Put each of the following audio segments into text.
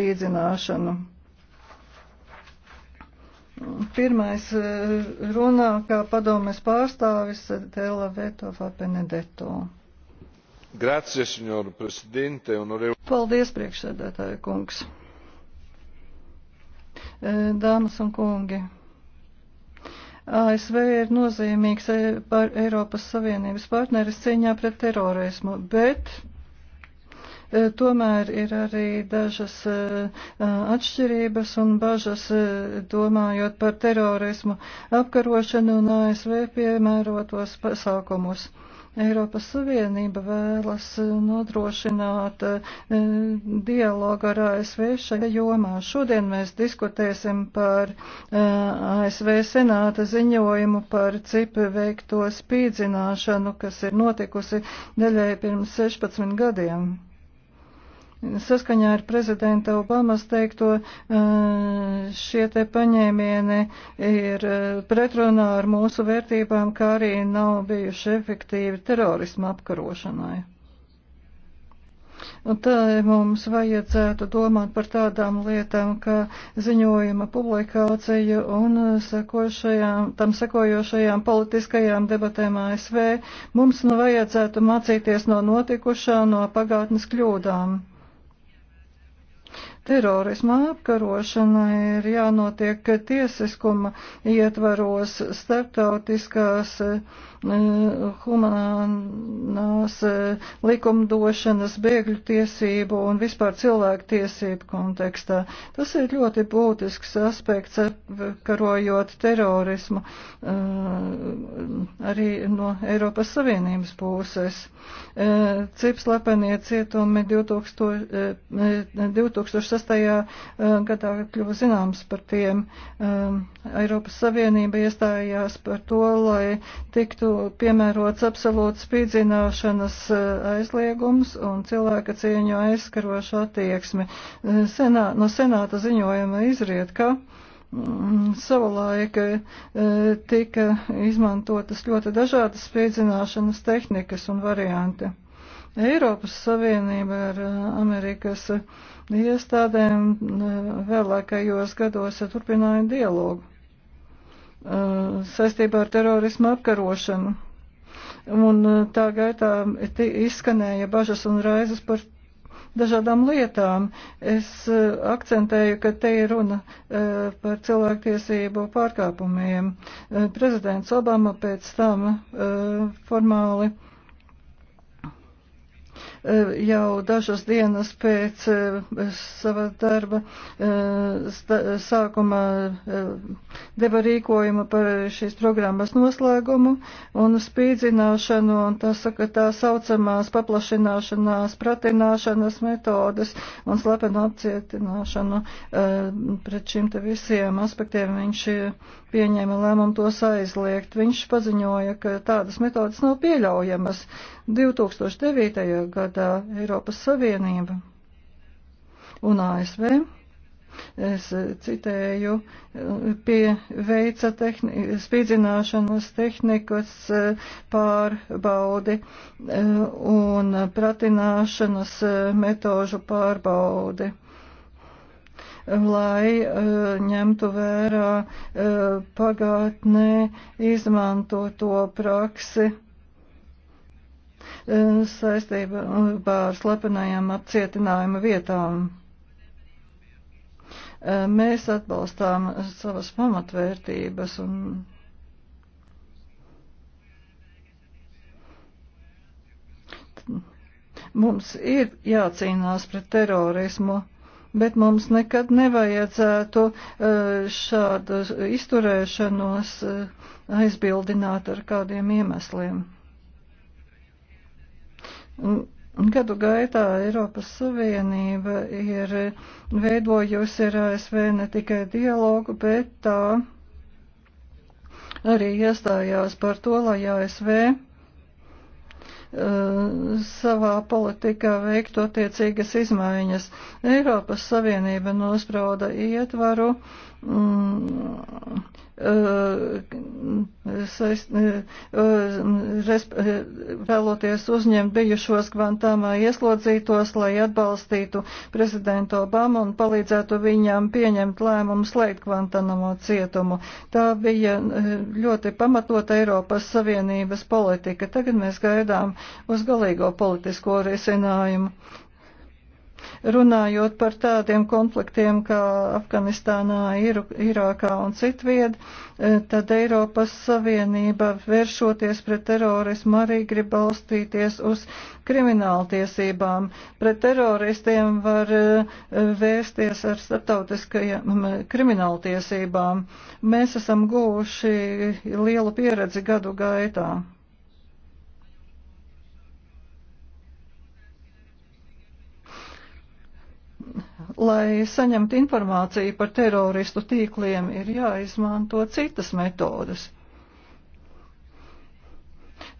līdzināšanu. Pirmais eh, runā kā padomes pārstāvis Tela Vetova Benedetto. Grazie, signor Presidente, onorevoli. Paldies, priekšsēdētāja kungs. Eh, dāmas un kungi. ASV ir nozīmīgs eh, Eiropas Savienības partneris cīņā pret terorismu, bet E, tomēr ir arī dažas e, atšķirības un bažas e, domājot par terorismu apkarošanu un ASV piemērotos pasākumus. Eiropas Savienība vēlas nodrošināt dialogu ar ASV šajā jomā. Šodien mēs diskutēsim par ASV senāta ziņojumu par cipu veikto spīdzināšanu, kas ir notikusi daļai pirms 16 gadiem. Saskaņā ar prezidenta Obamas teikto, eh, šie te paņēmieni ir eh, pretrunā ar mūsu vērtībām, kā arī nav bijuši efektīvi terorisma apkarošanai. Un tā mums vajadzētu domāt par tādām lietām, kā ziņojuma publikācija un sekošajām, tam sekojošajām politiskajām debatēm ASV. Mums nu vajadzētu mācīties no notikušā, no pagātnes kļūdām. Terorisma apkarošana ir jānotiek tiesiskuma ietvaros starptautiskās eh, humanās eh, likumdošanas, bēgļu tiesību un vispār cilvēku tiesību kontekstā. Tas ir ļoti būtisks aspekts, karojot terorismu eh, arī no Eiropas Savienības puses. Cipslepenie cietumi 2000, 2000 2006. Eh, gadā kļuva zināms par tiem. Eh, Eiropas Savienība iestājās par to, lai tiktu piemērots absolūts spīdzināšanas eh, aizliegums un cilvēka cieņu aizskaroša attieksme. Senā, no senāta ziņojuma izriet, ka mm, savulaik tika izmantotas ļoti dažādas spīdzināšanas tehnikas un varianti. Eiropas Savienība ar Amerikas iestādēm e, vēlākajos gados turpināja dialogu e, saistībā ar terorismu apkarošanu. Un e, tā gaitā izskanēja bažas un raizes par dažādām lietām. Es akcentēju, ka te ir runa par cilvēktiesību pārkāpumiem. Prezidents Obama pēc tam formāli Eh, jau dažas dienas pēc eh, sava darba eh, sākuma deva rīkojumu par šīs programmas noslēgumu un spīdzināšanu un tā saka tā saucamās paplašināšanās, pratināšanas metodas un slepenu apcietināšanu pret šim te visiem aspektiem viņš pieņēma lēmumu tos aizliegt. Viņš paziņoja, ka tādas metodas nav pieļaujamas. 2009. gadā Eiropas Savienība un ASV, es citēju, pie veica tehni, spīdzināšanas tehnikas pārbaudi un pratināšanas metožu pārbaudi lai uh, ņemtu vērā uh, pagātnē izmantoto praksi Eh, saistībā eh, ar slepenajām apcietinājuma vietām. Eh, mēs atbalstām savas pamatvērtības un mums ir jācīnās pret terorismu, bet mums nekad nevajadzētu šādu izturēšanos aizbildināt ar kādiem iemesliem. Gadu gaitā Eiropas Savienība ir veidojusi ar ASV ne tikai dialogu, bet tā arī iestājās par to, lai ASV eh, savā politikā veikt attiecīgas izmaiņas. Eiropas Savienība nosprauda ietvaru. Mm, vēloties uzņemt bijušos Gvantāmā ieslodzītos, lai atbalstītu prezidentu Obamu un palīdzētu viņam pieņemt lēmumu slēgt Gvantanamo cietumu. Tā bija eh, ļoti pamatota Eiropas Savienības politika. Tagad mēs gaidām uz galīgo politisko risinājumu. Runājot par tādiem konfliktiem kā Afganistānā, Ir Irākā un citvied, e, tad Eiropas Savienība vēršoties pret terorismu arī grib balstīties uz krimināltiesībām. Pret teroristiem var e, vērsties ar starptautiskajām e, krimināltiesībām. Mēs esam guvuši lielu pieredzi gadu gaitā. lai saņemtu informāciju par teroristu tīkliem, ir jāizmanto citas metodas.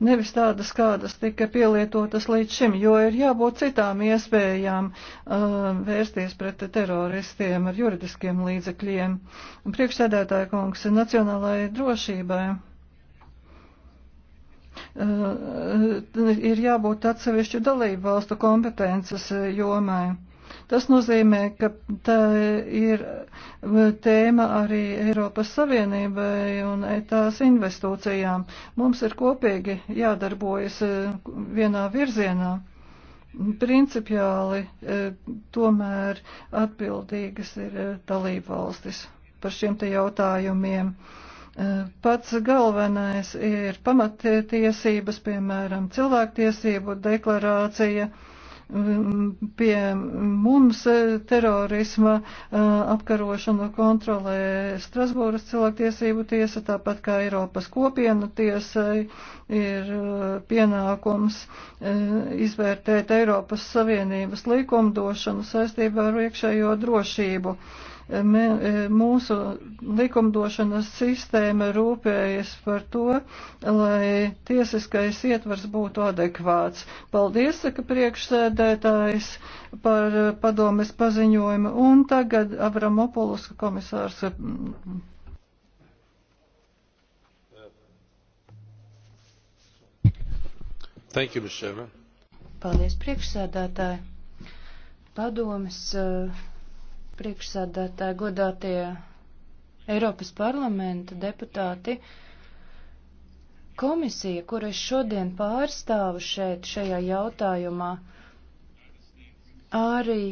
Nevis tādas, kādas tika pielietotas līdz šim, jo ir jābūt citām iespējām uh, vērsties pret teroristiem ar juridiskiem līdzekļiem. Priekšsēdētāja kungs nacionālajai drošībai uh, ir jābūt atsevišķu dalību valstu kompetences uh, jomai. Tas nozīmē, ka tā ir tēma arī Eiropas Savienībai un tās investīcijām. Mums ir kopīgi jādarbojas e, vienā virzienā principiāli e, tomēr atbildīgas ir e, dalībvalstis par šiem te jautājumiem. Pats galvenais ir pamatiesības, piemēram, cilvēktiesību deklarācija Pie mums terorisma apkarošanu kontrolē Strasbūras cilvēktiesību tiesa, tāpat kā Eiropas kopienu tiesai ir pienākums izvērtēt Eiropas Savienības likumdošanu saistībā ar iekšējo drošību. E, mūsu likumdošanas sistēma rūpējas par to, lai tiesiskais ietvars būtu adekvāts. Paldies, saka priekšsēdētājs, par padomes paziņojumu. Un tagad Avramopulus komisārs e, You, Paldies, priekšsēdētāji. Padomis uh, e, priekšsādātāji, godātie Eiropas parlamenta deputāti. Komisija, kur es šodien pārstāvu šeit šajā jautājumā, arī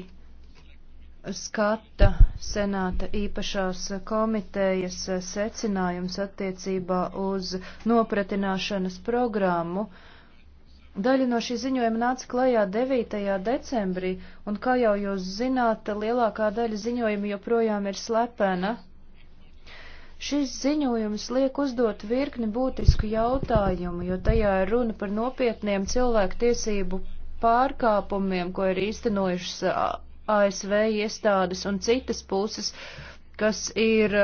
skata senāta īpašās komitejas secinājums attiecībā uz nopratināšanas programmu uh, Daļa no šī ziņojuma nāca klajā 9. decembrī, un kā jau jūs zināt, lielākā daļa ziņojuma joprojām ir slepena. Šis ziņojums liek uzdot virkni būtisku jautājumu, jo tajā ir runa par nopietniem cilvēku tiesību pārkāpumiem, ko ir īstenojušas ASV iestādes un citas puses, kas ir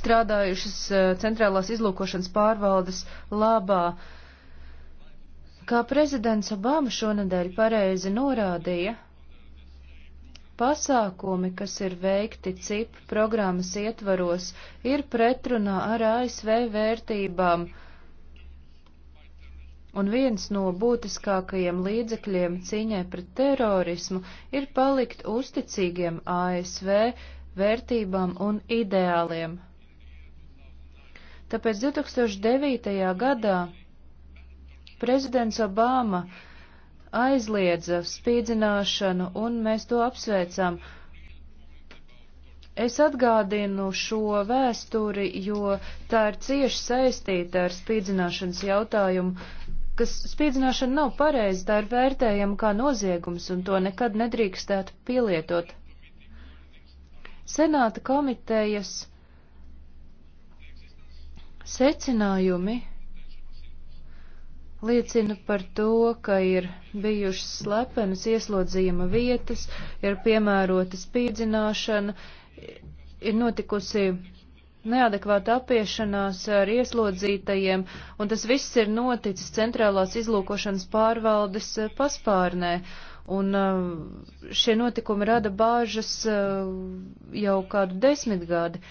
strādājušas centrālās izlūkošanas pārvaldes labā. Uh, Kā prezidents Obama šonadēļ pareizi norādīja, pasākumi, kas ir veikti CIP programmas ietvaros, ir pretrunā ar ASV vērtībām, un viens no būtiskākajiem līdzekļiem cīņai pret terorismu ir palikt uzticīgiem ASV vērtībām un ideāliem. Tāpēc 2009. gadā Prezidents Obama aizliedza spīdzināšanu, un mēs to apsveicam. Es atgādinu šo vēsturi, jo tā ir cieši saistīta ar spīdzināšanas jautājumu, kas spīdzināšana nav pareiza, tā ir vērtējama kā noziegums, un to nekad nedrīkstētu pielietot. Senāta komitejas secinājumi liecina par to, ka ir bijušas slepenas ieslodzījuma vietas, ir piemērota spīdzināšana, ir notikusi neadekvāta apiešanās ar ieslodzītajiem, un tas viss ir noticis centrālās izlūkošanas pārvaldes eh, paspārnē. Un eh, šie notikumi rada bāžas eh, jau kādu desmitgadi.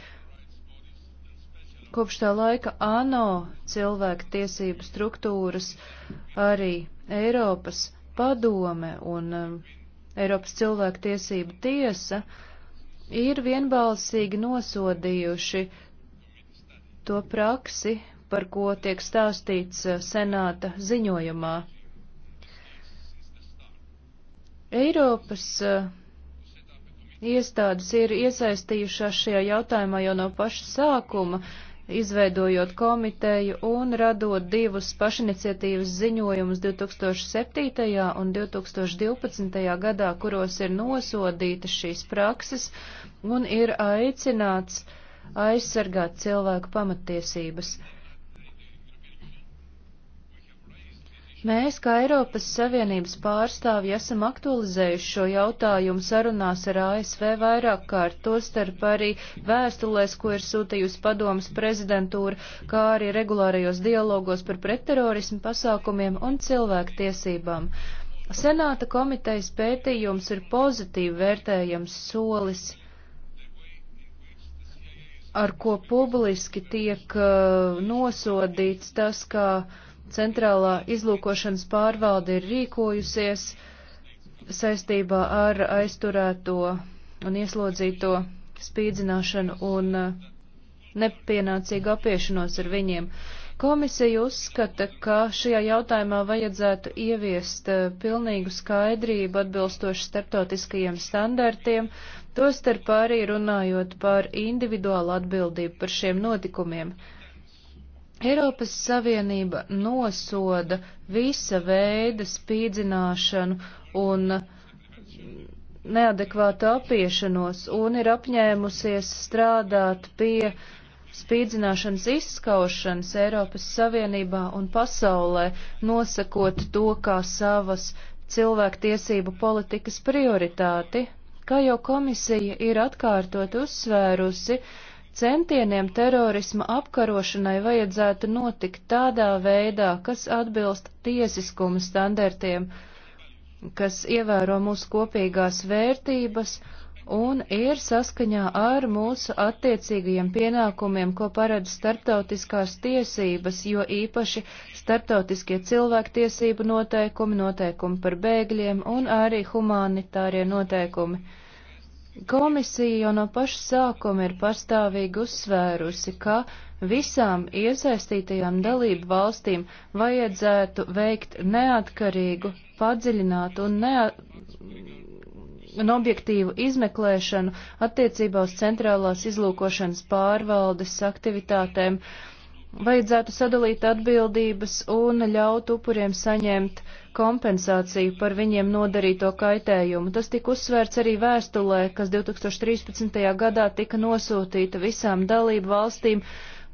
Kopš tā laika ANO cilvēku tiesību struktūras arī Eiropas padome un um, Eiropas cilvēku tiesību tiesa ir vienbalsīgi nosodījuši to praksi, par ko tiek stāstīts uh, senāta ziņojumā. Eiropas uh, iestādes ir iesaistījušās šajā jautājumā jau no paša sākuma, izveidojot komiteju un radot divus pašiniciatīvas ziņojumus 2007. un 2012. gadā, kuros ir nosodītas šīs prakses un ir aicināts aizsargāt cilvēku pamatiesības. Mēs, kā Eiropas Savienības pārstāvji, esam aktualizējuši šo jautājumu sarunās ar ASV vairāk kārt, tostarp arī vēstulēs, ko ir sūtījusi padomas prezidentūra, kā arī regulārajos dialogos par pretterorismu pasākumiem un cilvēktiesībām. Senāta komitejas pētījums ir pozitīvi vērtējams solis ar ko publiski tiek uh, nosodīts tas, ka uh, centrālā izlūkošanas pārvalde ir rīkojusies saistībā ar aizturēto un ieslodzīto spīdzināšanu un uh, nepienācīgu apiešanos ar viņiem. Komisija uzskata, ka šajā jautājumā vajadzētu ieviest uh, pilnīgu skaidrību atbilstoši starptautiskajiem standartiem, tostarp arī runājot par individuālu atbildību par šiem notikumiem. Eiropas Savienība nosoda visa veida spīdzināšanu un neadekvātu apiešanos un ir apņēmusies strādāt pie spīdzināšanas izskaušanas Eiropas Savienībā un pasaulē, nosakot to kā savas cilvēktiesību politikas prioritāti. Kā jau komisija ir atkārtot uzsvērusi, uh, Centieniem terorisma apkarošanai vajadzētu notikt tādā veidā, kas atbilst tiesiskuma standartiem, kas ievēro mūsu kopīgās vērtības un ir saskaņā ar mūsu attiecīgajiem pienākumiem, ko paredz starptautiskās tiesības, jo īpaši starptautiskie cilvēktiesību noteikumi, noteikumi par bēgļiem un arī humanitārie noteikumi. Komisija jau no paša sākuma ir pastāvīgi uzsvērusi, ka visām iesaistītajām dalību valstīm vajadzētu veikt neatkarīgu, padziļinātu un, nea un objektīvu izmeklēšanu attiecībā uz centrālās izlūkošanas pārvaldes aktivitātēm. Vajadzētu sadalīt atbildības un ļaut upuriem saņemt uh, kompensāciju par viņiem nodarīto kaitējumu. Tas tika uzsvērts arī vēstulē, kas 2013. gadā tika nosūtīta visām dalību valstīm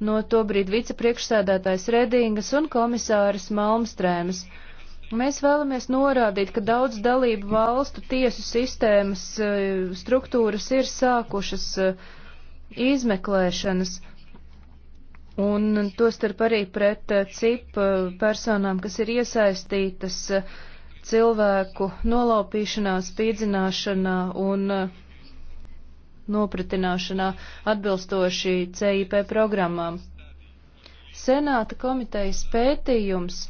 no tobrīd vicepriekšsēdētājs Redingas un komisāras Malmstrēmas. Mēs vēlamies norādīt, ka daudz dalību valstu tiesu sistēmas e, struktūras ir sākušas e, izmeklēšanas un tostarp arī pret eh, CIP eh, personām, kas ir iesaistītas eh, cilvēku nolaupīšanā, spīdzināšanā un nopratināšanā atbilstoši CIP programmām. Senāta komitejas pētījums,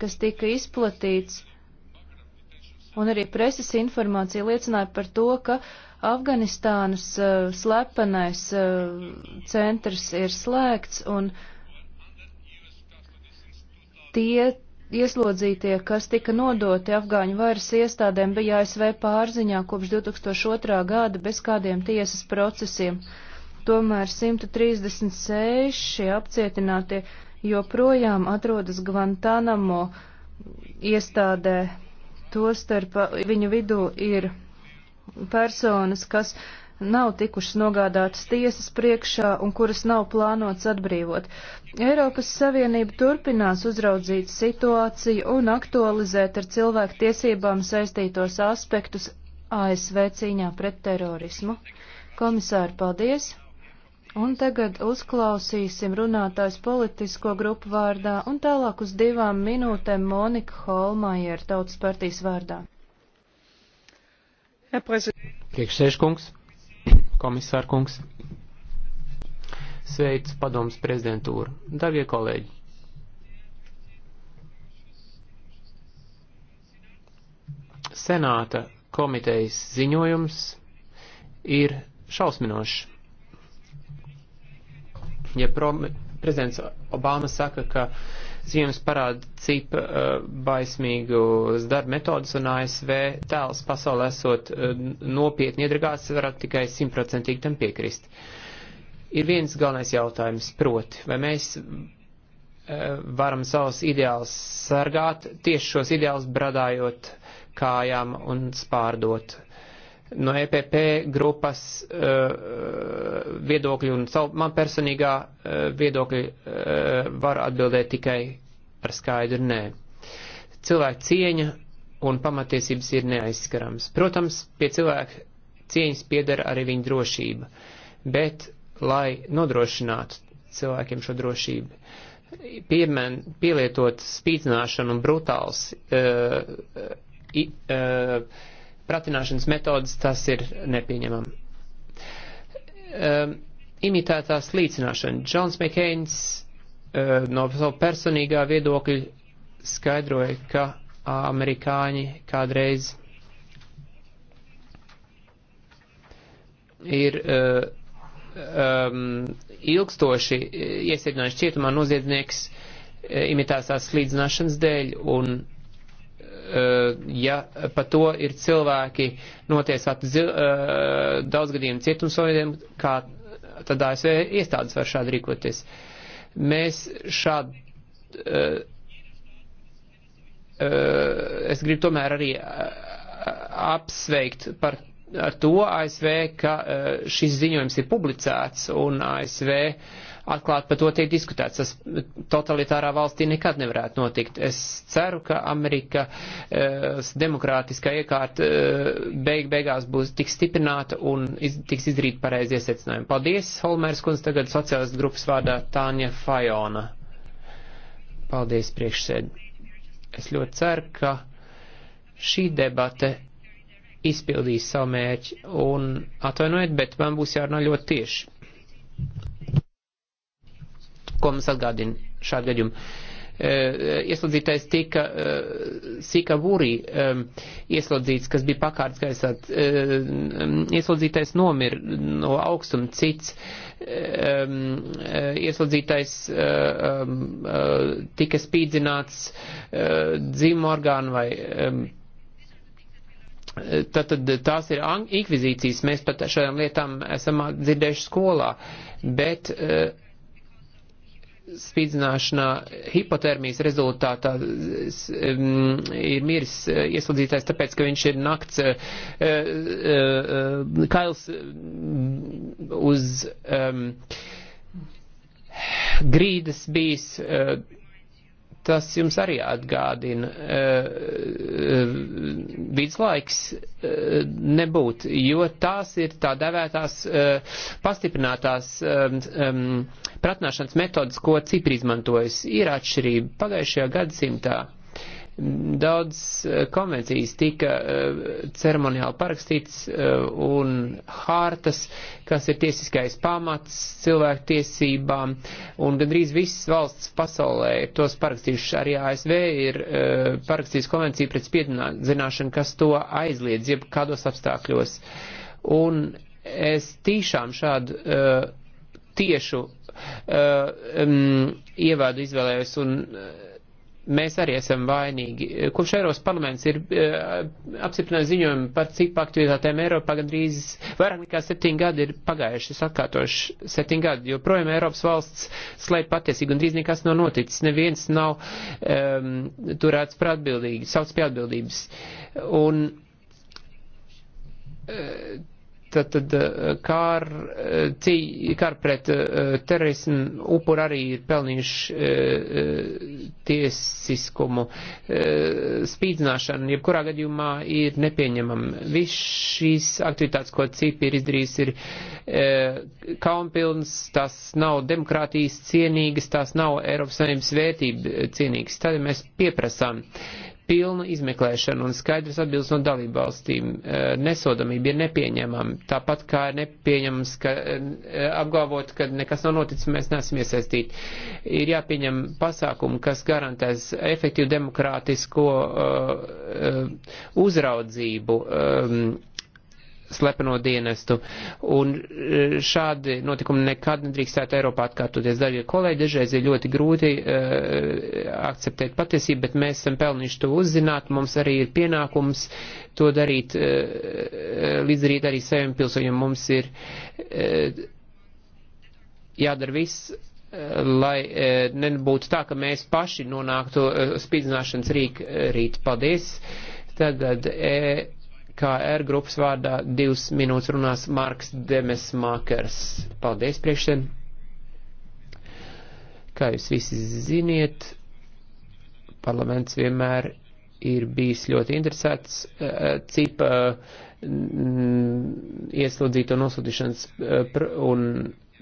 kas tika izplatīts, un arī preses informācija liecināja par to, ka uh, Afganistānas uh, slepenais uh, centrs ir slēgts un tie ieslodzītie, kas tika nodoti afgāņu varas iestādēm, bija ASV pārziņā kopš 2002. gada bez kādiem tiesas procesiem. Tomēr 136 apcietinātie joprojām atrodas Guantanamo iestādē. Tostarp eh, viņu vidū ir personas, kas nav tikušas nogādātas tiesas priekšā un kuras nav plānots atbrīvot. Eiropas Savienība turpinās uzraudzīt situāciju un aktualizēt ar cilvēku tiesībām saistītos aspektus ASV cīņā pret terorismu. Komisāri, paldies! Un tagad uzklausīsim runātājs politisko grupu vārdā un tālāk uz divām minūtēm Monika Holmajer tautas partijas vārdā. Priekšsēžkungs, komisārkungs, sveic padomas prezidentūru, darbie kolēģi. Senāta komitejas ziņojums ir šausminošs. Ja prezidents Obama saka, ka uh, Ziņojums parāda, cik uh, baismīgas darba metodas un ASV tēls pasaulē esot uh, nopietni iedragāts, varētu tikai simtprocentīgi tam piekrist. Ir viens galvenais jautājums, proti, vai mēs uh, varam savus ideālus sargāt, tieši šos ideālus bradājot kājām un spārdot no EPP grupas uh, eh, viedokļu un savu man personīgā uh, eh, viedokļu uh, eh, var atbildēt tikai ar skaidru nē. Cilvēka cieņa un pamatiesības ir neaizskarams. Protams, pie cilvēka cieņas piedara arī viņa drošība, bet, lai nodrošinātu cilvēkiem šo drošību, piemen, pielietot spīdzināšanu un brutāls uh, uh, uh, pratināšanas metodas, tas ir nepieņemam. Um, ehm, imitētā slīcināšana. Džons Mekeins uh, ehm, no savu personīgā viedokļa skaidroja, ka amerikāņi kādreiz ir uh, um, ilgstoši iesēdinājuši cietumā noziedznieks uh, imitētās slīcināšanas dēļ un Eh, ja pa to ir cilvēki notiesāti eh, daudz gadījumu cietumsodiem, kā tad ASV iestādes var šādi rīkoties. Mēs šādi. Eh, es gribu tomēr arī apsveikt par ar to ASV, ka šis ziņojums ir publicēts un ASV atklāt par to tiek diskutēts. Tas totalitārā valstī nekad nevarētu notikt. Es ceru, ka Amerikas eh, demokrātiskā iekārta eh, beig beigās būs tik stiprināta un iz, tiks izdarīt pareizie secinājumi. Paldies, Holmērs kundze, tagad sociālistu grupas vārdā Tāņa Fajona. Paldies, priekšsēd. Es ļoti ceru, ka šī debate izpildīs savu mērķi un atvainojiet, bet man būs jārunā ļoti tieši ko mums atgādina šādi gadījumi. Eh, eh, ieslodzītais tika eh, Sika Vūrī ieslodzīts, kas bija pakārts gaisā. Ieslodzītais nomir no augstuma cits. Ieslodzītais tika spīdzināts dzimorgānu vai Tātad tās ir inkvizīcijas, mēs pat šādām lietām esam dzirdējuši skolā, bet uh, spīdzināšanā, hipotermijas rezultātā um, ir miris eh, ieslodzītais, tāpēc, ka viņš ir nakts uh, uh, kails mm, uz um, grīdas bijis. Uh, tas jums arī atgādina uh, vidzlaiks uh, nebūt, jo tās ir tā devētās uh, eh, pastiprinātās um, um, pratināšanas metodas, ko Cipri izmantojas. Ir atšķirība pagājušajā gadsimtā. Daudz eh, konvencijas tika eh, ceremoniāli parakstīts eh, un hārtas, kas ir tiesiskais pamats cilvēku tiesībām, un gandrīz visas valsts pasaulē ir tos parakstījušas. Arī ASV ir parakstījis konvenciju pret spiedināšanu, kas to aizliedz, jeb kādos apstākļos. Un es tiešām šādu uh, tiešu uh, um, mm, ievādu izvēlējos un uh, mēs arī esam vainīgi. Kopš Eiropas parlaments ir eh, apstiprinājis ziņojumu par cipu aktivitātēm Eiropā, gandrīz vairāk nekā septiņi gadi ir pagājuši, es atkārtošu, septiņi gadi, jo projām Eiropas valsts slēp patiesību, gandrīz nekas nav noticis, neviens nav um, turēts par atbildīgi, sauc pie atbildības. Un, uh, Tad, tad eh, kār, eh, cī, kār pret eh, terorismu upuri arī ir pelnījuši tiesiskumu. Spīdzināšana, jebkurā gadījumā, ir nepieņemama. Viss šīs aktivitātes, ko CIP ir izdarījis, ir kaunpilns, tās nav demokrātijas cienīgas, tās nav Eiropas Savienības vērtība cienīgas. Tad mēs pieprasām pilnu izmeklēšanu un skaidrs atbildes no dalību valstīm. Eh, nesodamība ir nepieņemama, tāpat kā ir nepieņemams ka, eh, apgalvot, ka nekas nav noticis, mēs neesam iesaistīti. Ir jāpieņem pasākumi, kas garantēs efektīvu demokrātisko uh, uzraudzību. Um, slepeno dienestu. Un eh, šādi notikumi nekad nedrīkstētu Eiropā atkārtoties. Daļie kolēģi, dažreiz ir ļoti grūti uh, akceptēt patiesību, bet mēs esam pelnījuši to uzzināt. Mums arī ir pienākums to darīt, uh, līdzdarīt arī saviem pilsoņiem. Mums ir uh, jādara viss, lai nebūtu tā, ka mēs paši nonāktu spīdzināšanas rīk rīt. Paldies! Tagad, e, EKR grupas vārdā divas minūtes runās Marks Demesmakers. Paldies priekšsēm. Kā jūs visi ziniet, parlaments vienmēr ir bijis ļoti interesēts eh, cipa eh, ieslodzīto nosūtīšanas eh, un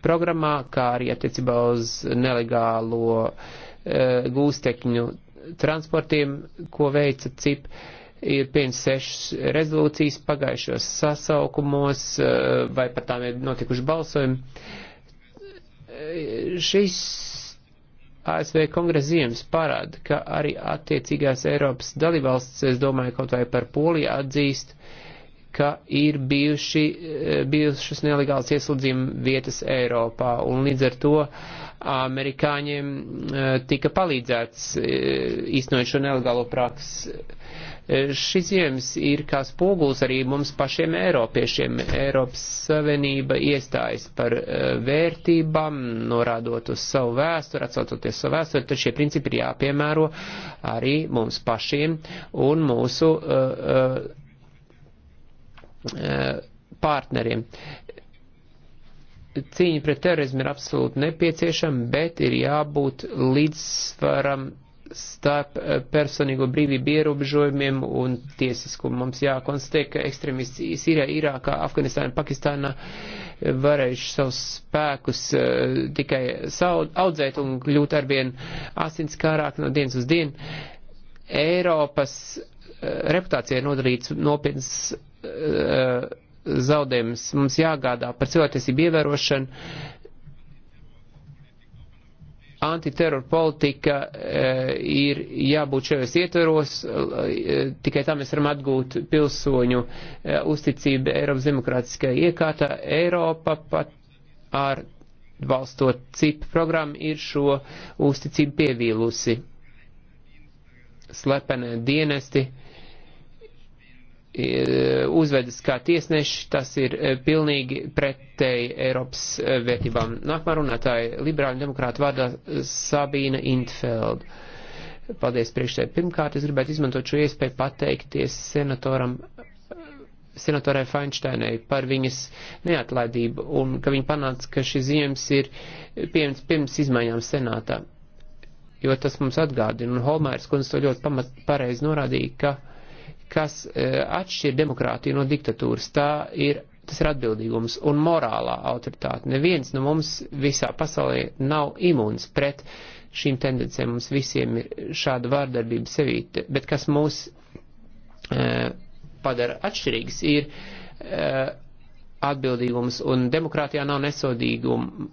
programmā, kā arī attiecībā uz nelegālo gūstekņu transportiem, ko veica cipa ir pieņemts sešas rezolūcijas pagājušos sasaukumos, eh, vai par tām ir notikuši balsojumi. Eh, šis ASV kongresa ziemas parāda, ka arī attiecīgās Eiropas dalībvalsts, es domāju, kaut vai par Poliju atzīst, ka ir bijuši, eh, bijušas nelegāls ieslodzījuma vietas Eiropā, un līdz ar to amerikāņiem tika palīdzēts īstenojot šo nelegālo praksi E, šis ziņojums ir kā spoguls arī mums pašiem Eiropiešiem. Eiropas Savienība iestājas par e, vērtībām, norādot uz savu vēsturi, atsaucoties savu vēsturi, tad šie principi ir jāpiemēro arī mums pašiem un mūsu uh, uh, partneriem cīņa pret terorismu ir absolūti nepieciešama, bet ir jābūt līdzsvaram starp eh, personīgo brīvību ierobežojumiem un tiesiskumu. Mums jākonstatē, ka ekstremisti Sīrijā, Irākā, Afganistānā, Pakistānā eh, varējuši savus spēkus uh, tikai audzēt un kļūt arvien asinskārāk no dienas uz dienu. Eiropas uh, reputācija ir nodarīts nopietns uh, zaudējums. Mums jāgādā par cilvēktiesību ievērošanu antiterora politika e, ir jābūt šajos ietveros, e, tikai tā mēs varam atgūt pilsoņu e, uzticību Eiropas demokrātiskajai iekārtā. Eiropa pat ar valstot CIP programmu ir šo uzticību pievīlusi. Slepenie dienesti uh, Eh, uzvedas kā tiesneši, tas ir eh, pilnīgi pretēji Eiropas eh, vērtībām. Nākamā runātāja liberāļu demokrātu vārdā Sabīna Intfeld. Paldies priekšsēdē. Pirmkārt, es gribētu izmantot šo iespēju pateikties senatoram senatorai Feinsteinai par viņas neatlaidību un ka viņa panāca, ka šis ziņojums ir pieņemts pirms izmaiņām senātā. Jo tas mums atgādina, un Holmērs kundze to ļoti pamat, pareizi norādīja, ka uh, kas e, atšķir demokrātiju no diktatūras. Tā ir, tas ir atbildīgums un morālā autoritāte. Neviens no mums visā pasaulē nav imūns pret šīm tendencēm. Mums visiem ir šāda vārdarbība sevī, bet kas mūs eh, padara atšķirīgs, ir eh, atbildīgums un demokrātijā nav nesodīguma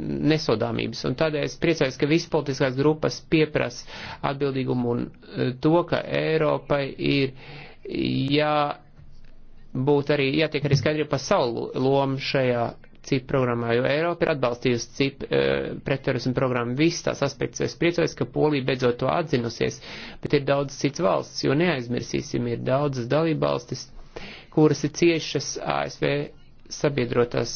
nesodāmības. Un tādēļ es priecājos, ka visas politiskās grupas pieprasa atbildīgumu un e, to, ka Eiropai ir jābūt arī, jātiek arī skaidri par savu lomu šajā CIP programmā, jo Eiropa ir atbalstījusi CIP e, pretterorismu programmu viss tās aspekts. Es priecājos, ka Polija beidzot to atzinusies, bet ir daudz cits valsts, jo neaizmirsīsim, ir daudzas dalībvalstis, kuras ir ciešas ASV sabiedrotās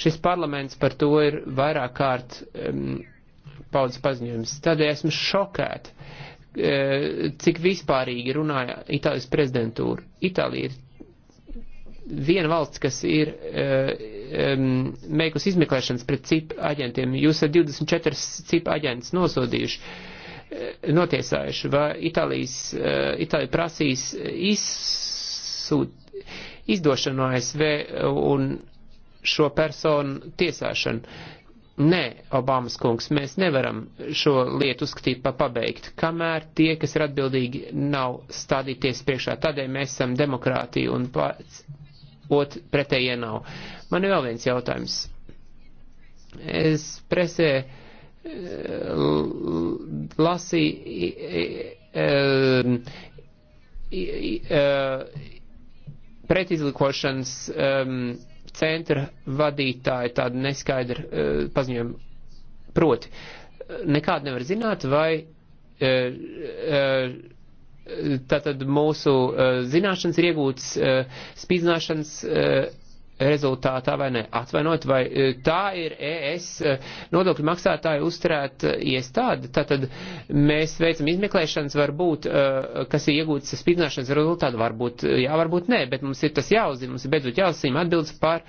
Šis parlaments par to ir vairāk kārt um, paudzes paziņojums. Tādēļ esmu šokēta, e, cik vispārīgi runāja Itālijas prezidentūra. Itālija ir viena valsts, kas ir um, e, meikus izmeklēšanas pret CIP aģentiem. Jūs ar 24 CIP aģentus nosodījuši, e, notiesājuši, vai Itālijas, Itālija prasīs izsūt, izdošanu ASV un šo personu tiesāšanu. Nē, Obamas kungs, mēs nevaram šo lietu uzskatīt pa pabeigt, kamēr tie, kas ir atbildīgi, nav stādīties priekšā. Tādēļ mēs esam demokrātija un pats ot pretējie nav. Man ir vēl viens jautājums. Es presē eh, lasīju e, e, pretizlikošanas um, centra vadītāja tādu neskaidru uh, paziņojumu. Proti, nekādu nevar zināt, vai uh, uh, tātad mūsu uh, zināšanas ir iegūtas uh, spīdzināšanas. Uh, rezultātā vai ne. Atvainojiet, vai e, tā ir ES e, nodokļu maksātāju uzturēta e, iestāde. Tātad mēs veicam izmeklēšanas, varbūt, kas ir iegūtas spīdzināšanas rezultātu, varbūt jā, varbūt nē, bet mums ir tas jāuzzina, mums ir beidzot jāuzsīm atbildes par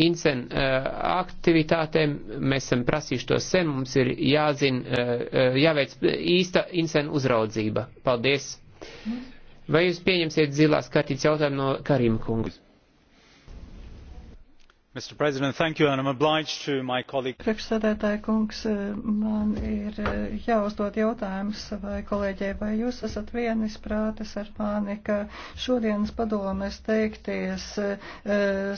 incen aktivitātēm, mēs esam prasījuši to sen, mums ir jāzina, jāveic īsta incen uzraudzība. Paldies! Vai jūs pieņemsiet zilās kartītes jautājumu no Karima kungas? Priekšsēdētāja kungs, eh, man ir eh, jāuzdod jautājums vai kolēģei, vai jūs esat vienisprātis ar mani, ka šodienas padomes teikties eh,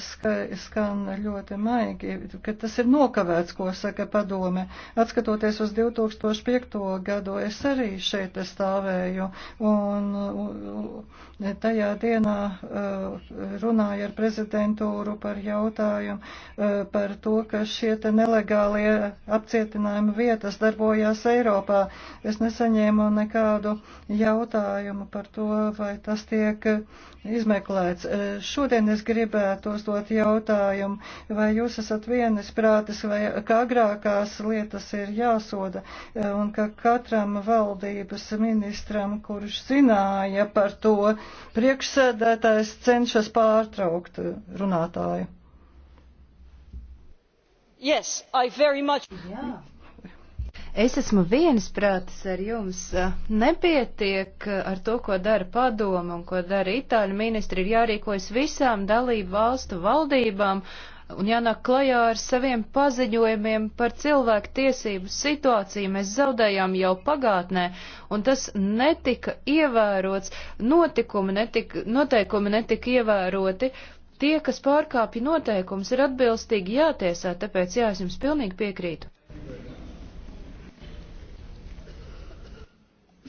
ska, skan ļoti maigi, ka tas ir nokavēts, ko saka padome. Atskatoties uz 2005. gadu, es arī šeit stāvēju un tajā dienā runāju ar prezidentūru par jautājumu, ziņojumu e, par to, ka šie te nelegālie apcietinājuma vietas darbojās Eiropā. Es nesaņēmu nekādu jautājumu par to, vai tas tiek izmeklēts. E, šodien es gribētu uzdot jautājumu, vai jūs esat vienas prātes, vai kā agrākās lietas ir jāsoda, e, un ka katram valdības ministram, kurš zināja par to, priekšsēdētājs cenšas pārtraukt runātāju. Yes, much... Jā. Es esmu viensprātis ar jums. Nepietiek ar to, ko dara padoma un ko dara itāļu ministri. Ir jārīkojas visām dalību valstu valdībām un jānāk klajā ar saviem paziņojumiem par cilvēku tiesību situāciju. Mēs zaudējām jau pagātnē, un tas netika ievērots, notikumi netika, noteikumi netika ievēroti. Uh, Tie, kas pārkāpja noteikums, ir atbilstīgi jātiesā, tāpēc jā, es jums pilnīgi piekrītu.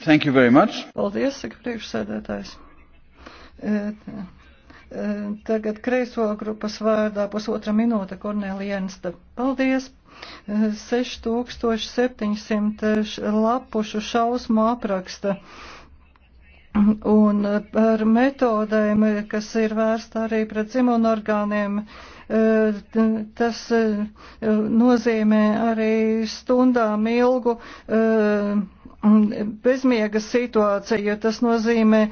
Thank you very much. Paldies, saka priekšsēdētājs. E, e, tagad kreiso grupas vārdā pusotra minūte Kornelija Jensta. Paldies! 6700 e, lapušu šausmu apraksta Un par metodēm, kas ir vērsta arī pret dzimunu orgāniem, eh, tas eh, nozīmē arī stundām ilgu eh, bezmiega situācija, jo tas nozīmē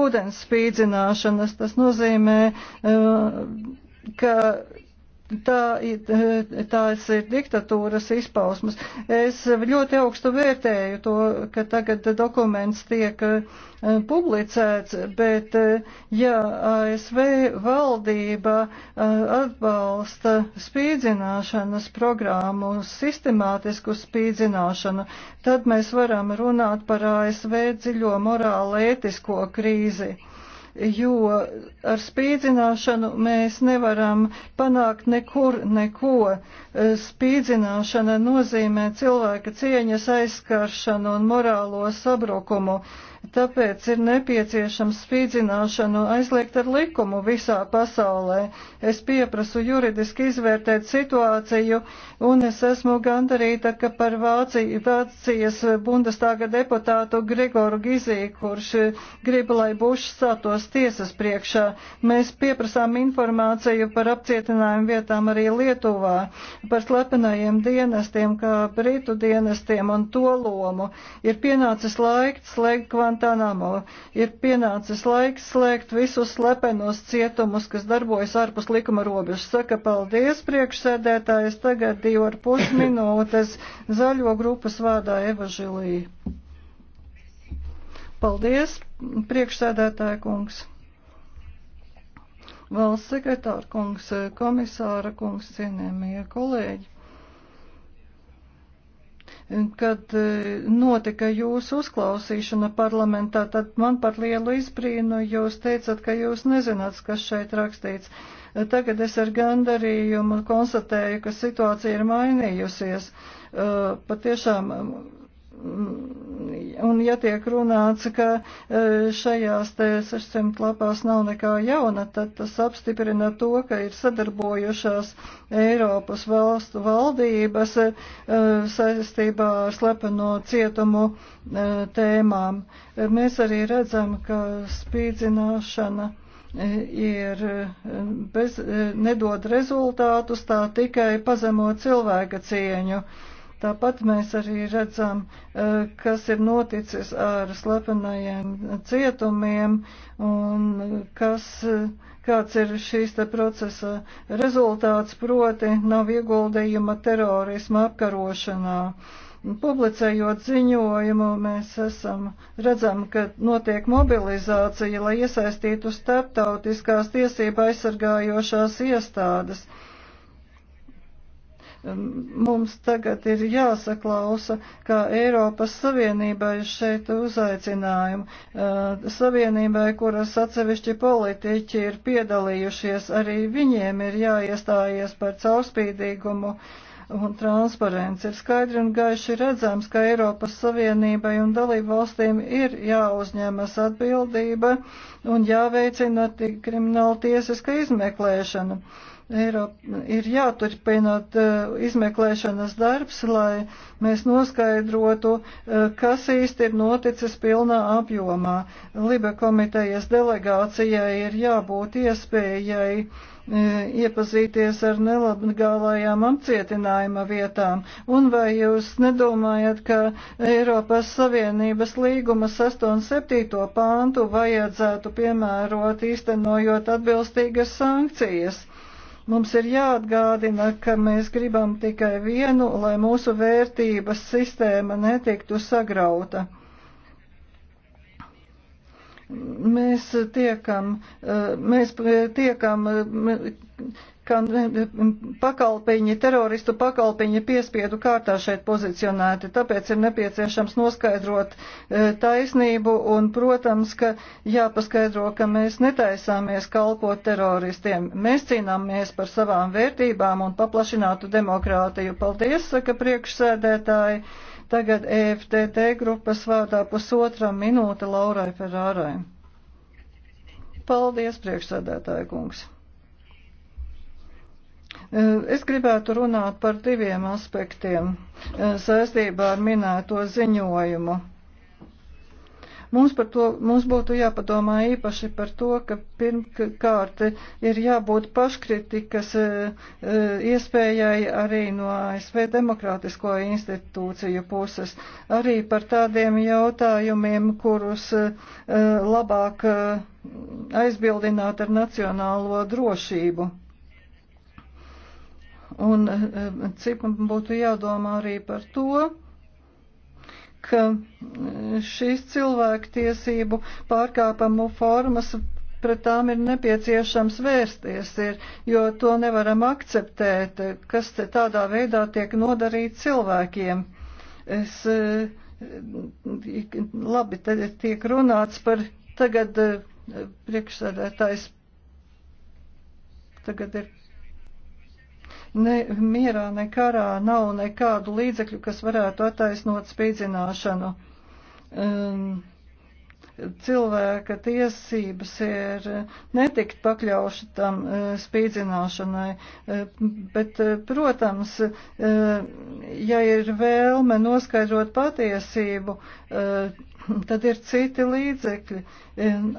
ūdens spīdzināšanas, tas nozīmē, ka Tā, tās ir diktatūras izpausmas. Es ļoti augstu vērtēju to, ka tagad dokuments tiek eh, publicēts, bet eh, ja ASV valdība eh, atbalsta spīdzināšanas programmu, sistemātisku spīdzināšanu, tad mēs varam runāt par ASV dziļo morāla ētisko krīzi jo ar spīdzināšanu mēs nevaram panākt nekur neko. Spīdzināšana nozīmē cilvēka cieņas aizskaršanu un morālo sabrukumu. Tāpēc ir nepieciešams spīdzināšanu aizliegt ar likumu visā pasaulē. Es pieprasu juridiski izvērtēt situāciju, un es esmu gandarīta, ka par Vāciju, Vācijas bundestāga deputātu Grigoru Gizī, kurš grib, lai Bušs stātos tiesas priekšā. Mēs pieprasām informāciju par apcietinājumu vietām arī Lietuvā, par slepenajiem dienestiem, kā Britu dienestiem un to lomu. Ir pienācis laiks slēgt kvantitāti Guantanamo. Ir pienācis laiks slēgt visus slepenos cietumus, kas darbojas ārpus likuma robežas. Saka paldies priekšsēdētājs, tagad divi ar pus minūtes zaļo grupas vārdā Eva Žilī. Paldies, priekšsēdētāja kungs. Valsts sekretāra kungs, komisāra kungs, cienējamie kolēģi kad e, notika jūsu uzklausīšana parlamentā, tad man par lielu izbrīnu jūs teicat, ka jūs nezināt, kas šeit rakstīts. E, tagad es ar gandarījumu konstatēju, ka situācija ir mainījusies. E, patiešām Mm, un ja tiek runāts, ka e, šajās te 600 lapās nav nekā jauna, tad tas apstiprina to, ka ir sadarbojušās Eiropas valstu valdības e, saistībā ar slepeno cietumu e, tēmām. Mēs arī redzam, ka spīdzināšana ir bez, nedod rezultātus, tā tikai pazemo cilvēka cieņu Tāpat mēs arī redzam, e, kas ir noticis ar slepenajiem cietumiem un kas, e, kāds ir šīs te procesa rezultāts, proti nav ieguldījuma terorisma apkarošanā. Publicējot ziņojumu, mēs esam, redzam, ka notiek mobilizācija, lai iesaistītu starptautiskās tiesība aizsargājošās iestādes. Mums tagad ir jāsaklausa, kā Eiropas Savienībai šeit uzaicinājumu. Savienībai, kuras atsevišķi politiķi ir piedalījušies, arī viņiem ir jāiestājies par caurspīdīgumu un transparents. Ir skaidri un gaiši redzams, ka Eiropas Savienībai un dalību valstīm ir jāuzņemas atbildība un jāveicina krimināla tiesiska izmeklēšana. Eiropa, ir jāturpināt eh, izmeklēšanas darbs, lai mēs noskaidrotu, eh, kas īsti ir noticis pilnā apjomā. Libe komitejas delegācijai ir jābūt iespējai eh, iepazīties ar nelabgālājām apcietinājuma vietām, un vai jūs nedomājat, ka Eiropas Savienības līguma 6 un 7 pāntu vajadzētu piemērot īstenojot atbilstīgas sankcijas? Mums ir jāatgādina, ka mēs gribam tikai vienu, lai mūsu vērtības sistēma netiktu sagrauta mēs tiekam, eh, mēs tiekam ka e, e, pakalpiņi, teroristu pakalpiņi piespiedu kārtā šeit pozicionēti. Tāpēc ir nepieciešams noskaidrot e, taisnību un, protams, ka jāpaskaidro, ka mēs netaisāmies kalpot teroristiem. Mēs cīnāmies par savām vērtībām un paplašinātu demokrātiju. Paldies, saka priekšsēdētāji. Tagad EFTT grupas vārdā pusotra minūte Laurai Ferārai. Paldies, priekšsēdētāja kungs. Eh, es gribētu runāt par diviem aspektiem eh, saistībā ar minēto ziņojumu. Mums, to, mums būtu jāpadomā īpaši par to, ka pirmkārt ir jābūt paškritikas eh, iespējai arī no ASV demokrātisko institūciju puses, arī par tādiem jautājumiem, kurus labāk aizbildināt ar nacionālo drošību. Un eh, eh, cipam būtu jādomā arī par to, ka eh, šīs cilvēktiesību pārkāpumu formas pret tām ir nepieciešams vērsties, ir, jo to nevaram akceptēt, kas te tādā veidā tiek nodarīt cilvēkiem. Es, labi, te tiek runāts par tagad priekšsēdētājs, tagad ir Ne, mierā, ne karā nav nekādu līdzekļu, kas varētu attaisnot spīdzināšanu. Um, cilvēka tiesības ir netikt pakļauši tam uh, spīdzināšanai. Uh, bet, uh, protams, ja ir vēlme noskaidrot patiesību, tad ir citi līdzekļi.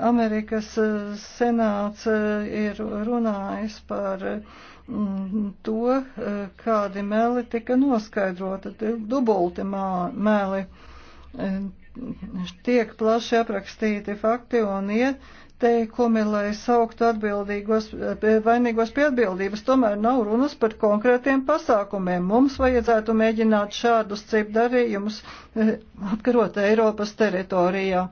Amerikas senāts ir runājis par Mm, to, eh, kādi meli tika noskaidroti, dubulti meli. Eh, tiek plaši aprakstīti fakti un ieteikumi, lai sauktu atbildīgos, eh, vainīgos pie atbildības. Tomēr nav runas par konkrētiem pasākumiem. Mums vajadzētu mēģināt šādus cip darījumus apkarot Eiropas teritorijā.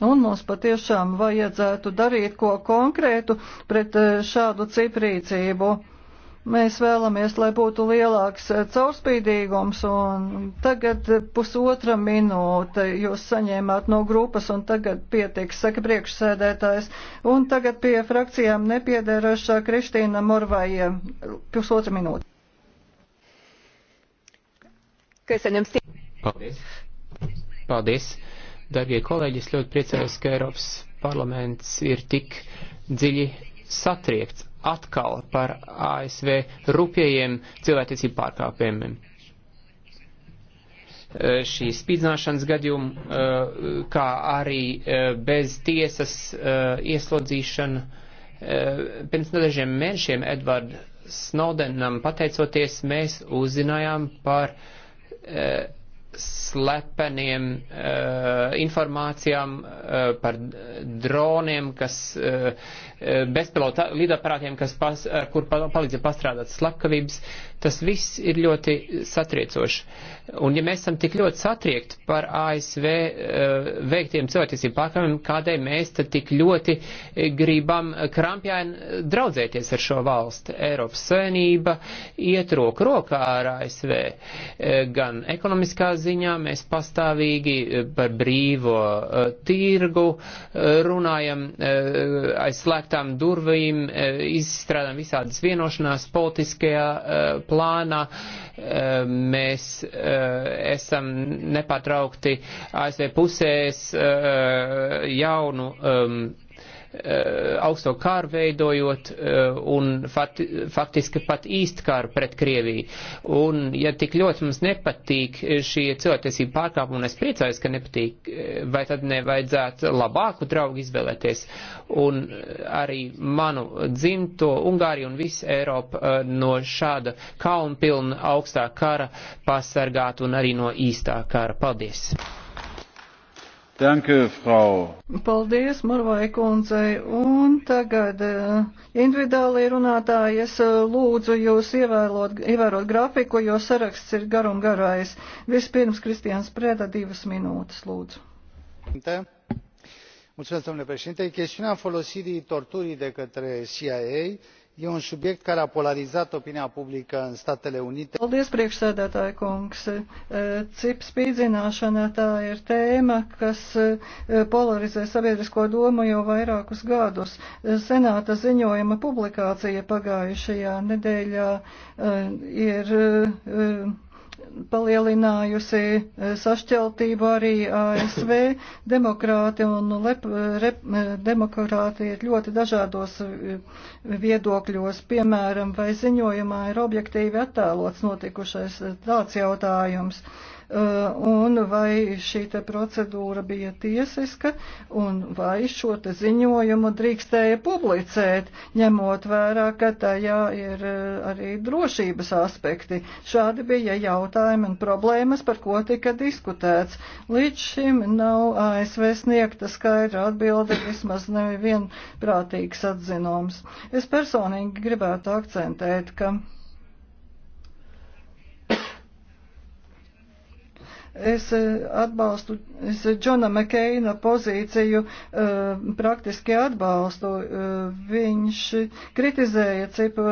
Un mums patiešām vajadzētu darīt ko konkrētu pret eh, šādu ciprīcību. Mēs vēlamies, lai būtu lielāks eh, caurspīdīgums, un tagad pusotra minūte jūs saņēmāt no grupas, un tagad pietiks, saka priekšsēdētājs. Un tagad pie frakcijām nepiedērošā Kristīna Morvaja pusotra minūte. Paldies. Paldies. Darbie kolēģi, es ļoti priecājos, ka Eiropas parlaments ir tik dziļi satriekts atkal par ASV rupjajiem cilvēktiesību pārkāpējumiem. Eh, šī spīdzināšanas gadījuma, eh, kā arī eh, bez tiesas ieslodzīšana. Pirms nedažiem mēnešiem Edvard Snowdenam pateicoties, mēs uzzinājām par slepeniem uh, informācijām uh, par droniem, kas uh, bezpilota lidaparātiem, kas pas, ar kur palīdzēja pastrādāt slepkavības. Uh, Tas viss ir ļoti satriecoši. Un ja mēs esam tik ļoti satriekti par ASV uh, eh, veiktiem cilvēktiesību pārkāpumiem, kādēļ mēs tad tik ļoti eh, gribam krampjāni draudzēties ar šo valstu? Eiropas Savienība iet roku rokā ar ASV. Uh, eh, gan ekonomiskā ziņā mēs pastāvīgi par brīvo uh, tirgu runājam aiz slēgtām durvīm, izstrādājam visādas vienošanās politiskajā plānā. Ehm, mēs eh, esam nepārtraukti ASV pusēs eh, jaunu ehm, Eh, augsto kāru veidojot eh, un faktiski pat īst kāru pret Krieviju. Un ja tik ļoti mums nepatīk šie cilvēktiesību pārkāpumi, un es priecājos, ka nepatīk, eh, vai tad nevajadzētu labāku draugu izvēlēties. Un arī manu dzimto Ungāriju un visu Eiropu no šāda kaunpilna augstā kara pasargāt un arī no īstā kara. Paldies! Danke, Frau. Paldies, Marvai kundzei. Un tagad eh, individuāli runātāji, es eh, lūdzu jūs ievērot, ievērot grafiku, jo saraksts ir gar un garais. Vispirms Kristiāns Preda divas minūtes, lūdzu. Mulțumesc, domnule președinte. Chestiunea folosirii torturii de către CIA e un subiect care a polarizat opinia publică în Statele Unite. Paldies, priekšsēdētāji kungs. E, CIP spīdzināšana tā ir tēma, kas e, polarizē sabiedrisko domu jau vairākus gadus. E, senāta ziņojuma publikācija pagājušajā nedēļā ir palielinājusi e, sašķeltību arī ASV. Demokrāti un lep, e, rep, e, demokrāti ir ļoti dažādos viedokļos, piemēram, vai ziņojumā ir objektīvi attēlots notikušais tāds jautājums. Uh, un vai šī te procedūra bija tiesiska un vai šo te ziņojumu drīkstēja publicēt, ņemot vērā, ka tajā ir uh, arī drošības aspekti. Šādi bija jautājumi un problēmas, par ko tika diskutēts. Līdz šim nav ASV sniegta skaidra atbilde, vismaz nevienprātīgs atzinums. Es personīgi gribētu akcentēt, ka Es eh, atbalstu es Džona eh, Mekeina pozīciju, eh, praktiski atbalstu. Viņš kritizēja cipu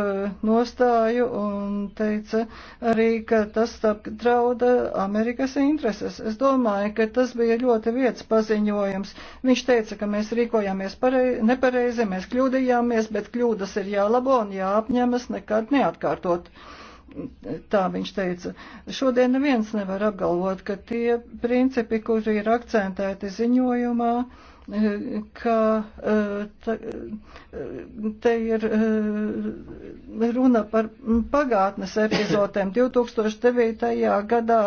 nostāju un teica arī, ka tas trauda Amerikas intereses. Es domāju, ka tas bija ļoti vietas paziņojums. Viņš teica, ka mēs rīkojāmies parei, nepareizi, mēs kļūdījāmies, bet kļūdas ir jālabo un jāapņemas nekad neatkārtot tā viņš teica. Šodien neviens nevar apgalvot, ka tie principi, kuri ir akcentēti ziņojumā, ka eh, te ir eh, runa par pagātnes epizodēm. 2009. gadā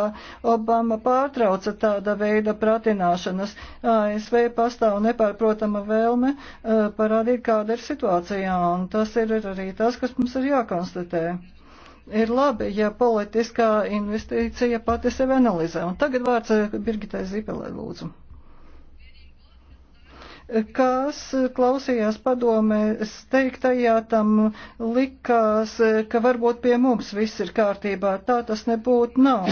Obama pārtrauca tāda veida pratināšanas. ASV pastāv nepārprotama vēlme eh, parādīt, kāda ir situācijā, un tas ir arī tas, kas mums ir jākonstatē. Ir labi, ja politiskā investīcija pati sevi analizē. Un tagad vārds eh, Birgitai Zipelē lūdzu kas klausījās padomēs teiktajā, tam likās, ka varbūt pie mums viss ir kārtībā. Tā tas nebūtu nav.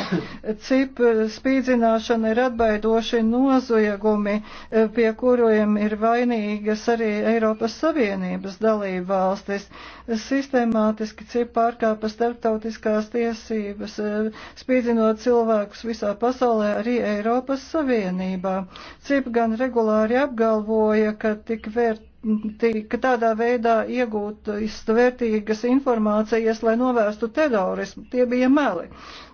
Cip spīdzināšana ir atbaidoši noziegumi, pie kuriem ir vainīgas arī Eiropas Savienības dalība valstis. Sistemātiski cip pārkāpa starptautiskās tiesības, spīdzinot cilvēkus visā pasaulē, arī Eiropas Savienībā. Cip gan regulāri apgalvo, apgalvoja, ka tik vērt tika tādā veidā iegūtas vērtīgas informācijas, lai novērstu terorismu. Tie bija meli.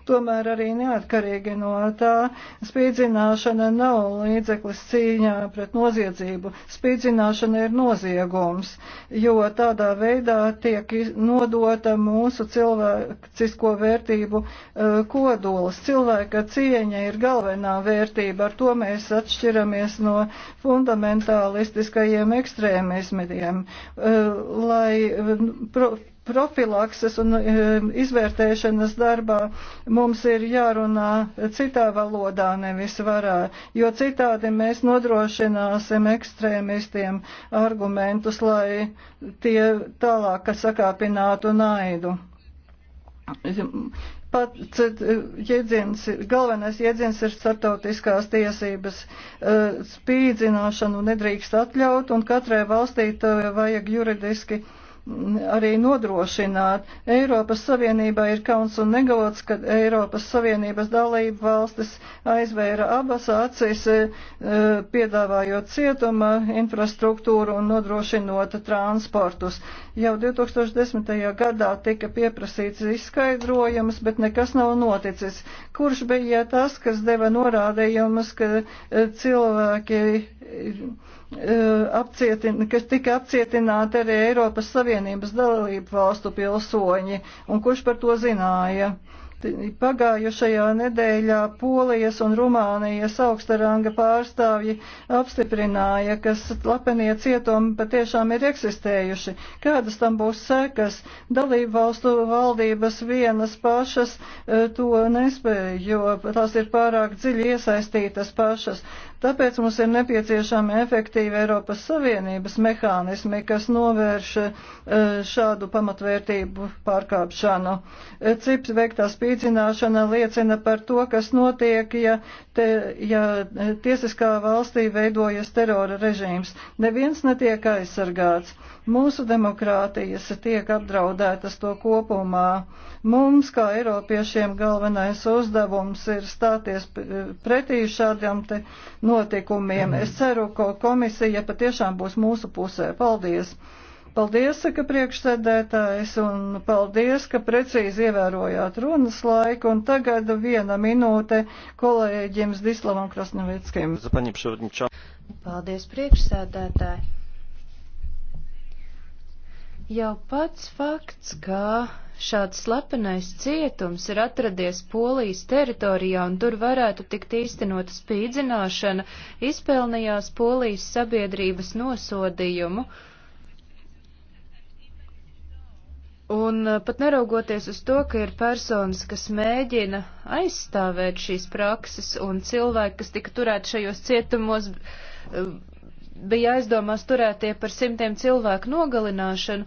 Tomēr arī neatkarīgi no tā spīdzināšana nav līdzeklis cīņā pret noziedzību. Spīdzināšana ir noziegums, jo tādā veidā tiek nodota mūsu cilvēcisko vērtību eh, kodols. Cilvēka cieņa ir galvenā vērtība, ar to mēs atšķiramies no fundamentālistiskajiem ekstrēmiem citiem izmediem, eh, lai eh, pro, profilakses un eh, izvērtēšanas darbā mums ir jārunā citā valodā, nevis varā, jo citādi mēs nodrošināsim ekstrēmistiem argumentus, lai tie tālāk sakāpinātu naidu pats eh, jēdziens, galvenais jēdziens ir startautiskās tiesības eh, spīdzināšanu nedrīkst atļaut, un katrai valstī vajag juridiski arī nodrošināt. Eiropas Savienībā ir kauns un negods, kad Eiropas Savienības dalība valstis aizvēra abas acis, e, e, piedāvājot cietuma infrastruktūru un nodrošinot transportus. Jau 2010. gadā tika pieprasīts izskaidrojums, bet nekas nav noticis. Kurš bija tas, kas deva norādījumus, ka e, cilvēki Eh, apcietin, kas tika apcietināti arī Eiropas Savienības dalību valstu pilsoņi, un kurš par to zināja. Pagājušajā nedēļā Polijas un Rumānijas augstaranga pārstāvji apstiprināja, ka slepenie cietumi patiešām ir eksistējuši. Kādas tam būs sekas? Dalību valstu valdības vienas pašas eh, to nespēja, jo tās ir pārāk dziļi iesaistītas pašas. Tāpēc mums ir nepieciešama efektīva Eiropas Savienības mehānismi, kas novērš eh, šādu pamatvērtību pārkāpšanu. Eh, Cips veiktā spīdzināšana liecina par to, kas notiek, ja, te, ja eh, tiesiskā valstī veidojas terora režīms. Neviens netiek aizsargāts. Mūsu demokrātijas tiek apdraudētas to kopumā. Mums, kā Eiropiešiem, galvenais uzdevums ir stāties pretī šādiem te notikumiem. Es ceru, ka komisija patiešām būs mūsu pusē. Paldies! Paldies, saka priekšsēdētājs, un paldies, ka precīzi ievērojāt runas laiku, un tagad viena minūte kolēģiem Zdislavam Krasnovickim. Paldies, priekšsēdētāji! Jau pats fakts, ka šāds slepenais cietums ir atradies Polijas teritorijā un tur varētu tikt īstenota spīdzināšana, izpelnījās Polijas sabiedrības nosodījumu. Un eh, pat neraugoties uz to, ka ir personas, kas mēģina aizstāvēt šīs prakses un cilvēki, kas tika turēti šajos cietumos, eh, bija aizdomās turētie par simtiem cilvēku nogalināšanu,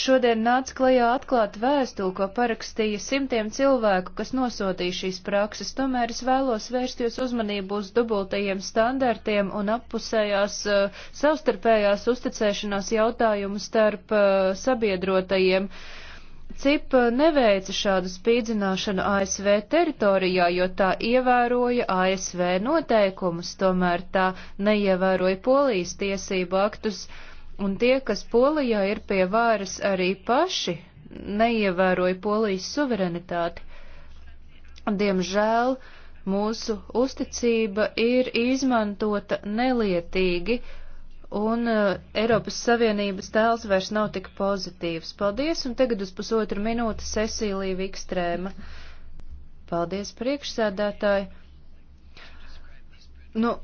šodien nāca klajā atklāt vēstuli, ko parakstīja simtiem cilvēku, kas nosūtīja šīs prakses. Tomēr es vēlos vērst jūs uzmanību uz dubultajiem standartiem un appusējās uh, eh, savstarpējās uzticēšanās jautājumu starp uh, sabiedrotajiem. Uh, CIP neveica šādu spīdzināšanu ASV teritorijā, jo tā ievēroja ASV noteikumus, tomēr tā neievēroja polijas tiesību aktus, un tie, kas polijā ir pie vāras arī paši, neievēroja polijas suverenitāti. Diemžēl mūsu uzticība ir izmantota nelietīgi, un uh, Eiropas Savienības tēls vairs nav tik pozitīvs. Paldies, un tagad uz pusotru minūti Cecīlija Vikstrēma. Paldies, priekšsēdētāji. Nu,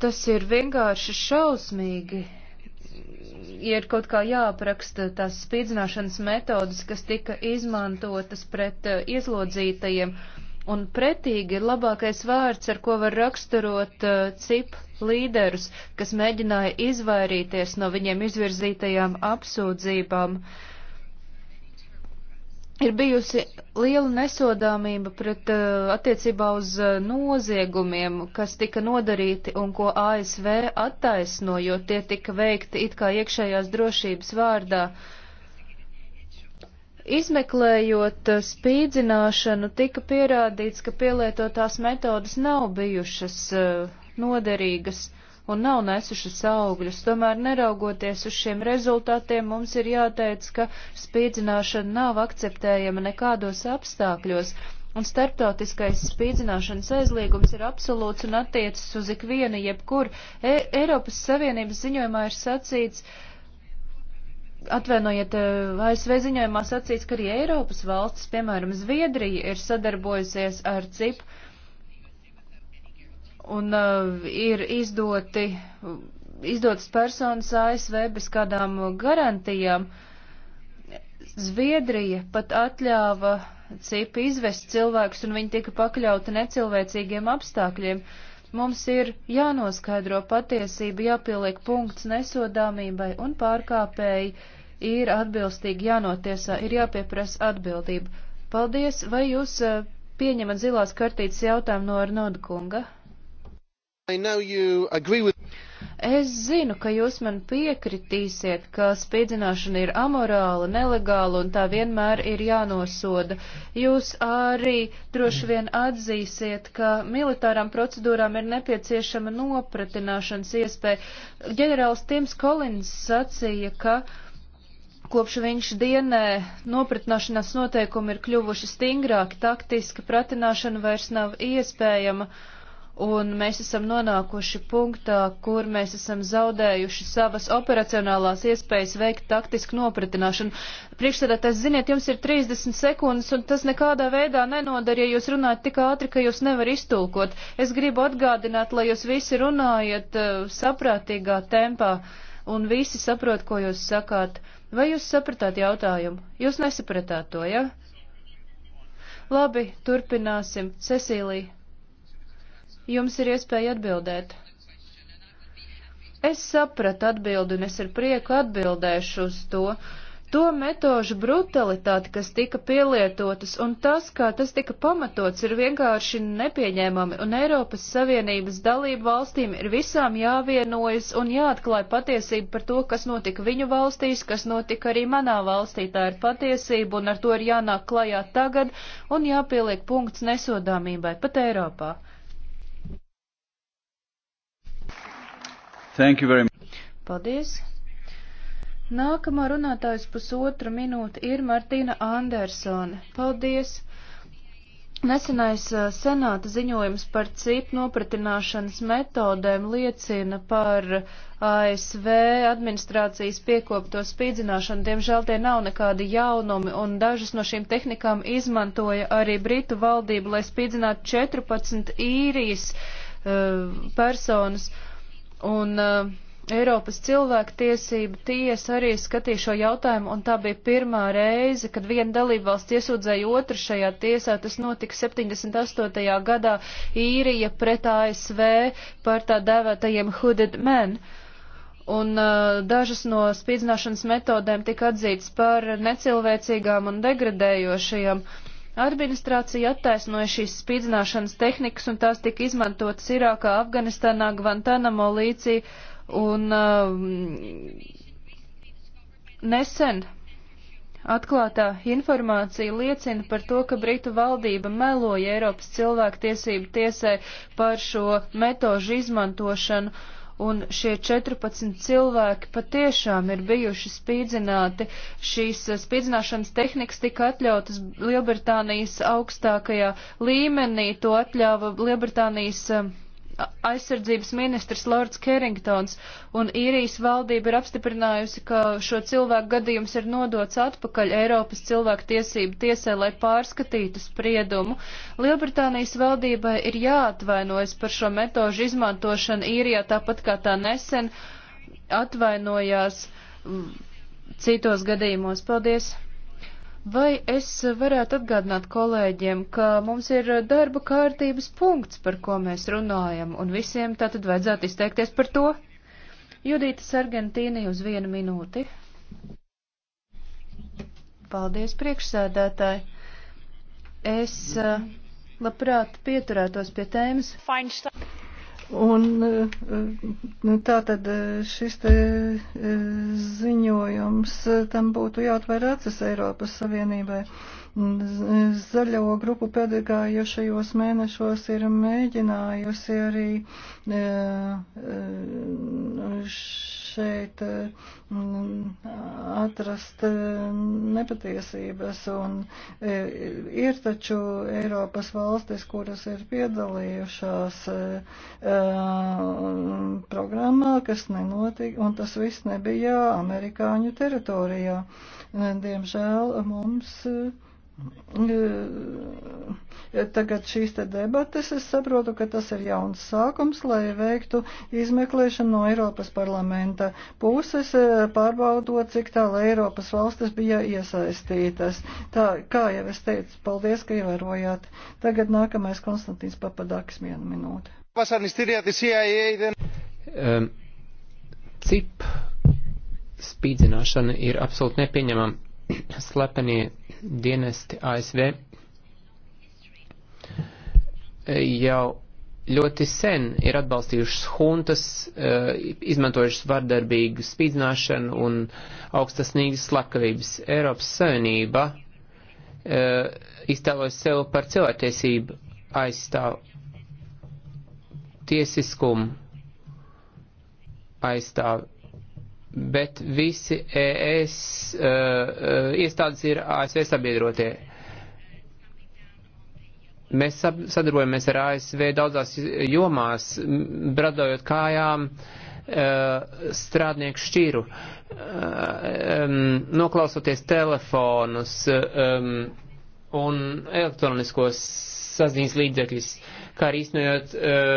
tas ir vienkārši šausmīgi. Ja ir kaut kā jāapraksta tās spīdzināšanas metodas, kas tika izmantotas pret uh, ieslodzītajiem, uh, Un pretīgi ir labākais vārds, ar ko var raksturot uh, cip līderus, kas mēģināja izvairīties no viņiem izvirzītajām apsūdzībām. Ir bijusi liela nesodāmība pret uh, attiecībā uz uh, noziegumiem, kas tika nodarīti un ko ASV attaisno, jo tie tika veikti it kā iekšējās drošības vārdā. Uh, Izmeklējot eh, spīdzināšanu, tika pierādīts, ka pielietotās metodas nav bijušas eh, noderīgas un nav nesušas augļus. Tomēr, neraugoties uz šiem rezultātiem, mums ir jāteic, ka spīdzināšana nav akceptējama nekādos apstākļos, un starptautiskais spīdzināšanas aizliegums ir absolūts un attiecas uz ikvienu jebkur. E Eiropas Savienības ziņojumā ir sacīts, uh, Atvainojiet, eh, ASV ziņojumā sacīts, ka arī Eiropas valstis, piemēram, Zviedrija, ir sadarbojusies ar CIP un uh, ir izdoti, izdotas personas ASV bez kādām garantijām. Zviedrija pat atļāva CIP izvest cilvēkus, un viņi tika pakļauti necilvēcīgiem apstākļiem. Uh, Mums ir jānoskaidro patiesība, jāpieliek punkts nesodāmībai un pārkāpēji, ir atbilstīgi jānotiesā, ir jāpieprasa atbildība. Paldies, vai jūs eh, pieņemat zilās kartītes jautājumu no Arnodkunga? With... Es zinu, ka jūs man piekritīsiet, ka spīdzināšana ir amorāla, nelegāla un tā vienmēr ir jānosoda. Jūs arī droši vien atzīsiet, ka militārām procedūrām ir nepieciešama nopratināšanas iespēja. Ģenerālis Tims Kolins sacīja, ka kopš viņš dienē nopratināšanās noteikumi ir kļuvuši stingrāki, taktiska pratināšana vairs nav iespējama un mēs esam nonākuši punktā, kur mēs esam zaudējuši savas operacionālās iespējas veikt taktisku nopratināšanu. Priekšsēdētājs, ziniet, jums ir 30 sekundes, un tas nekādā veidā nenodara, ja jūs runājat tik ātri, ka jūs nevar iztulkot. Es gribu atgādināt, lai jūs visi runājat uh, saprātīgā tempā, un visi saprot, ko jūs sakāt. Vai jūs sapratāt jautājumu? Jūs nesapratāt to, ja? Labi, turpināsim. Cecīlija. Jums ir iespēja atbildēt. Es sapratu atbildi un es ar prieku atbildēšu uz to. To metožu brutalitāti, kas tika pielietotas, un tas, kā tas tika pamatots, ir vienkārši nepieņēmami, un Eiropas Savienības dalību valstīm ir visām jāvienojas un jāatklāj patiesība par to, kas notika viņu valstīs, kas notika arī manā valstī. Tā ir patiesība, un ar to ir jānāk klajā tagad, un jāpieliek punkts nesodāmībai pat Eiropā. Thank you very much. Paldies. Nākamā runātājs pusotra minūte ir Martina Andersone. Paldies. Nesenais uh, senāta ziņojums par cip nopratināšanas metodēm liecina par uh, ASV administrācijas piekopto spīdzināšanu. Diemžēl tie nav nekādi jaunumi, un dažas no šīm tehnikām izmantoja arī Britu valdība, lai spīdzinātu 14 īrijas uh, personas. Uh, Un uh, Eiropas cilvēktiesība tiesa arī skatīja šo jautājumu, un tā bija pirmā reize, kad viena dalībvalsts iesūdzēja otru šajā tiesā. Tas notika 78. gadā īrija pret ASV par tā dēvētajiem hooded men. Un uh, dažas no spīdzināšanas metodēm tika atzītas par necilvēcīgām un degradējošajām. Uh, Administrācija attaisnoja šīs spīdzināšanas tehnikas un tās tika izmantotas Irākā, Afganistānā, Gvantanamo līcī un uh, nesen atklātā informācija liecina par to, ka Britu valdība meloja Eiropas cilvēktiesību tiesai par šo metožu izmantošanu. Uh, un šie 14 cilvēki patiešām ir bijuši spīdzināti. Šīs eh, spīdzināšanas tehnikas tika atļautas Lielbritānijas augstākajā līmenī, to atļāva Lielbritānijas eh, aizsardzības ministrs Lords Kerringtons un īrijas valdība ir apstiprinājusi, ka šo cilvēku gadījums ir nodots atpakaļ Eiropas cilvēku tiesību tiesē, lai pārskatītu spriedumu. Lielbritānijas valdībai ir jāatvainojas par šo metožu izmantošanu īrijā, tāpat kā tā nesen atvainojās citos gadījumos. Paldies! Vai es varētu atgādināt kolēģiem, ka mums ir darba kārtības punkts, par ko mēs runājam, un visiem tātad vajadzētu izteikties par to? Judīta Sargentīni uz vienu minūti. Paldies, priekšsēdētāji. Es eh, labprāt pieturētos pie tēmas. Feinstein. Un eh, nu, tā tad eh, šis te eh, ziņojums tam būtu jāatver acis Eiropas Savienībai. Zaļo grupu pēdējos mēnešos ir mēģinājusi arī š, šeit eh, atrast eh, nepatiesības. Un eh, ir taču Eiropas valstis, kuras ir piedalījušās programmā, kas nenotika, un tas viss nebija amerikāņu teritorijā. Diemžēl mums. Uh Tagad šīs te debates, es saprotu, ka tas ir jauns sākums, lai veiktu izmeklēšanu no Eiropas parlamenta puses, pārbaudot, cik tālu Eiropas valstis bija iesaistītas. Tā, kā jau es teicu, paldies, ka ievērojāt. Tagad nākamais Konstantins Papadakis vienu minūti. Um, cip spīdzināšana ir absolūti nepieņemama slepenie dienesti ASV e, jau ļoti sen ir atbalstījušas huntas, e, izmantojušas vardarbīgu spīdzināšanu un augstasnīgas slakavības. Eiropas Savienība e, iztēlojas sev par cilvēktiesību aizstāv tiesiskumu aizstāv bet visi ES uh, uh, iestādes ir ASV sabiedrotie. Mēs sadarbojamies ar ASV daudzās jomās, bradojot kājām uh, strādnieku šķiru, uh, um, noklausoties telefonus um, un elektroniskos saziņas līdzekļus, kā arī iznojot uh,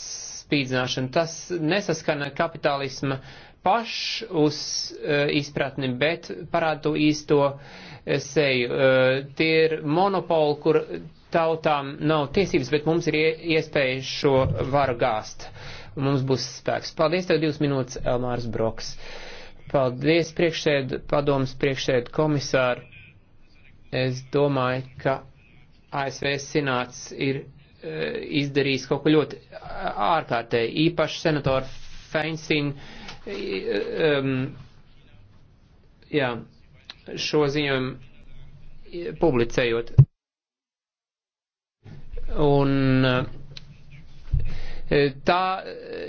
spīdzināšanu. Tas nesaskana kapitālisma uh, paš uz uh, eh, izpratni, bet parāda to īsto eh, seju. Uh, tie ir monopoli, kur tautām nav tiesības, bet mums ir iespēja šo varu gāst. Mums būs spēks. Paldies tev divas minūtes, Elmārs Broks. Paldies priekšsēd, padoms priekšsēd komisāru. Es domāju, ka ASV senāts ir izdarījis kaut ko ļoti ārkārtēji. Īpaši senatora Feinsteina um, jā, šo ziņojumu e, publicējot. Un e, tā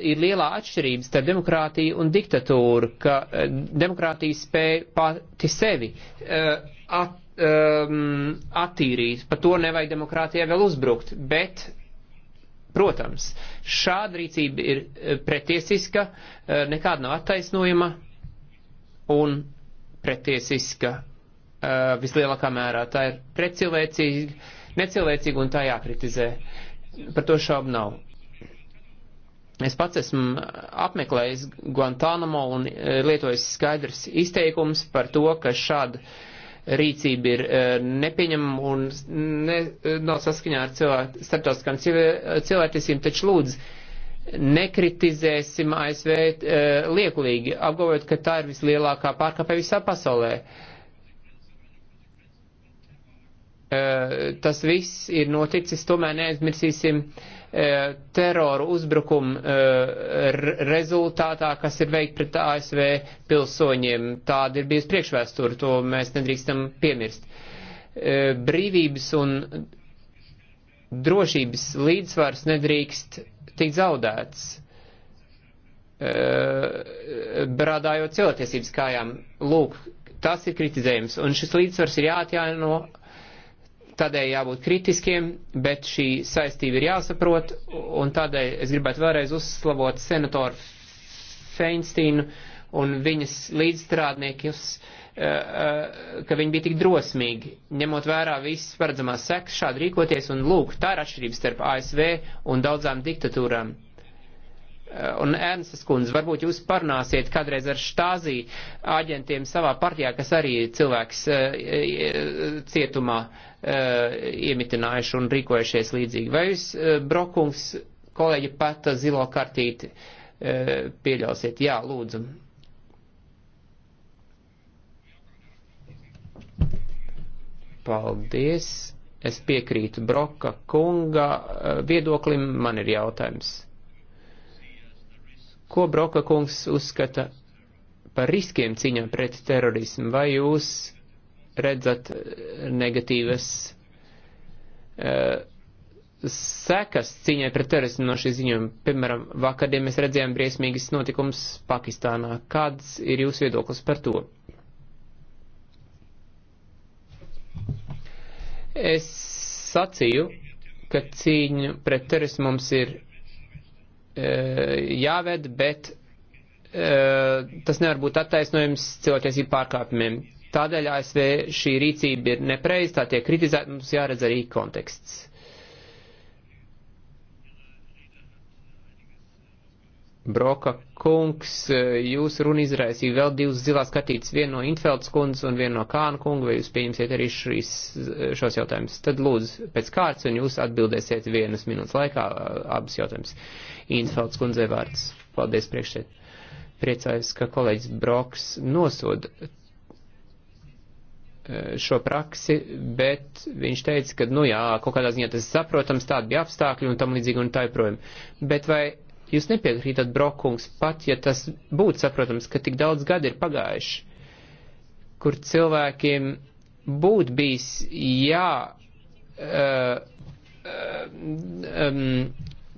ir lielā atšķirība starp demokrātiju un diktatūru, ka e, demokrātija spēja pati sevi at, um, attīrīt. Par to nevajag demokrātijai vēl uzbrukt, bet Protams, šāda rīcība ir eh, pretiesiska, eh, nekāda nav attaisnojama un pretiesiska eh, vislielākā mērā. Tā ir pretcilvēcīga, necilvēcīga un tā jākritizē. Par to šaubu nav. Es pats esmu apmeklējis Guantanamo un lietojis skaidrs izteikums par to, ka šāda uh, rīcība ir eh, nepieņemama un ne, eh, nav saskaņā ar cilvēku, starptautiskām eh, cilvēktiesībām, taču lūdzu nekritizēsim ASV liekulīgi, apgalvojot, ka tā ir vislielākā pārkāpē visā pasaulē. Uh, Eh, tas viss ir noticis, tomēr neaizmirsīsim eh, teroru uzbrukumu eh, rezultātā, kas ir veikt pret ASV pilsoņiem. Tāda ir bijusi priekšvēsture, to mēs nedrīkstam piemirst. Brīvības un drošības līdzsvars nedrīkst tikt zaudēts, brādājot cilvēktiesības kājām. Lūk, tas ir kritizējums, un šis līdzsvars ir jāatjāno Tādēļ jābūt kritiskiem, bet šī saistība ir jāsaprot, un tādēļ es gribētu vēlreiz uzslavot senatoru Feinsteinu un viņas līdzstrādniekus, eh, eh, ka viņi bija tik drosmīgi, ņemot vērā visas paredzamās sekas šādi rīkoties, un lūk, tā ir atšķirība starp ASV un daudzām diktatūrām. Eh, un Ernstas kundze, varbūt jūs parunāsiet kādreiz ar štāzī aģentiem savā partijā, kas arī cilvēks eh, eh, cietumā iemitinājuši un rīkojušies līdzīgi. Vai jūs, Brokungs, kolēģi pata zilo kartīti pieļausiet? Jā, lūdzu. Paldies. Es piekrītu Broka kunga viedoklim. Man ir jautājums Ko Broka kungs uzskata par riskiem cīņā pret terorismu? Vai jūs redzat eh, negatīvas uh, sekas cīņai pret terorismu no šī ziņojuma? Piemēram, vakardien mēs redzējām briesmīgas notikums Pakistānā. Kāds ir jūsu viedoklis par to? Es sacīju, ka cīņa pret terorismu mums ir Eh, jāved, bet eh, tas nevar būt attaisnojums cilvēktiesību pārkāpumiem. Tādēļ ASV šī rīcība ir nepreiz, tā tiek kritizēta, mums jāredz arī konteksts. Broka kungs, eh, jūs runa izraisīja vēl divas zilās kartītes, vienu no Infelds kundzes un vienu no Kāna kunga, vai jūs pieņemsiet arī šīs, eh, šos jautājumus. Tad lūdzu pēc kārtas un jūs atbildēsiet vienas minūtes laikā eh, abas jautājumas. Infelds kundzei vārds. Paldies priekšēt. Priecājos, ka kolēģis Broks nosoda šo praksi, bet viņš teica, ka, nu jā, kaut kādā ziņā tas saprotams, tādi bija apstākļi un tam līdzīgi un tā joprojām. Bet vai Jūs nepiekrītat, Brokungs, pat ja tas būtu saprotams, ka tik daudz gadi ir pagājuši, kur cilvēkiem būtu bijis jā. Uh, um,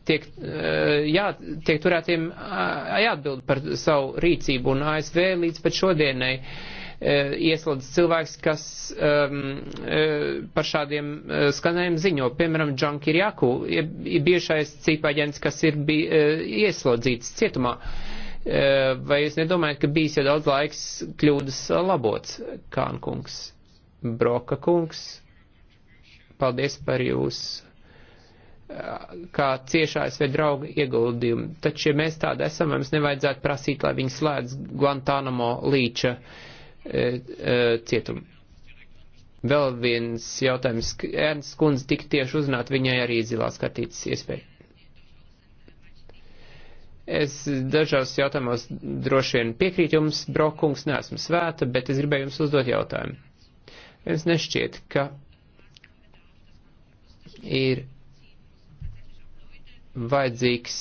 tiek, eh, jā, tiek turētiem jāatbild par savu rīcību, un ASV līdz pat šodienai E, ieslodz cilvēks, kas um, e, par šādiem e, skanējumiem ziņo. Piemēram, Džanki Irjaku, biešais cīpaģents, kas ir bij, ieslodzīts cietumā. Vai jūs nedomājat, ka bijis jau daudz laiks kļūdas labots, Kānkungs, Broka kungs? Paldies par jūsu kā ciešais vai drauga ieguldījumu. Taču, ja mēs tādi esam, mums nevajadzētu prasīt, lai viņi slēdz Guantanamo līča uh, E, e, cietumu. Vēl viens jautājums. Ernsts kundze tik tieši uzrunāt, viņai arī zilās kartītes iespēja. Es dažās jautājumos droši vien piekrītu jums, Brokungs, neesmu svēta, bet es gribēju jums uzdot jautājumu. Es nešķiet, ka ir vajadzīgs.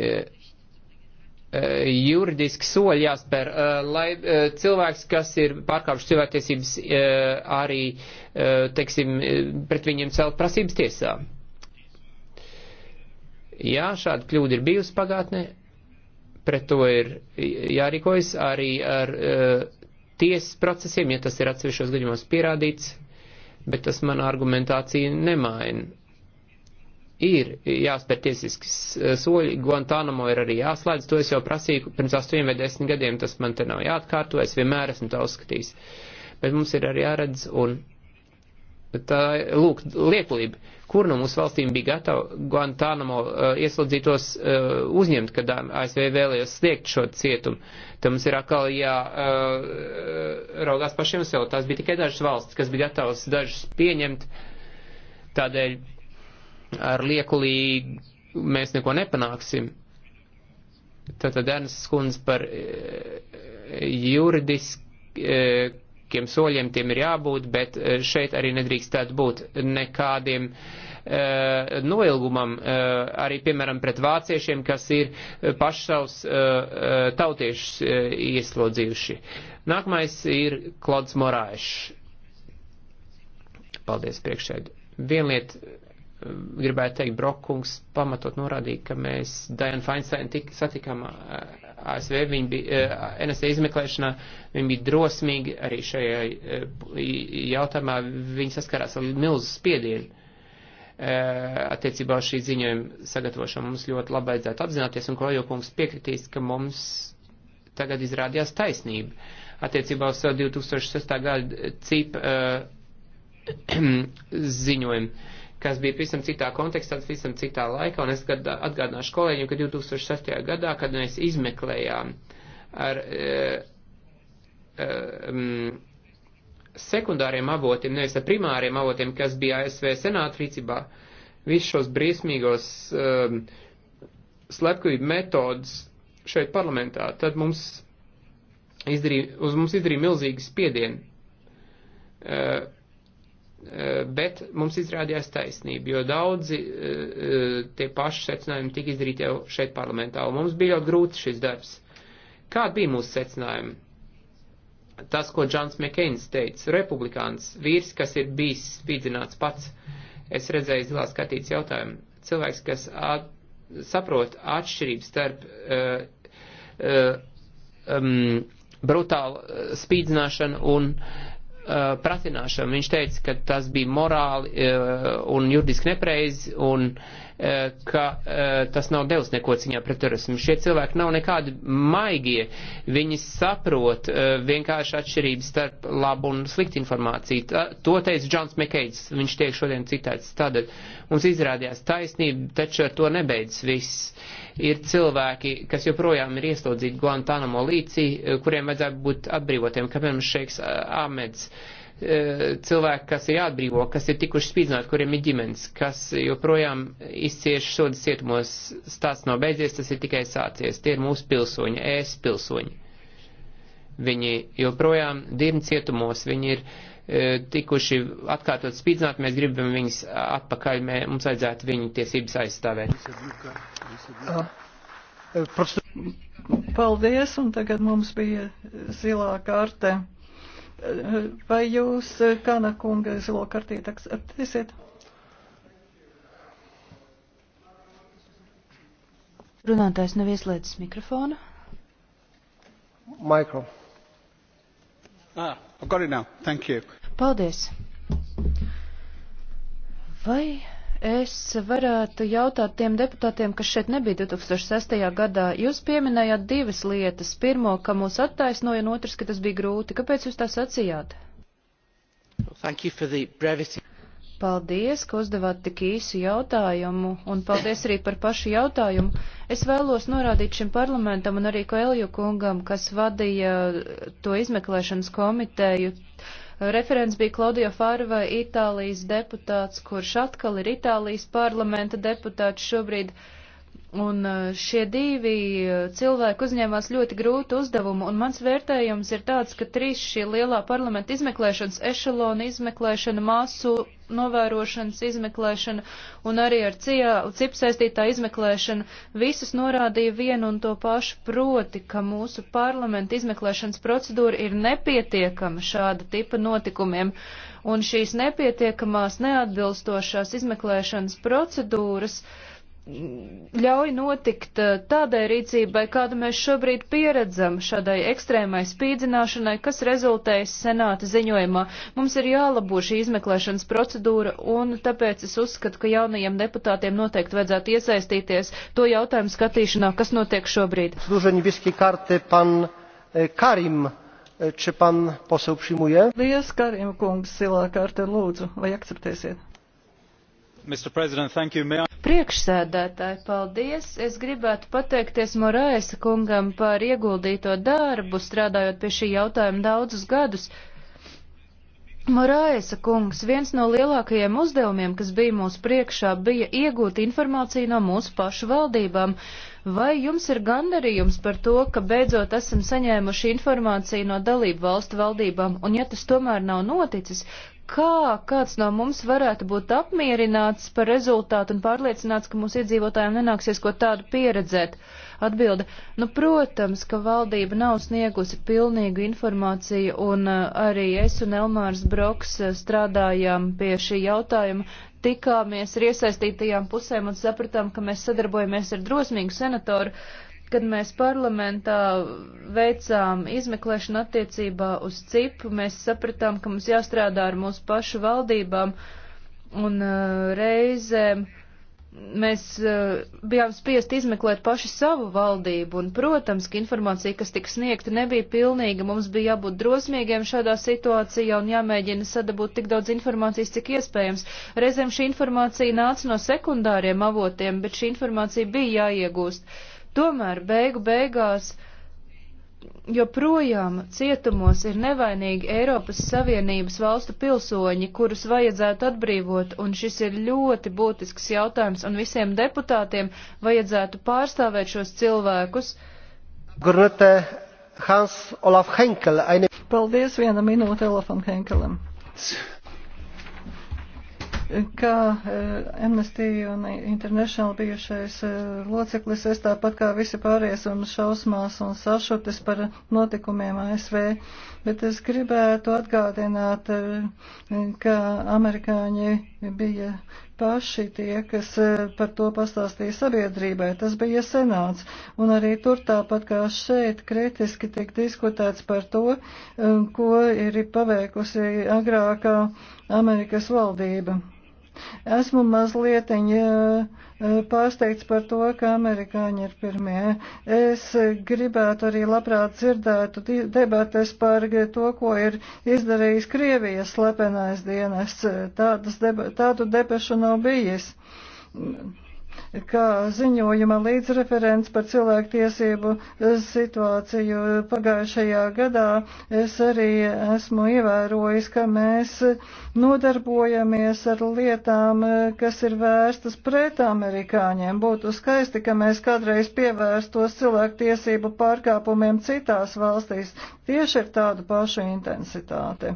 E, E, juridiski soļi jāspēr, e, lai e, cilvēks, kas ir pārkāpšs cilvēktiesības, arī, teiksim, pret viņiem celt prasības tiesā. Jā, šāda kļūda ir bijusi pagātnē, pret to ir jārīkojas arī ar tiesas procesiem, ja tas ir atsevišķos gadījumos pierādīts, bet tas man argumentācija nemaina ir jāspēr tiesiskas soļi, Guantanamo ir arī jāslēdz, to es jau prasīju pirms astoņiem vai desmit gadiem, tas man te nav jāatkārto, es vienmēr esmu tā uzskatījis. Bet mums ir arī jāredz un tā, lūk, lieklība, kur no mūsu valstīm bija gatava Guantanamo uh, ieslodzītos uh, uzņemt, kad ASV vēlējās sniegt šo cietumu. Te mums ir atkal jāraugās eh, uh, pašiem sev, tās bija tikai dažas valstis, kas bija gatavas dažas pieņemt. Tādēļ ar liekulīgu mēs neko nepanāksim. Tātad Ernsts Kunds par e, juridiskiem soļiem tiem ir jābūt, bet e, šeit arī nedrīkst tādu būt nekādiem e, noilgumam arī, piemēram, pret vāciešiem, kas ir paši savus tautiešus ieslodzījuši. Nākamais ir Klods Morāšs. Paldies priekšēd. Viena lieta gribētu teikt, Brokkungs pamatot norādīja, ka mēs Diana Feinstein tik satikām ASV, viņa bija NSA izmeklēšanā, viņa bija drosmīgi arī šajā jautājumā, viņa saskarās ar milzu spiedienu attiecībā uz šī ziņojuma sagatavošanu. Mums ļoti labi vajadzētu apzināties, un Klojokungs piekritīs, ka mums tagad izrādījās taisnība attiecībā uz 2006. gada CIP ziņojumu kas bija pavisam citā kontekstā, pavisam citā laikā, un es atgādināšu kolēģiem, ka 2006. gadā, kad mēs izmeklējām ar e, eh, e, eh, m, mm, sekundāriem avotiem, nevis ar primāriem avotiem, kas bija ASV senāta rīcībā, visus šos briesmīgos e, slepkavību metodus šeit parlamentā, tad mums izdarīja, uz mums izdarīja milzīgu spiedienu. E, Eh, bet mums izrādījās taisnība, jo daudzi eh, eh, tie paši secinājumi tika izdarīti jau šeit parlamentā, un mums bija ļoti grūti šis darbs. Kāda bija mūsu secinājuma? Tas, ko Džons Mekēns teica, republikāns vīrs, kas ir bijis spīdzināts pats, es redzēju zilā skatīts jautājumu. Cilvēks, kas at, saprot atšķirību starp uh, uh, um, brutālu spīdzināšanu un uh, Uh, pratināšanu. Viņš teica, ka tas bija morāli uh, un juridiski nepreizi un uh, Eh, ka eh, tas nav devis neko ciņā pret terorismu. Šie cilvēki nav nekādi maigie, viņi saprot eh, vienkārši atšķirības starp labu un sliktu informāciju. To teica Džons Mekeids, viņš tiek šodien citēts. Tātad mums izrādījās taisnība, taču ar to nebeidzas viss. Ir cilvēki, kas joprojām ir ieslodzīti Guantanamo līcī, kuriem vajadzētu būt atbrīvotiem, kāpēc šeiks Āmeds. Uh, E, cilvēki, kas ir jāatbrīvo, kas ir tikuši spīdzināti, kuriem ir ģimenes, kas joprojām izcieš sodas cietumos, stāsts nav beidzies, tas ir tikai sācies. Tie ir mūsu pilsoņi, ēs pilsoņi. Viņi joprojām dirni cietumos, viņi ir e, tikuši atkārtot spīdzināt, mēs gribam viņus atpakaļ, mē, mums vajadzētu viņu tiesības aizstāvēt. Paldies, un tagad mums bija zilā kārte. Vai jūs, Kana kunga, zilo kartīti akceptēsiet? Runātājs nav ieslēdzis mikrofonu. Mikro. Ah, I've got it now. Thank you. Paldies. Vai Es varētu jautāt tiem deputātiem, kas šeit nebija 2006. gadā. Jūs pieminējāt divas lietas. Pirmo, ka mūs attaisnoja, un otrs, ka tas bija grūti. Kāpēc jūs tā sacījāt? Paldies, ka uzdevāt tik īsu jautājumu, un paldies arī par pašu jautājumu. Es vēlos norādīt šim parlamentam un arī Koelju kungam, kas vadīja to izmeklēšanas komiteju. Uh, Referents bija Klaudio Farva, Itālijas deputāts, kurš atkal ir Itālijas parlamenta deputāts šobrīd. Uh, Un uh, šie divi uh, cilvēki uzņēmās ļoti grūtu uzdevumu, un mans vērtējums ir tāds, ka trīs šī lielā parlamenta izmeklēšanas ešalona izmeklēšana, māsu novērošanas izmeklēšana un arī ar cip saistītā izmeklēšana visas norādīja vienu un to pašu proti, ka mūsu parlamenta izmeklēšanas procedūra ir nepietiekama šāda tipa notikumiem, un šīs nepietiekamās neatbilstošās izmeklēšanas procedūras uh, ļauj notikt eh, tādai rīcībai, kādu mēs šobrīd pieredzam, šādai ekstrēmai spīdzināšanai, kas rezultējas senāta ziņojumā. Mums ir jālabo šī izmeklēšanas procedūra, un tāpēc es uzskatu, ka jaunajiem deputātiem noteikti vajadzētu iesaistīties to jautājumu skatīšanā, kas notiek šobrīd. E, Karim, e, Liels Karim kungs, silā kārta lūdzu, vai akceptēsiet? Priekšsēdētāji, paldies! Es gribētu pateikties Moraisa kungam par ieguldīto darbu, strādājot pie šī jautājuma daudzus gadus. Moraisa kungs, viens no lielākajiem uzdevumiem, kas bija mūsu priekšā, bija iegūt informāciju no mūsu pašu valdībām. Vai jums ir gandarījums par to, ka beidzot esam saņēmuši informāciju no dalību valstu valdībām, un ja tas tomēr nav noticis, kā kāds no mums varētu būt apmierināts par rezultātu un pārliecināts, ka mūsu iedzīvotājiem nenāksies ko tādu pieredzēt? Atbilde. Nu, protams, ka valdība nav sniegusi pilnīgu informāciju, un uh, arī es un Elmārs Broks uh, strādājām pie šī jautājuma. Tikāmies ar iesaistītajām pusēm un sapratām, ka mēs sadarbojamies ar drosmīgu senatoru Kad mēs parlamentā veicām izmeklēšanu attiecībā uz cipu, mēs sapratām, ka mums jāstrādā ar mūsu pašu valdībām un uh, reizēm mēs uh, bijām spiest izmeklēt paši savu valdību, un, protams, ka informācija, kas tika sniegta, nebija pilnīga. Mums bija jābūt drosmīgiem šādā situācijā un jāmēģina sadabūt tik daudz informācijas, cik iespējams. Reizēm šī informācija nāca no sekundāriem avotiem, bet šī informācija bija jāiegūst. Uh, Tomēr beigu beigās joprojām cietumos ir nevainīgi Eiropas Savienības valstu pilsoņi, kurus vajadzētu atbrīvot, un šis ir ļoti būtisks jautājums, un visiem deputātiem vajadzētu pārstāvēt šos cilvēkus. Grunete Hans Olaf Henkel. Eine... Paldies, viena minūte Olafam Henkelam. Kā eh, Amnesty un International bijušais eh, loceklis, es tāpat kā visi pārējais un šausmās un sašutis par notikumiem ASV, bet es gribētu atgādināt, eh, ka amerikāņi bija paši tie, kas par to pastāstīja sabiedrībai. Tas bija senāts. Un arī tur tāpat kā šeit kritiski tiek diskutēts par to, ko ir paveikusi agrākā Amerikas valdība. Esmu mazliet eh, eh, pārsteigts par to, ka amerikāņi ir pirmie. Es gribētu arī labprāt dzirdētu debates par to, ko ir izdarījis Krievijas slepenais dienests. Tādas deba, tādu depešu nav bijis ka ziņojuma līdzreferents par cilvēktiesību situāciju pagājušajā gadā es arī esmu ievērojis, ka mēs nodarbojamies ar lietām, kas ir vērstas pret amerikāņiem. Būtu skaisti, ka mēs kādreiz pievērstos cilvēktiesību pārkāpumiem citās valstīs tieši ar tādu pašu intensitāti.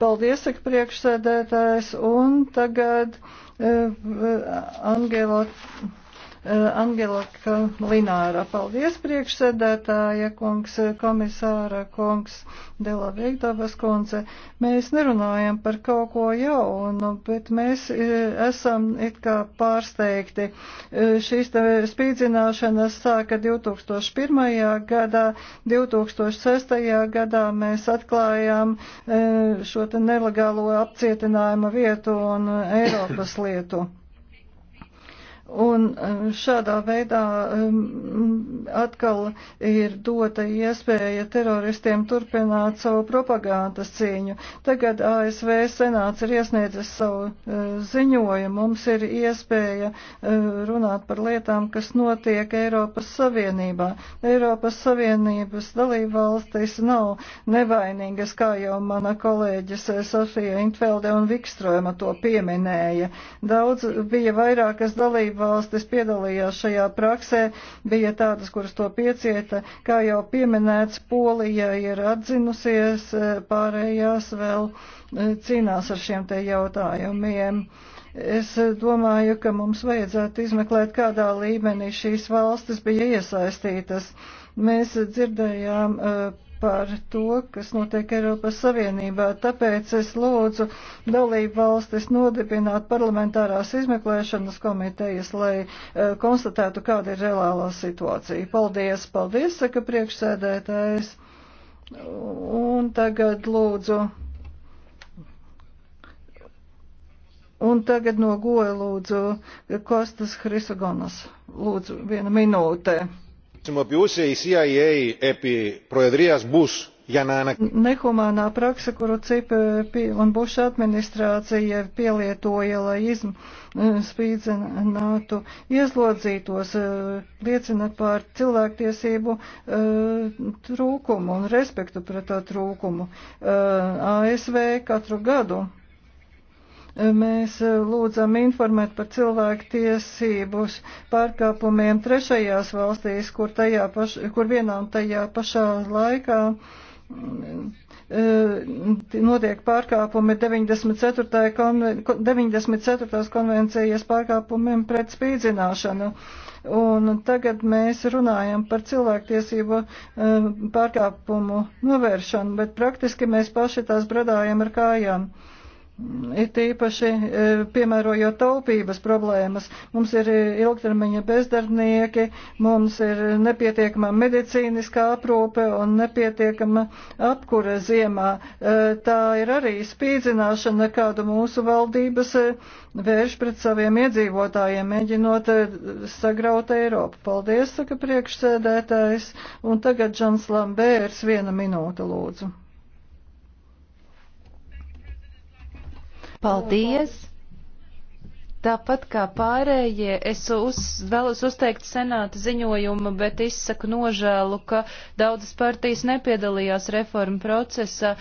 Paldies, saka priekšsēdētājs, un tagad uh, Angela. Angelika Lināra. Paldies, priekšsēdētāja kungs, komisāra kungs, Dela Veiktovas kundze. Mēs nerunājam par kaut ko jaunu, bet mēs e, esam it kā pārsteigti. E, šīs spīdzināšanas sāka 2001. gadā, 2006. gadā mēs atklājām e, šo te nelegālo apcietinājumu vietu un Eiropas lietu. Un eh, šādā veidā eh, atkal ir dota iespēja teroristiem turpināt savu propagandas cīņu. Tagad ASV senāts ir iesniedzis savu eh, ziņojumu. Mums ir iespēja runāt par lietām, kas notiek Eiropas Savienībā. Eiropas Savienības dalībvalstis nav nevainīgas, kā jau mana kolēģis Sofija Intfelde un Vikstrojuma to pieminēja. Daudz bija vairākas dalībvalstis valstis piedalījās šajā praksē, bija tādas, kuras to piecieta. Kā jau pieminēts, Polija ir atzinusies, e, pārējās vēl e, cīnās ar šiem te jautājumiem. Es e, domāju, ka mums vajadzētu izmeklēt, kādā līmenī šīs valstis bija iesaistītas. Mēs dzirdējām uh, par to, kas notiek Eiropas Savienībā. Tāpēc es lūdzu dalību valstis nodibināt parlamentārās izmeklēšanas komitejas, lai uh, konstatētu, kāda ir reālā situācija. Paldies, paldies, saka priekšsēdētājs. Un tagad lūdzu. Un tagad no goja lūdzu Kostas Hrisogonas. Lūdzu, viena minūte. Χρησιμοποιούσε η CIA επί Προεδρίας Bush για να ανακαλύψει. Nehumānā praksa, kuru Cipa un Buša administrācija pielietoja, lai izspīdzinātu ieslodzītos, e, liecina par cilvēktiesību e, trūkumu un respektu pret to trūkumu. E, ASV katru gadu mēs eh, lūdzam informēt par cilvēku tiesības pārkāpumiem trešajās valstīs, kur, tajā paš, kur vienā un tajā pašā laikā eh, notiek pārkāpumi 94. Konven, 94. konvencijas pārkāpumiem pret spīdzināšanu. Un tagad mēs runājam par cilvēktiesību eh, pārkāpumu novēršanu, bet praktiski mēs paši tās bradājam ar kājām. It īpaši, e, piemērojot taupības problēmas, mums ir e, ilgtermiņa bezdarbnieki, mums ir nepietiekama medicīniskā aprūpe un nepietiekama apkure ziemā. E, tā ir arī spīdzināšana, kādu mūsu valdības vērš pret saviem iedzīvotājiem, mēģinot sagraut Eiropu. Paldies, saka priekšsēdētājs, un tagad Džans Lambērs viena minūte lūdzu. Paldies! Tāpat kā pārējie, es uz, vēlos uzteikt senāta ziņojumu, bet izsaku nožēlu, ka daudzas partijas nepiedalījās reformu procesā.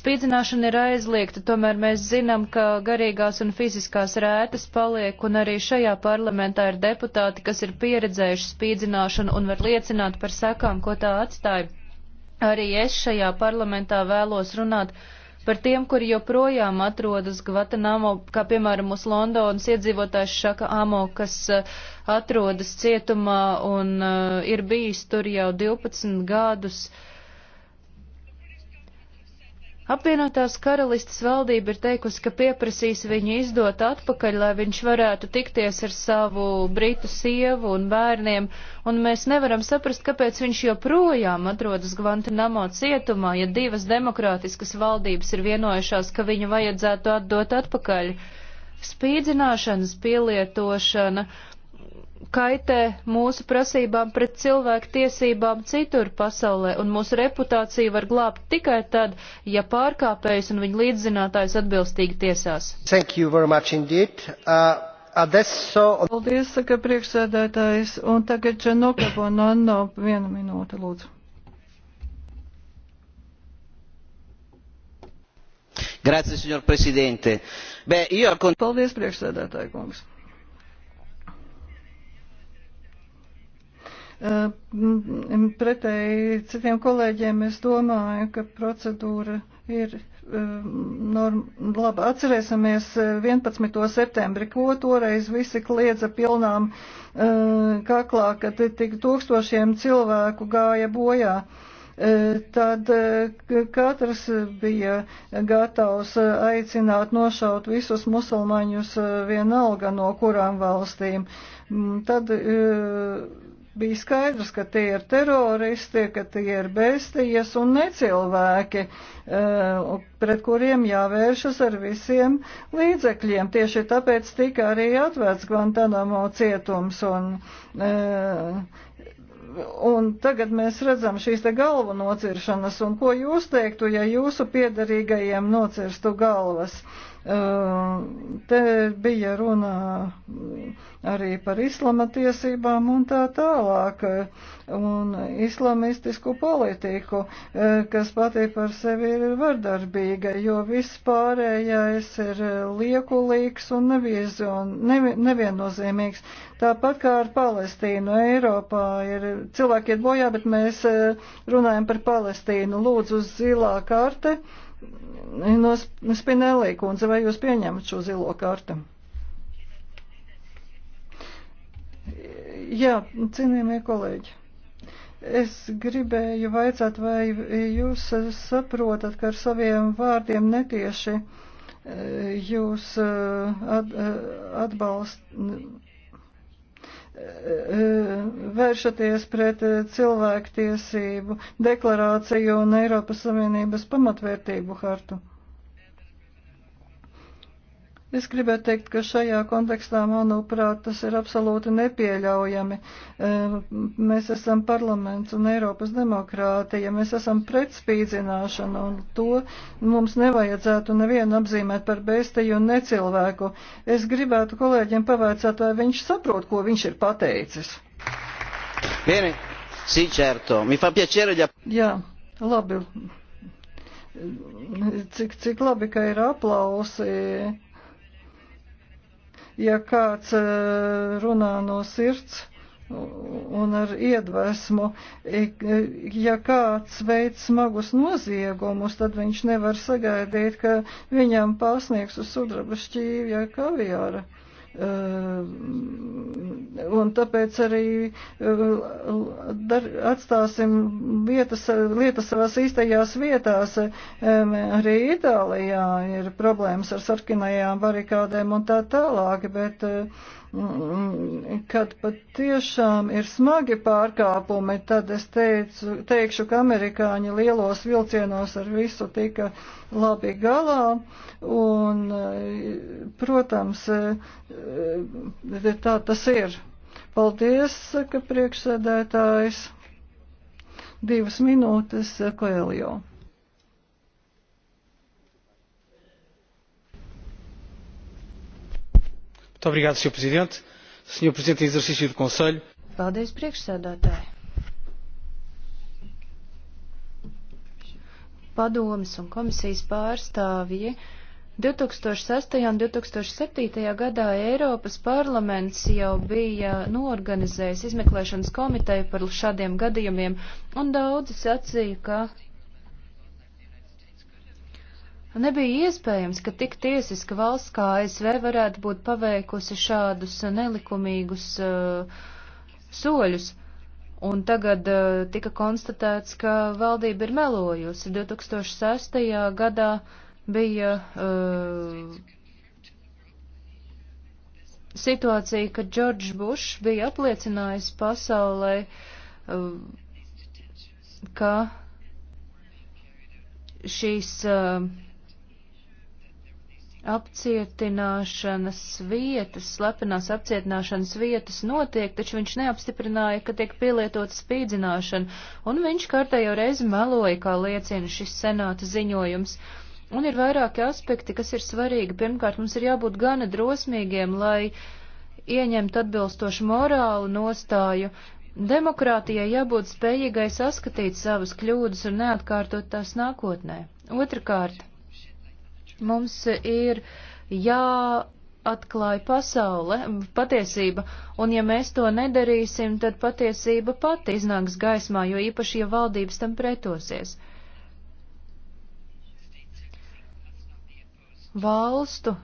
Spīdzināšana ir aizliegta, tomēr mēs zinām, ka garīgās un fiziskās rētas paliek, un arī šajā parlamentā ir deputāti, kas ir pieredzējuši spīdzināšanu un var liecināt par sekām, ko tā atstāja. Arī es šajā parlamentā vēlos runāt par tiem, kuri joprojām atrodas Gvatanamo, kā piemēram mūsu Londonas iedzīvotājs Šaka Amo, kas eh, atrodas cietumā un eh, ir bijis tur jau 12 gadus. Uh, Apvienotās karalistas valdība ir teikusi, ka pieprasīs viņu izdot atpakaļ, lai viņš varētu tikties ar savu britu sievu un bērniem, un mēs nevaram saprast, kāpēc viņš joprojām atrodas Guantanamo cietumā, ja divas demokrātiskas valdības ir vienojušās, ka viņu vajadzētu atdot atpakaļ. Spīdzināšanas pielietošana kaitē mūsu prasībām pret cilvēku tiesībām citur pasaulē, un mūsu reputāciju var glābt tikai tad, ja pārkāpējs un viņa līdzzinātājs atbilstīgi tiesās. Uh, adesso... Paldies, saka priekšsēdētājs, un tagad Čanoka Bonanno, viena minūte, lūdzu. Grazie, signor Presidente. Beh, io... Paldies, priekšsēdētāji kungs. Eh, pretēji citiem kolēģiem es domāju, ka procedūra ir eh, norm, labi, atcerēsimies 11. Eh, septembri, ko toreiz visi kliedza pilnām uh, kaklā, kad tik tūkstošiem cilvēku gāja bojā. Uh, tad uh, katrs bija gatavs aicināt nošaut visus musulmaņus vienalga no kurām valstīm. Um, tad bija skaidrs, ka tie ir teroristi, ka tie ir bestijas un necilvēki, eh, pret kuriem jāvēršas ar visiem līdzekļiem. Tieši tāpēc tika arī atvērts Guantanamo cietums un eh, un tagad mēs redzam šīs te galvu nociršanas, un ko jūs teiktu, ja jūsu piedarīgajiem nocirstu galvas? Te bija runa arī par islama tiesībām un tā tālāk, un islamistisku politiku, kas patī par sevi ir vardarbīga, jo viss pārējais ir liekulīgs un, neviezi, un nevi, neviennozīmīgs. Tāpat kā ar Palestīnu, Eiropā ir cilvēki iet bojā, bet mēs runājam par Palestīnu. Lūdzu, zilā karte. Nu, no Spinelli kundze, vai jūs pieņemat šo zilo kartu? Jā, cienījamie kolēģi. Es gribēju vaicāt, vai jūs saprotat, ka ar saviem vārdiem netieši eh, jūs eh, eh, atbalst, Eh, vēršaties pret eh, cilvēktiesību deklarāciju un Eiropas Savienības pamatvērtību hartu. Es gribētu teikt, ka šajā kontekstā, manuprāt, tas ir absolūti nepieļaujami. E, mēs esam parlaments un Eiropas demokrātija, mēs esam pret spīdzināšanu un to mums nevajadzētu nevienu apzīmēt par bēsteju un necilvēku. Es gribētu kolēģiem pavaicāt, vai viņš saprot, ko viņš ir pateicis. Bene, sì, certo. Mi fa piacere gli app- Jā, labi. Cik, cik labi, ka ir aplausi ja kāds e, runā no sirds un ar iedvesmu, e, e, ja kāds veids smagus noziegumus, tad viņš nevar sagaidīt, ka viņam pasniegs uz sudraba šķīvja kaviāra. Ehm, un tāpēc arī ehm, dar, atstāsim vietas, lietas savās īstajās vietās. Ehm, arī Itālijā ir problēmas ar sarkanajām barikādēm un tā tālāk, bet Mm, mm, kad pat tiešām ir smagi pārkāpumi, tad es teicu, teikšu, ka amerikāņi lielos vilcienos ar visu tika labi galā, un, eh, protams, eh, eh, tā tas ir. Paldies, saka priekšsēdētājs. Divas minūtes, Koelio. Obrigado, Sr. Presidente. Sr. Presidente em exercício do Conselho. Paldies, priekšsēdētāji. padomas un komisijas pārstāvji. 2006. un 2007. gadā Eiropas parlaments jau bija norganizējis izmeklēšanas komiteju par šādiem gadījumiem, un daudzi sacīja, ka Nebija iespējams, ka tik tiesiska valsts kā ASV varētu būt paveikusi šādus nelikumīgus uh, soļus. Un tagad uh, tika konstatēts, ka valdība ir melojusi. 2006. gadā bija uh, situācija, kad Džordžs Bušs bija apliecinājis pasaulē, uh, ka šīs. Uh, apcietināšanas vietas, slepenās apcietināšanas vietas notiek, taču viņš neapstiprināja, ka tiek pielietota spīdzināšana, un viņš kārtējo reizi meloja, kā liecina šis senāta ziņojums. Un ir vairāki aspekti, kas ir svarīgi. Pirmkārt, mums ir jābūt gana drosmīgiem, lai ieņemtu atbilstošu morālu nostāju. Demokrātijai jābūt spējīgai saskatīt savas kļūdas un neatkārtot tās nākotnē. Otrakārt, Mums ir jāatklāj pasaule, patiesība, un ja mēs to nedarīsim, tad patiesība pati iznāks gaismā, jo īpaši, ja valdības tam pretosies. Valstu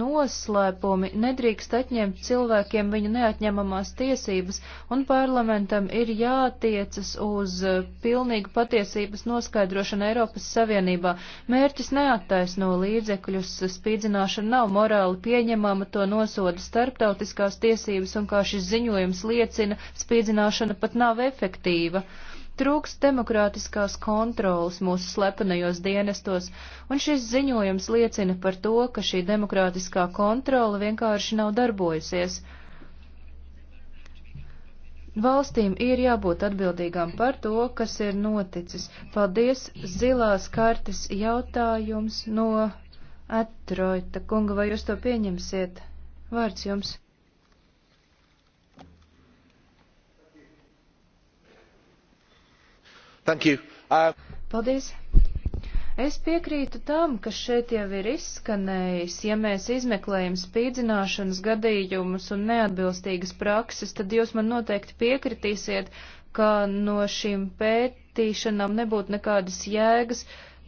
Noslēpumi nedrīkst atņemt cilvēkiem viņu neatņemamās tiesības, un parlamentam ir jātiecas uz eh, pilnīgu patiesības noskaidrošanu Eiropas Savienībā. Mērķis neattaisno līdzekļus, spīdzināšana nav morāli pieņemama, to nosoda starptautiskās tiesības, un kā šis ziņojums liecina, spīdzināšana pat nav efektīva trūks demokrātiskās kontrolas mūsu slepenajos dienestos, un šis ziņojums liecina par to, ka šī demokrātiskā kontrola vienkārši nav darbojusies. Valstīm ir jābūt atbildīgām par to, kas ir noticis. Paldies, zilās kartes jautājums no Atroita kunga, vai jūs to pieņemsiet? Vārds jums. Uh... Paldies! Es piekrītu tam, kas šeit jau ir izskanējis. Ja mēs izmeklējam spīdzināšanas gadījumus un neatbilstīgas prakses, tad jūs man noteikti piekritīsiet, ka no šīm pētīšanām nebūtu nekādas jēgas,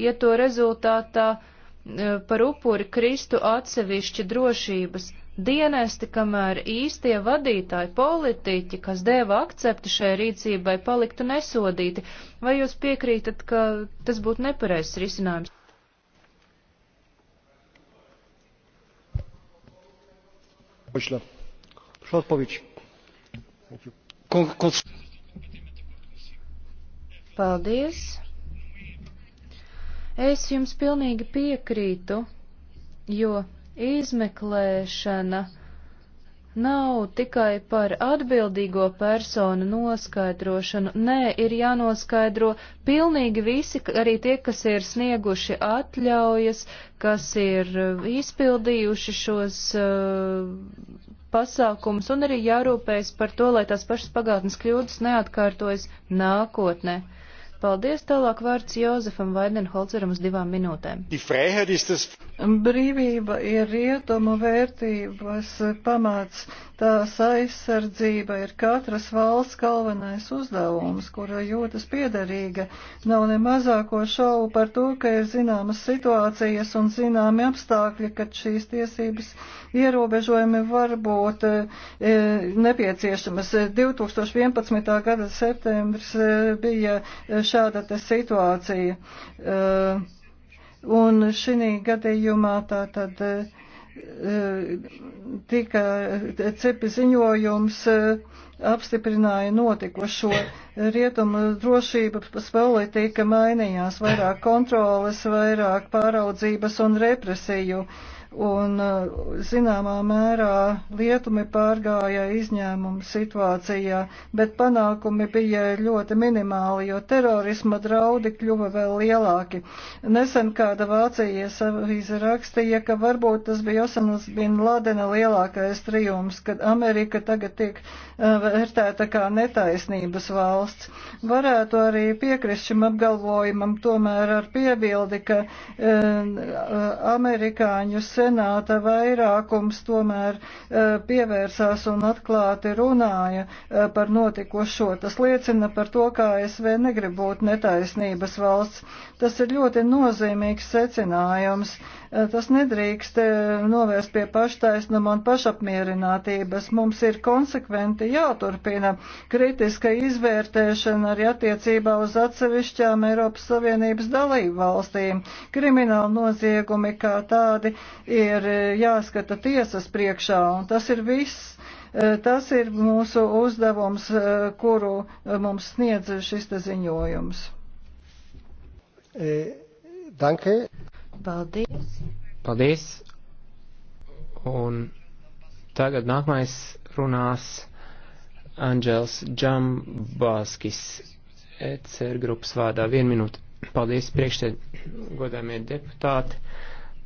ja to rezultātā eh, par upuri kristu atsevišķi drošības dienesti, kamēr īstie vadītāji, politiķi, kas deva akceptu šai rīcībai, paliktu nesodīti. Vai jūs piekrītat, ka tas būtu nepareizs risinājums? Paldies. Es jums pilnīgi piekrītu, jo Izmeklēšana nav tikai par atbildīgo personu noskaidrošanu, nē, ir jānoskaidro pilnīgi visi, arī tie, kas ir snieguši atļaujas, kas ir izpildījuši šos uh, pasākumus, un arī jārūpējas par to, lai tās pašas pagātnes kļūdas neatkārtojas nākotnē. Paldies, tālāk vārds Jozefam Vaidenholceram uz divām minūtēm. Brīvība ir rietumu vērtības pamats. Tās aizsardzība ir katras valsts galvenais uzdevums, kura jūtas piederīga. Nav ne mazāko šaubu par to, ka ir zināmas situācijas un zināmi apstākļi, kad šīs tiesības ierobežojumi var būt e, nepieciešamas. 2011. gada septembris e, bija šāda te situācija. E, un šī gadījumā tā tad. E, tika cepi ziņojums apstiprināja notikušo rietumu drošības politika mainījās, vairāk kontroles, vairāk pāraudzības un represiju un uh, zināmā mērā lietumi pārgāja izņēmumu situācijā, bet panākumi bija ļoti minimāli, jo terorisma draudi kļuva vēl lielāki. Nesen kāda Vācijas avīze rakstīja, ka varbūt tas bija Osamas bin Ladena lielākais trijums, kad Amerika tagad tiek uh, vērtēta kā netaisnības valsts. Varētu arī piekrist šim apgalvojumam tomēr ar piebildi, ka e, uh, amerikāņus senāta vairākums tomēr e, pievērsās un atklāti runāja e, par notikošo. Tas liecina par to, kā SV negrib būt netaisnības valsts. Tas ir ļoti nozīmīgs secinājums. Eh, tas nedrīkst eh, novērst pie paštaisnuma un pašapmierinātības. Mums ir konsekventi jāturpina kritiska izvērtēšana arī attiecībā uz atsevišķām Eiropas Savienības dalību valstīm. Krimināli noziegumi kā tādi ir eh, jāskata tiesas priekšā, un tas ir viss. Tas ir mūsu uzdevums, kuru mums sniedz šis ziņojums. E, danke. Paldies! Paldies! Un tagad nākamais runās Anģels Džambāskis, ECR grupas vārdā. Vienu minūti. Paldies priekšsēd, godāmie deputāti,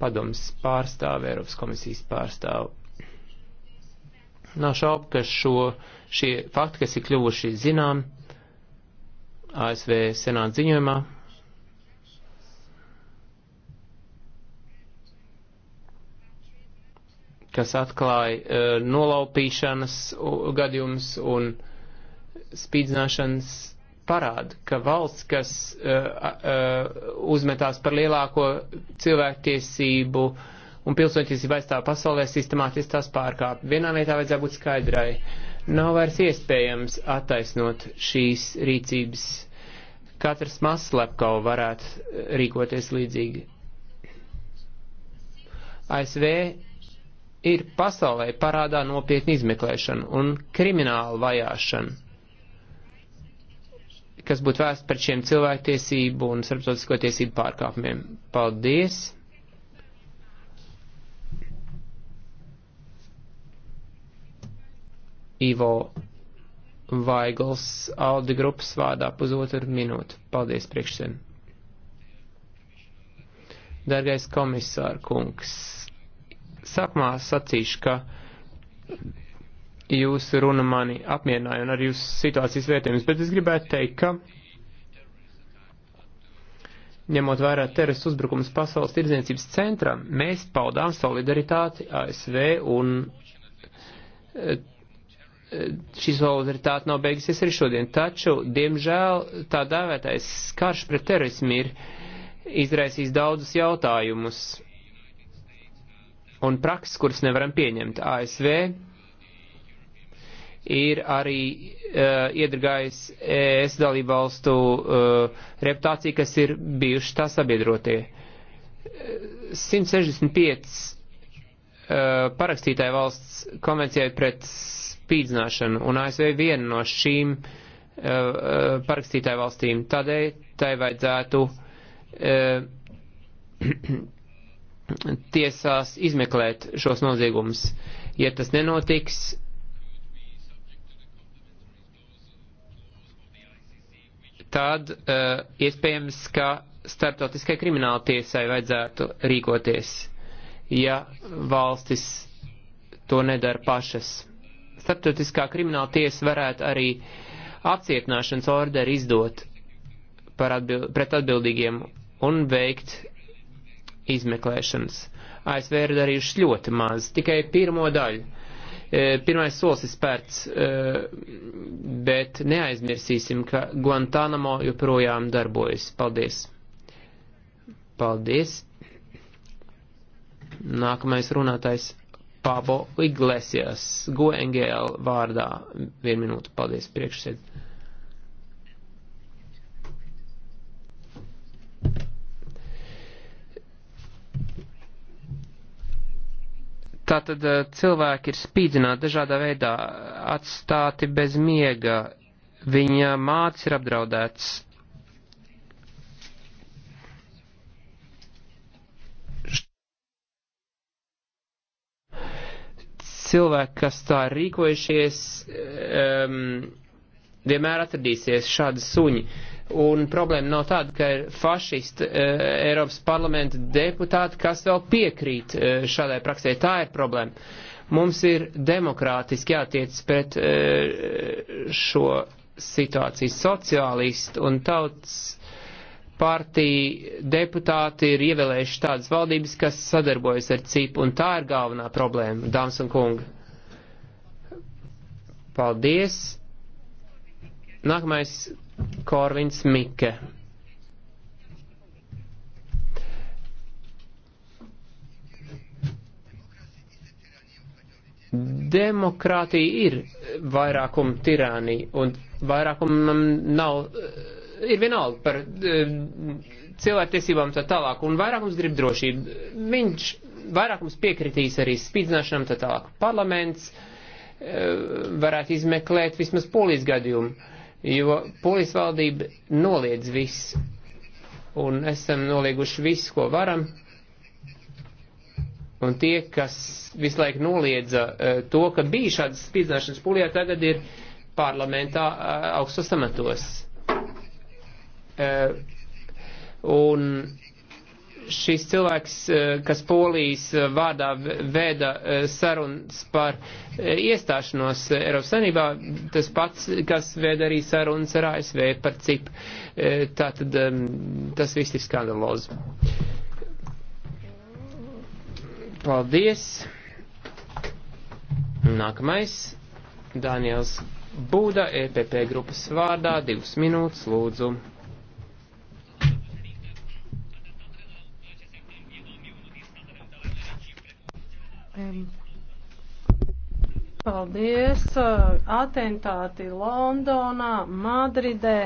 padoms pārstāvi, Eiropas komisijas pārstāvi. Nav šaubu, ka šo, šie fakti, kas ir kļuvuši zinām, ASV senāt ziņojumā, kas atklāja e, nolaupīšanas gadījums un spīdzināšanas parādu, ka valsts, kas e, e, uzmetās par lielāko cilvēktiesību un pilsoņtiesību aizstāvu pasaulē, sistemātiski tās pārkāp. Vienā vietā vajadzētu būt skaidrai. Nav vairs iespējams attaisnot šīs rīcības. Katrs mazs slepkava varētu rīkoties līdzīgi. ASV ir pasaulē parādā nopietna izmeklēšana un krimināla vajāšana, kas būtu vēsta par šiem cilvēktiesību un starptautisko tiesību pārkāpumiem. Paldies! Ivo Vaigls, Aldi grupas vārdā pusotru minūtu. Paldies priekšsien! Dargais komisār kungs, Sākumā sacīšu, ka jūsu runa mani apmierināja un arī jūsu situācijas vērtējums, bet es gribētu teikt, ka ņemot vērā teres uzbrukums pasaules tirdzniecības centram, mēs paudām solidaritāti ASV un e, e, šī solidaritāte nav beigusies arī šodien. Taču, diemžēl, tā dēvētais karš pret terorismu ir izraisījis daudzus jautājumus un prakses, kuras nevaram pieņemt. ASV ir arī uh, iedragājis ES dalību valstu uh, reputāciju, kas ir bijuši tā sabiedrotie. 165 uh, eh, parakstītāja valsts konvencijai pret spīdzināšanu, un ASV viena no šīm uh, parakstītāja valstīm. Tādēļ tai vajadzētu uh, tiesās izmeklēt šos noziegumus. Ja tas nenotiks, tad uh, iespējams, ka starptautiskai krimināla tiesai vajadzētu rīkoties, ja valstis to nedara pašas. Starptautiskā krimināla tiesa varētu arī apcietināšanas orderi izdot atbild, pret atbildīgiem un veikt izmeklēšanas. ASV ir darījuši ļoti maz, tikai pirmo daļu. E, pirmais solis ir spērts, e, bet neaizmirsīsim, ka Guantanamo joprojām darbojas. Paldies! Paldies! Nākamais runātais Pabo Iglesias, GoNGL vārdā. Vienu minūtu, paldies priekšsēdētājiem. Tātad eh, cilvēki ir spīdzināti dažādā veidā, atstāti bez miega, viņa māts ir apdraudēts. Cilvēki, kas tā rīkojušies, um, vienmēr atradīsies šādi suņi. Uh, Un problēma nav tāda, ka ir fašisti uh, eh, Eiropas parlamenta deputāti, kas vēl piekrīt uh, šādai praksē. Tā ir problēma. Mums ir demokrātiski jātiec pret uh, šo situāciju. Sociālisti un tautas partija deputāti ir ievēlējuši tādas valdības, kas sadarbojas ar CIP, un tā ir galvenā problēma, dāmas un kungi. Paldies! Nākamais Korvins Mikke. Demokrātija ir vairākuma tirānija, un vairākumam nav, ir vienalga par eh, cilvēktiesībām tā tālāk, un vairākums grib drošību. Viņš vairākums piekritīs arī spīdzināšanam tā tālāk. Parlaments eh, varētu izmeklēt vismaz polijas gadījumu jo polijas valdība noliedz visu, un esam nolieguši visu, ko varam, un tie, kas visu laiku noliedza eh, to, ka bija šādas spīdzināšanas polijā, tagad ir parlamentā eh, augstos amatos. Eh, un šis cilvēks, eh, kas polijas eh, vārdā vēda eh, sarunas par iestāšanos Eiropas Sanībā, tas pats, kas vēda arī sarunas ar ASV par cip. Tātad tas viss ir skandalozi. Paldies. Nākamais. Daniels Būda, EPP grupas vārdā, divas minūtes, lūdzu. Paldies! Uh, atentāti Londonā, Madridē.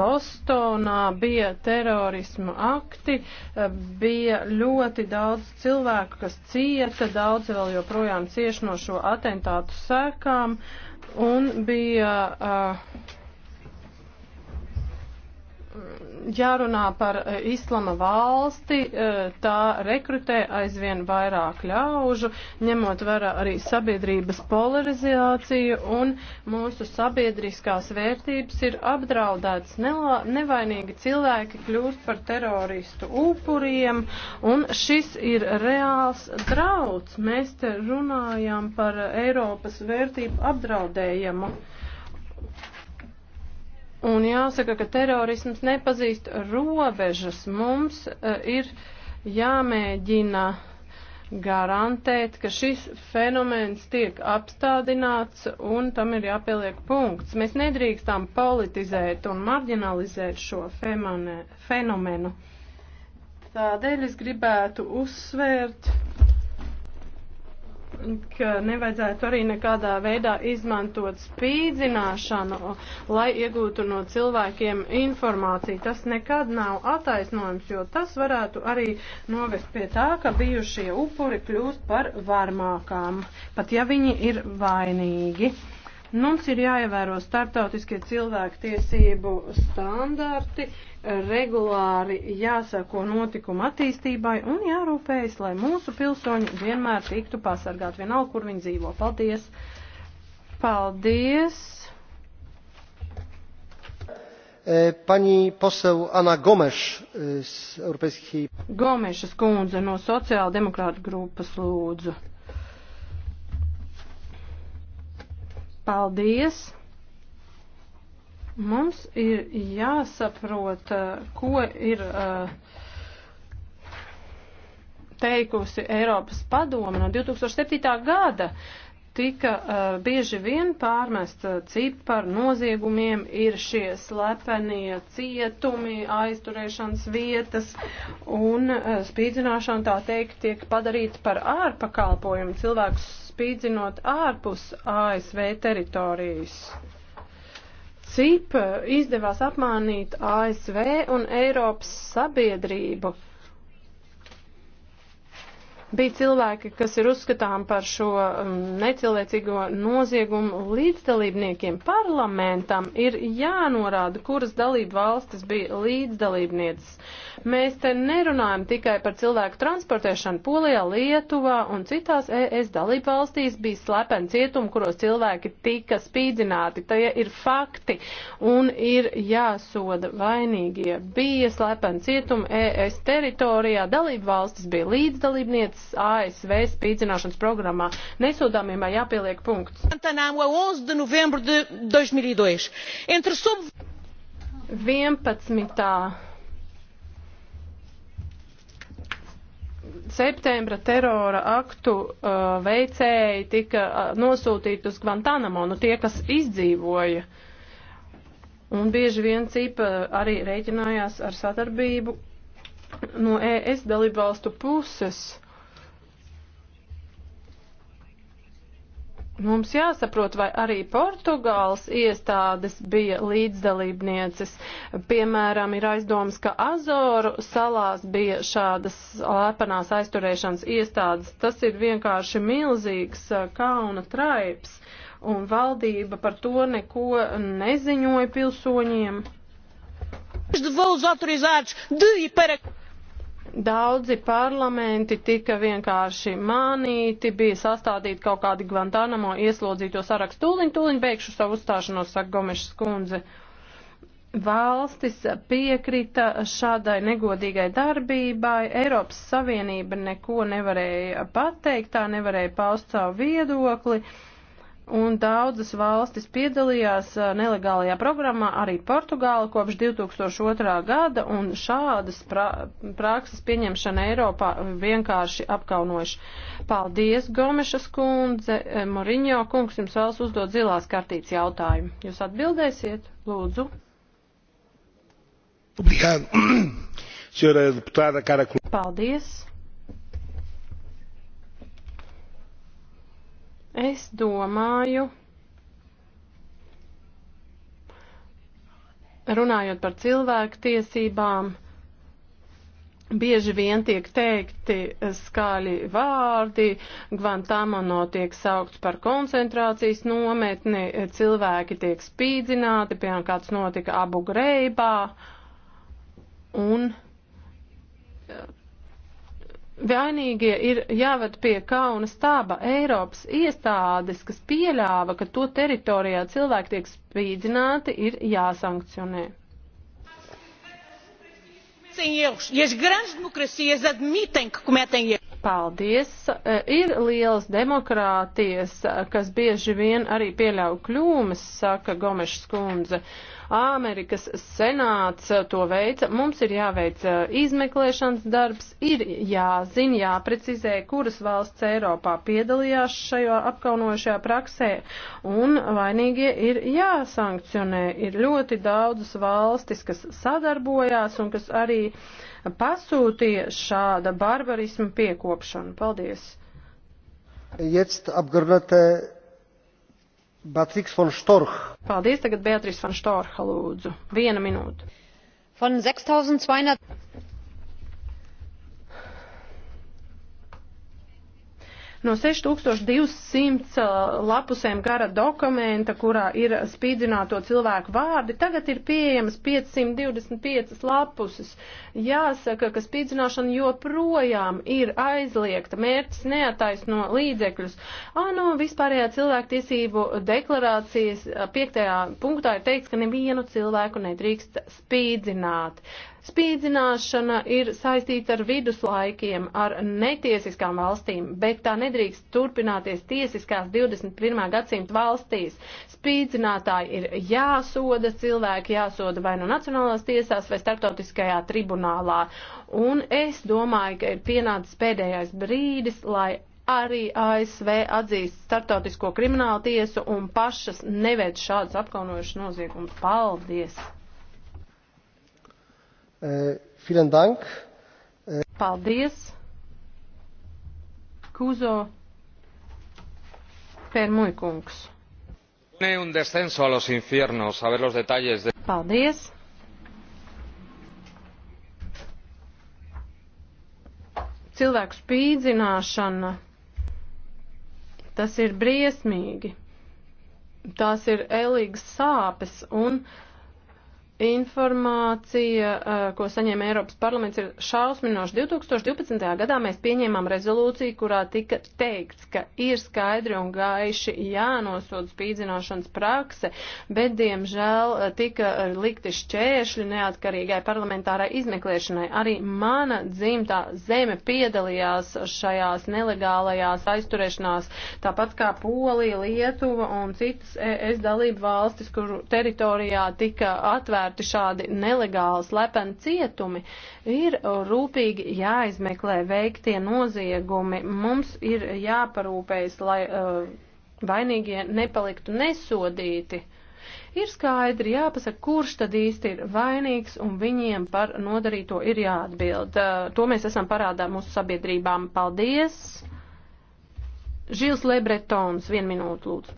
Bostonā bija terorismu akti, uh, bija ļoti daudz cilvēku, kas cieta, daudz vēl joprojām cieš no šo atentātu sēkām un bija. Uh, jārunā par e, islama valsti, e, tā rekrutē aizvien vairāk ļaužu, ņemot vērā arī sabiedrības polarizāciju un mūsu sabiedriskās vērtības ir apdraudētas. Nevainīgi cilvēki kļūst par teroristu upuriem un šis ir reāls drauds. Mēs te runājam par Eiropas vērtību apdraudējumu. Un jāsaka, ka terorisms nepazīst robežas. Mums uh, ir jāmēģina garantēt, ka šis fenomens tiek apstādināts un tam ir jāpieliek punkts. Mēs nedrīkstām politizēt un marginalizēt šo femane, fenomenu. Tādēļ es gribētu uzsvērt ka nevajadzētu arī nekādā veidā izmantot spīdzināšanu, lai iegūtu no cilvēkiem informāciju. Tas nekad nav attaisnojums, jo tas varētu arī novest pie tā, ka bijušie upuri kļūst par varmākām, pat ja viņi ir vainīgi. Mums ir jāievēro startautiskie cilvēktiesību standarti, regulāri jāsako notikuma attīstībai un jārūpējas, lai mūsu pilsoņi vienmēr tiktu pasargāti vienalga, kur viņi dzīvo. Paldies! Paldies! E, pani poseł Anna Gomes e, z Europejskiej. Gomes skundze no socjaldemokrātu grupas lūdzu. Paldies! Mums ir jāsaprot, eh, ko ir eh, teikusi Eiropas padoma no 2007. gada tika uh, bieži vien pārmest cip par noziegumiem, ir šie slepenie cietumi, aizturēšanas vietas un uh, spīdzināšana tā teikt tiek padarīta par ārpakalpojumu. Cilvēks spīdzinot ārpus ASV teritorijas. CIP eh, izdevās apmānīt ASV un Eiropas sabiedrību. Bija cilvēki, kas ir uzskatām par šo mm, necilvēcīgo noziegumu līdzdalībniekiem. Parlamentam ir jānorāda, kuras dalību valstis bija līdzdalībnieces Mēs te nerunājam tikai par cilvēku transportēšanu Polijā, Lietuvā un citās ES dalībvalstīs bija slepeni cietumi, kuros cilvēki tika spīdzināti. Tie ir fakti un ir jāsoda vainīgie. Bija slepeni cietumi ES teritorijā, dalībvalstis bija līdzdalībnieces ASV spīdzināšanas programmā. Nesodāmībā jāpieliek punkts. Guantanamo a 11 de novembro de 2002. Entre sub 11. septembra terora aktu uh, veicēji tika uh, nosūtīti uz Guantanamo, nu tie, kas izdzīvoja. Un bieži vien CIPA arī rēķinājās ar sadarbību no ES dalībvalstu puses. Uh, Mums jāsaprot, vai arī Portugāles iestādes bija līdzdalībnieces. Piemēram, ir aizdomas, ka Azoru salās bija šādas lēpanās aizturēšanas iestādes. Tas ir vienkārši milzīgs kauna traips, un valdība par to neko neziņoja pilsoņiem. Devolus autorizados de e para Daudzi parlamenti tika vienkārši mānīti, bija sastādīti kaut kādi Guantanamo ieslodzīto sarakstu. Tūliņ, tūliņ beigšu savu uzstāšanos, saka Gomešas kundze. Valstis piekrita šādai negodīgai darbībai, Eiropas Savienība neko nevarēja pateikt, tā nevarēja paust savu viedokli. Uh, un daudzas valstis piedalījās uh, nelegālajā programmā, arī Portugāla kopš 2002. gada, un šādas pra prakses pieņemšana Eiropā vienkārši apkaunoši. Paldies, Gomešas kundze, eh, Moriņo kungs, jums vēlas uzdot zilās kartītes jautājumu. Jūs atbildēsiet, lūdzu. Paldies. Es domāju, runājot par cilvēku tiesībām, bieži vien tiek teikti skaļi vārdi, Guantamano tiek saukts par koncentrācijas nometni, cilvēki tiek spīdzināti, piemēram, kāds notika Abu Greibā, un Vainīgie ir jāved pie kauna stāba Eiropas iestādes, kas pieļāva, ka to teritorijā cilvēki tiek spīdzināti, ir jāsankcionē. E Paldies! E, ir lielas demokrātijas, kas bieži vien arī pieļauj kļūmes, saka Gomešs kundze. Amerikas senāts to veica. Mums ir jāveic uh, izmeklēšanas darbs, ir jāzina, jāprecizē, kuras valsts Eiropā piedalījās šajā apkaunojušajā praksē, un vainīgie ir jāsankcionē. Ir ļoti daudzas valstis, kas sadarbojās un kas arī pasūtīja šāda barbarisma piekopšanu. Paldies! Jetzt Abgeordnete Beatrice von Storch. Paldies, tagad Beatrice von Storha lūdzu. Viena minūte. Von 6200. No 6200 uh, lapusēm gara dokumenta, kurā ir spīdzināto cilvēku vārdi, tagad ir pieejamas 525 lapuses. Jāsaka, ka spīdzināšana joprojām ir aizliegta, mērķis neataisno līdzekļus. ANO vispārējā cilvēktiesību deklarācijas uh, piektajā punktā ir teikts, ka nevienu cilvēku nedrīkst spīdzināt. Spīdzināšana ir saistīta ar viduslaikiem, ar netiesiskām valstīm, bet tā nedrīkst turpināties tiesiskās 21. gadsimta valstīs. Spīdzinātāji ir jāsoda, cilvēki jāsoda vai no nu nacionālās tiesās vai starptautiskajā tribunālā. Un es domāju, ka ir pienācis pēdējais brīdis, lai arī ASV atzīst starptautisko kriminālu tiesu un pašas neved šādus apkaunojušus noziegumus. Paldies! Eh, Paldies! Kuzo Permuikungs. Un descenso a los infiernos, a ver los detalles de. Paldies! cilvēku spīdzināšana, tas ir briesmīgi. Tās ir elīgas sāpes un uh, Informācija, eh, ko saņēma Eiropas parlaments, ir šausminoša. 2012. gadā mēs pieņēmām rezolūciju, kurā tika teikts, ka ir skaidri un gaiši jānosod spīdzināšanas prakse, bet, diemžēl, eh, tika eh, likti šķēršļi neatkarīgai parlamentārai izmeklēšanai. Arī mana dzimtā zeme piedalījās šajās nelegālajās aizturēšanās, tāpat kā Polija, Lietuva un citas ES dalību valstis, kuru teritorijā tika atvērta novērti šādi nelegāli slepeni cietumi, ir rūpīgi jāizmeklē veiktie noziegumi. Mums ir jāparūpējas, lai uh, vainīgie nepaliktu nesodīti. Ir skaidri jāpasaka, kurš tad īsti ir vainīgs, un viņiem par nodarīto ir jāatbild. Uh, to mēs esam parādā mūsu sabiedrībām. Paldies! Žils Lebretons, vien minūte, lūdzu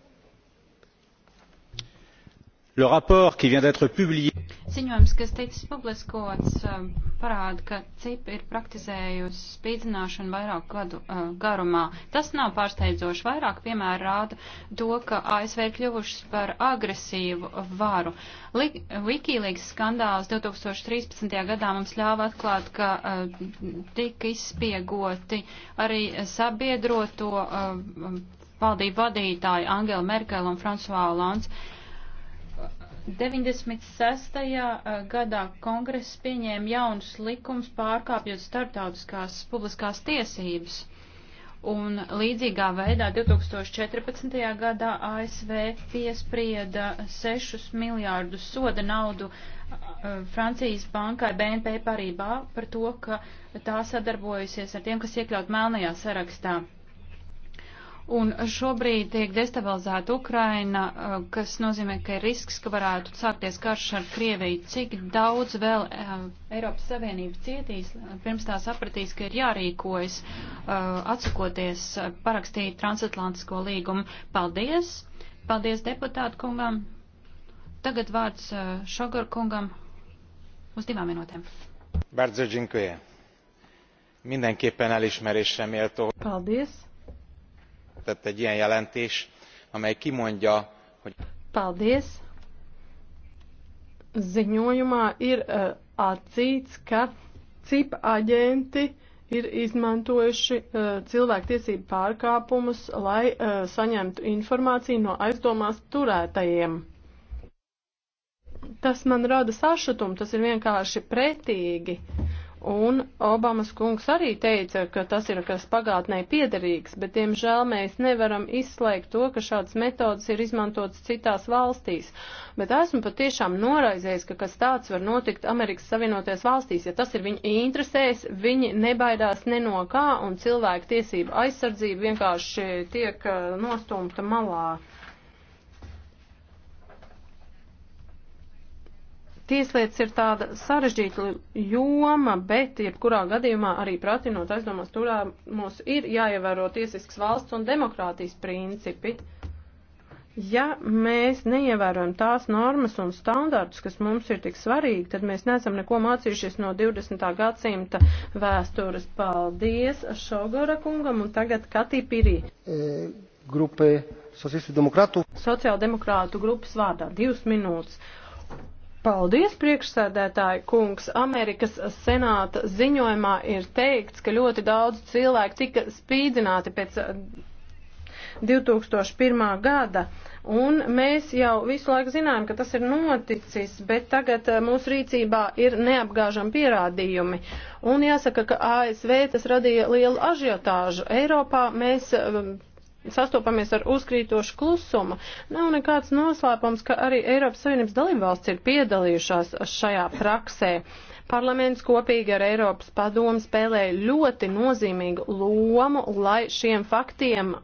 le rapport qui vient d'être publié Ziņojums, kas ticis publiskots, eh, parāda, ka CIP ir praktizējusi spīdzināšanu vairāk gadu uh, garumā. Tas nav pārsteidzoši. Vairāk piemēra rāda to, ka ASV ir kļuvušas par agresīvu varu. Wikileaks skandāls 2013. gadā mums ļāva atklāt, ka uh, tika izspiegoti arī sabiedroto uh, valdību vadītāji Angela Merkel un François Hollande 96. Eh, gadā kongress pieņēma jaunus likums pārkāpjot starptautiskās publiskās tiesības. Un līdzīgā veidā 2014. gadā ASV piesprieda 6 miljārdu soda naudu eh, Francijas bankai BNP Parībā par to, ka tā sadarbojusies ar tiem, kas iekļaut melnajā sarakstā. Un šobrīd tiek destabilizēta Ukraina, eh, kas nozīmē, ka ir risks, ka varētu sākties karš ar Krieviju. Cik daudz vēl eh, Eiropas Savienība cietīs, eh, pirms tā sapratīs, ka ir jārīkojas atsakoties parakstīt transatlantisko līgumu. Paldies! Paldies deputātu kungam! Tagad vārds Šogar kungam uz divām minūtēm. Bardzo dziękuję. Mindenképpen elismerésre méltó. Paldies! született egy ilyen jelentés amely kimondja hogy. paldies ziņojumā ir uh, atzīts ka cip aģenti ir izmantojuši uh, cilvēktiesību pārkāpumus, lai uh, saņemtu informāciju no aizdomās turētajiem. Tas man rada sašutumu, tas ir vienkārši pretīgi. Uh, Un Obamas kungs arī teica, ka tas ir kas pagātnē piederīgs, bet, diemžēl, mēs nevaram izslēgt to, ka šādas metodas ir izmantotas citās valstīs. Bet esmu patiešām noraizies, ka kas tāds var notikt Amerikas Savienotajās valstīs. Ja tas ir viņu interesēs, viņi nebaidās ne no kā, un cilvēku tiesību aizsardzība vienkārši tiek eh, nostumta malā. Tieslietas ir tāda sarežģīta joma, bet jebkurā gadījumā arī pratinot aizdomās turā mums ir jāievēro tiesisks valsts un demokrātijas principi. Ja mēs neievērojam tās normas un standartus, kas mums ir tik svarīgi, tad mēs neesam neko mācījušies no 20. gadsimta vēstures. Paldies Šogora kungam un tagad Katī Pirī. E, grupai sociāldemokrātu. Sociāldemokrātu grupas vārdā divas minūtes. Paldies, priekšsēdētāji kungs. Amerikas senāta ziņojumā ir teikts, ka ļoti daudz cilvēku tika spīdzināti pēc 2001. Uh, gada. Un mēs jau visu laiku zinājām, ka tas ir noticis, bet tagad uh, mūsu rīcībā ir neapgāžami pierādījumi. Un jāsaka, ka ASV tas radīja lielu ažiotāžu. Eiropā mēs um, sastopamies ar uzkrītošu klusumu. Nav nekāds noslēpums, ka arī Eiropas Savienības dalībvalsts ir piedalījušās šajā praksē. Parlaments kopīgi ar Eiropas padomu spēlēja ļoti nozīmīgu lomu, lai šiem faktiem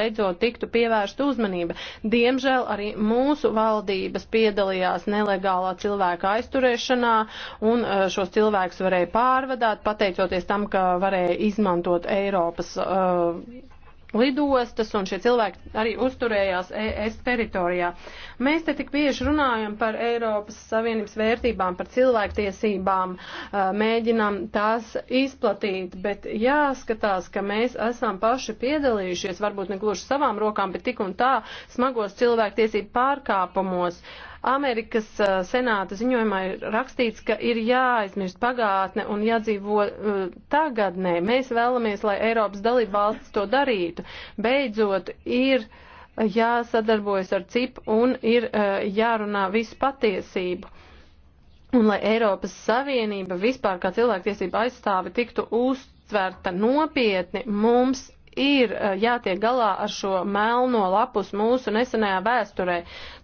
beidzot tiktu pievērsta uzmanība. Diemžēl arī mūsu valdības piedalījās nelegālā cilvēka aizturēšanā un šos cilvēkus varēja pārvadāt, pateicoties tam, ka varēja izmantot Eiropas uh, lidostas, un šie cilvēki arī uzturējās ES teritorijā. Mēs te tik bieži runājam par Eiropas Savienības vērtībām, par cilvēktiesībām, mēģinam tās izplatīt, bet jāskatās, ka mēs esam paši piedalījušies, varbūt ne gluži savām rokām, bet tik un tā smagos cilvēktiesību pārkāpumos. Uh, Amerikas senāta ziņojumā ir rakstīts, ka ir jāaizmirst pagātne un jādzīvo tagadnē. Mēs vēlamies, lai Eiropas dalība valsts to darītu. Beidzot, ir jāsadarbojas ar CIP un ir jārunā visu patiesību. Un lai Eiropas Savienība vispār kā cilvēktiesība aizstāvi tiktu uztverta nopietni, mums ir eh, jātiek galā ar šo melno lapus mūsu nesenajā vēsturē.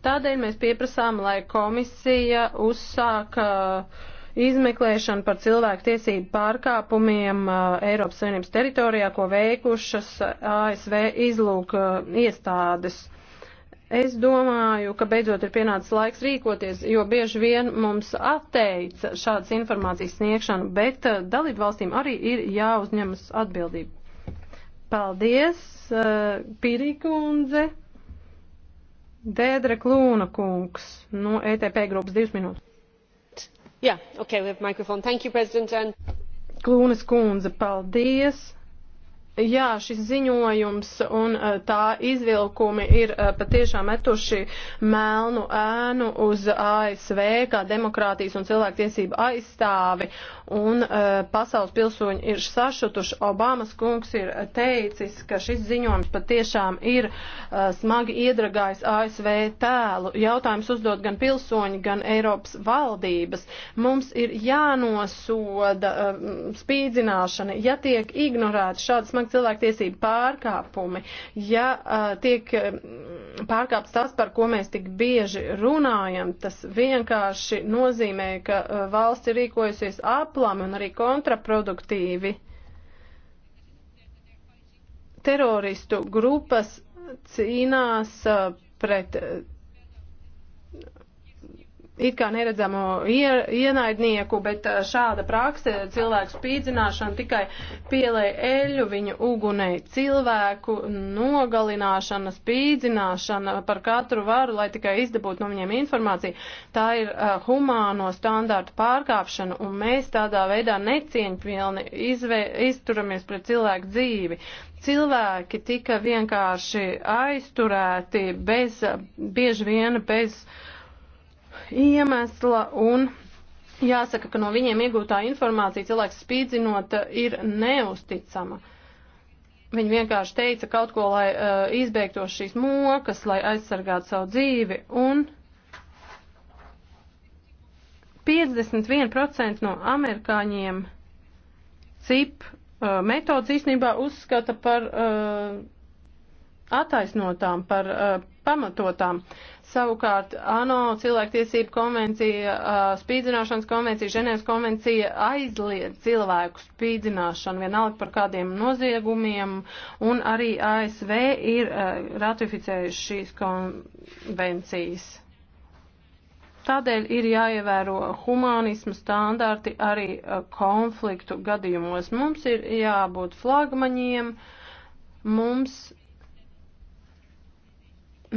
Tādēļ mēs pieprasām, lai komisija uzsāk eh, izmeklēšanu par cilvēku tiesību pārkāpumiem eh, Eiropas Savienības teritorijā, ko veikušas ASV izlūk iestādes. Es domāju, ka beidzot ir pienācis laiks rīkoties, jo bieži vien mums atteica šādas informācijas sniegšanu, bet dalību valstīm arī ir jāuzņemas atbildība. Paldies, uh, Pirikundze. Dēdra Klūna kungs no ETP grupas divas minūtes. Jā, yeah, ok, we have microphone. Thank you, President. And... Klūnas kundze, paldies. Jā, šis ziņojums un eh, tā izvilkumi ir eh, patiešām metuši melnu ēnu uz ASV kā demokrātijas un cilvēktiesību aizstāvi, un eh, pasaules pilsoņi ir sašutuši. Obamas kungs ir teicis, ka šis ziņojums patiešām ir smagi iedragājis ASV tēlu. Jautājums uzdot gan pilsoņi, gan Eiropas valdības. Mums ir jānosoda spīdzināšana, ja tiek ignorēta šāda smaga cilvēktiesību pārkāpumi, ja uh, tiek mm, pārkāpts tas, par ko mēs tik bieži runājam, tas vienkārši nozīmē, ka uh, valsts ir rīkojusies aplami un arī kontraproduktīvi. Teroristu grupas cīnās uh, pret. Uh, it kā neredzamo ienaidnieku, bet šāda prakse cilvēku spīdzināšana tikai pielē eļu viņu ugunei, cilvēku nogalināšana, spīdzināšana par katru varu, lai tikai izdabūtu no viņiem informāciju. Tā ir uh, humāno standārtu pārkāpšana, un mēs tādā veidā necieņpilni izve, izturamies pret cilvēku dzīvi cilvēki tika vienkārši aizturēti bez, bieži vien bez iemesla un jāsaka, ka no viņiem iegūtā informācija cilvēks spīdzinot eh, ir neusticama. Viņi vienkārši teica kaut ko, lai uh, izbeigtos šīs mokas, lai aizsargātu savu dzīvi, un 51% no amerikāņiem cip uh, metodas īstenībā uzskata par uh, attaisnotām, par uh, pamatotām. Savukārt ANO cilvēktiesību konvencija, spīdzināšanas konvencija, Ženēvas konvencija aizliedz cilvēku spīdzināšanu vienalga par kādiem noziegumiem, un arī ASV ir ratificējuši šīs konvencijas. Tādēļ ir jāievēro humānismu standarti arī konfliktu gadījumos. Mums ir jābūt flagmaņiem, mums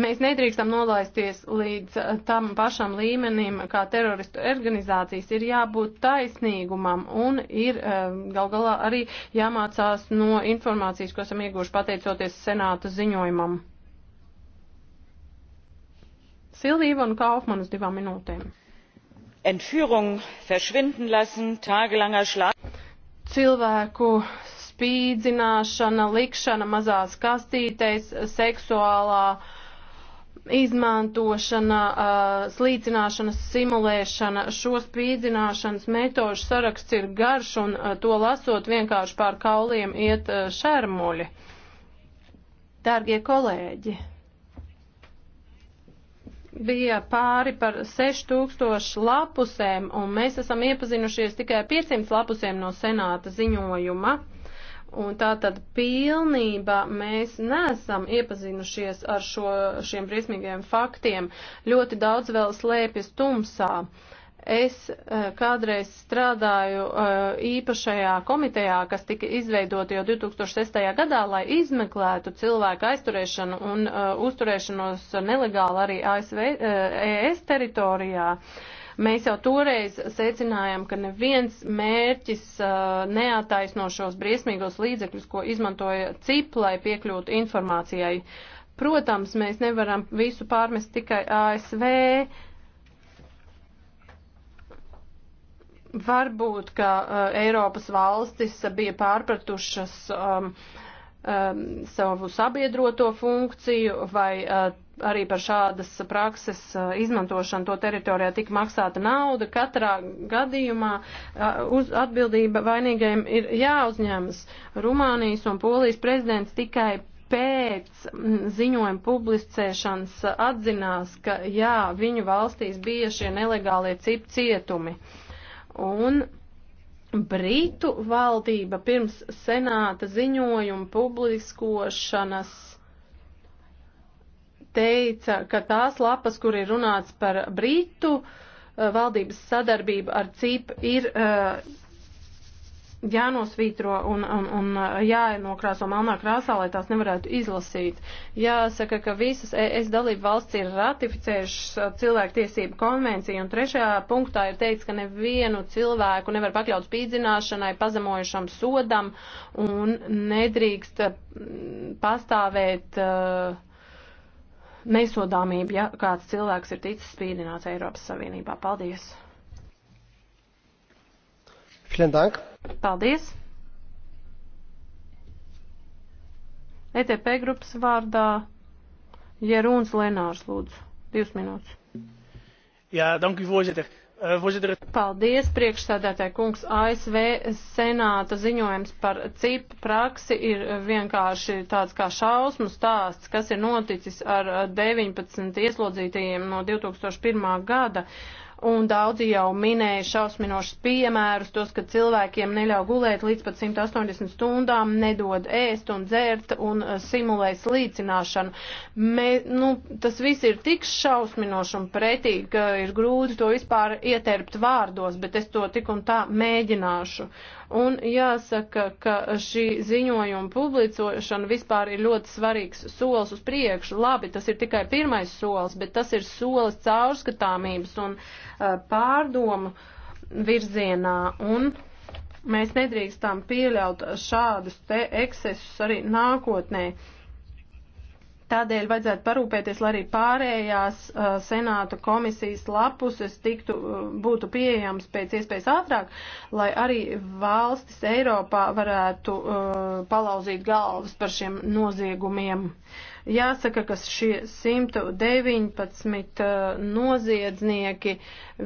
Mēs nedrīkstam nolaisties līdz eh, tam pašam līmenim, kā teroristu organizācijas. Ir jābūt taisnīgumam un ir eh, gal galā arī jāmācās no informācijas, ko esam ieguvuši pateicoties senāta ziņojumam. Silvīva un Kaufmann uz divām minūtēm. Entführung verschwinden lassen, tagelanger šlāk. Cilvēku spīdzināšana, likšana mazās kastītēs, seksuālā uh, izmantošana, slīcināšanas simulēšana, šo spīdzināšanas metožu saraksts ir garš un to lasot vienkārši pār kauliem iet šermuļi. Dārgie kolēģi! bija pāri par 6000 lapusēm, un mēs esam iepazinušies tikai 500 lapusēm no senāta ziņojuma. Un tā tad pilnībā mēs nesam iepazinušies ar šo, šiem briesmīgajiem faktiem. Ļoti daudz vēl slēpjas tumsā. Es eh, kādreiz strādāju eh, īpašajā komitejā, kas tika izveidota jau 2006. gadā, lai izmeklētu cilvēku aizturēšanu un eh, uzturēšanos nelegāli arī ASV, ES e teritorijā. Uh, Mēs jau toreiz secinājām, ka neviens mērķis uh, neataisno šos briesmīgos līdzekļus, ko izmantoja CIP, lai piekļūtu informācijai. Protams, mēs nevaram visu pārmest tikai ASV. Varbūt, ka uh, Eiropas valstis bija pārpratušas um, uh, um, savu sabiedroto funkciju vai uh, arī par šādas prakses uh, izmantošanu to teritorijā tika maksāta nauda. Katrā gadījumā uh, uz atbildība vainīgajiem ir jāuzņemas. Rumānijas un Polijas prezidents tikai pēc mm, ziņojuma publicēšanas uh, atzinās, ka jā, viņu valstīs bija šie nelegālie cip cietumi. Un Britu valdība pirms senāta ziņojuma publiskošanas teica, ka tās lapas, kur ir runāts par Britu eh, valdības sadarbību ar CIP, ir uh, jānosvītro un, un, un jānokrāso melnā krāsā, lai tās nevarētu izlasīt. Jāsaka, ka visas ES dalību valsts ir ratificējušas uh, cilvēktiesību konvenciju, un trešajā punktā ir teikts, ka nevienu cilvēku nevar pakļaut spīdzināšanai, pazemojušam sodam, un nedrīkst uh, pastāvēt uh, nesodāmība, ja kāds cilvēks ir ticis spīdināts Eiropas Savienībā. Paldies! Vielen Dank. Paldies! ETP grupas vārdā Jeroens Lenārs lūdzu. Divas minūtes. Jā, dank u voorzitter. Eh, voorzitter. Paldies, priekšsādātāji kungs. ASV senāta ziņojums par cipu praksi ir vienkārši tāds kā šausmu stāsts, kas ir noticis ar 19 ieslodzītajiem no 2001. gada un daudzi jau minēja šausminošus piemērus, tos, ka cilvēkiem neļauj gulēt līdz pat 180 stundām, nedod ēst un dzert un uh, simulē slīcināšanu. Mē, nu, tas viss ir tik šausminoši un pretīgi, ka ir grūti to vispār ieterpt vārdos, bet es to tik un tā mēģināšu. Uh, Un jāsaka, ka šī ziņojuma publicošana vispār ir ļoti svarīgs solis uz priekšu. Labi, tas ir tikai pirmais solis, bet tas ir solis caurskatāmības un uh, pārdomu virzienā. Un mēs nedrīkstam pieļaut šādus te eksesus arī nākotnē. Uh, Tādēļ vajadzētu parūpēties, lai arī pārējās uh, senāta komisijas lapuses tiktu, uh, būtu pieejams pēc iespējas ātrāk, lai arī valstis Eiropā varētu uh, palauzīt galvas par šiem noziegumiem. Uh, Jāsaka, ka šie 119 eh, noziedznieki,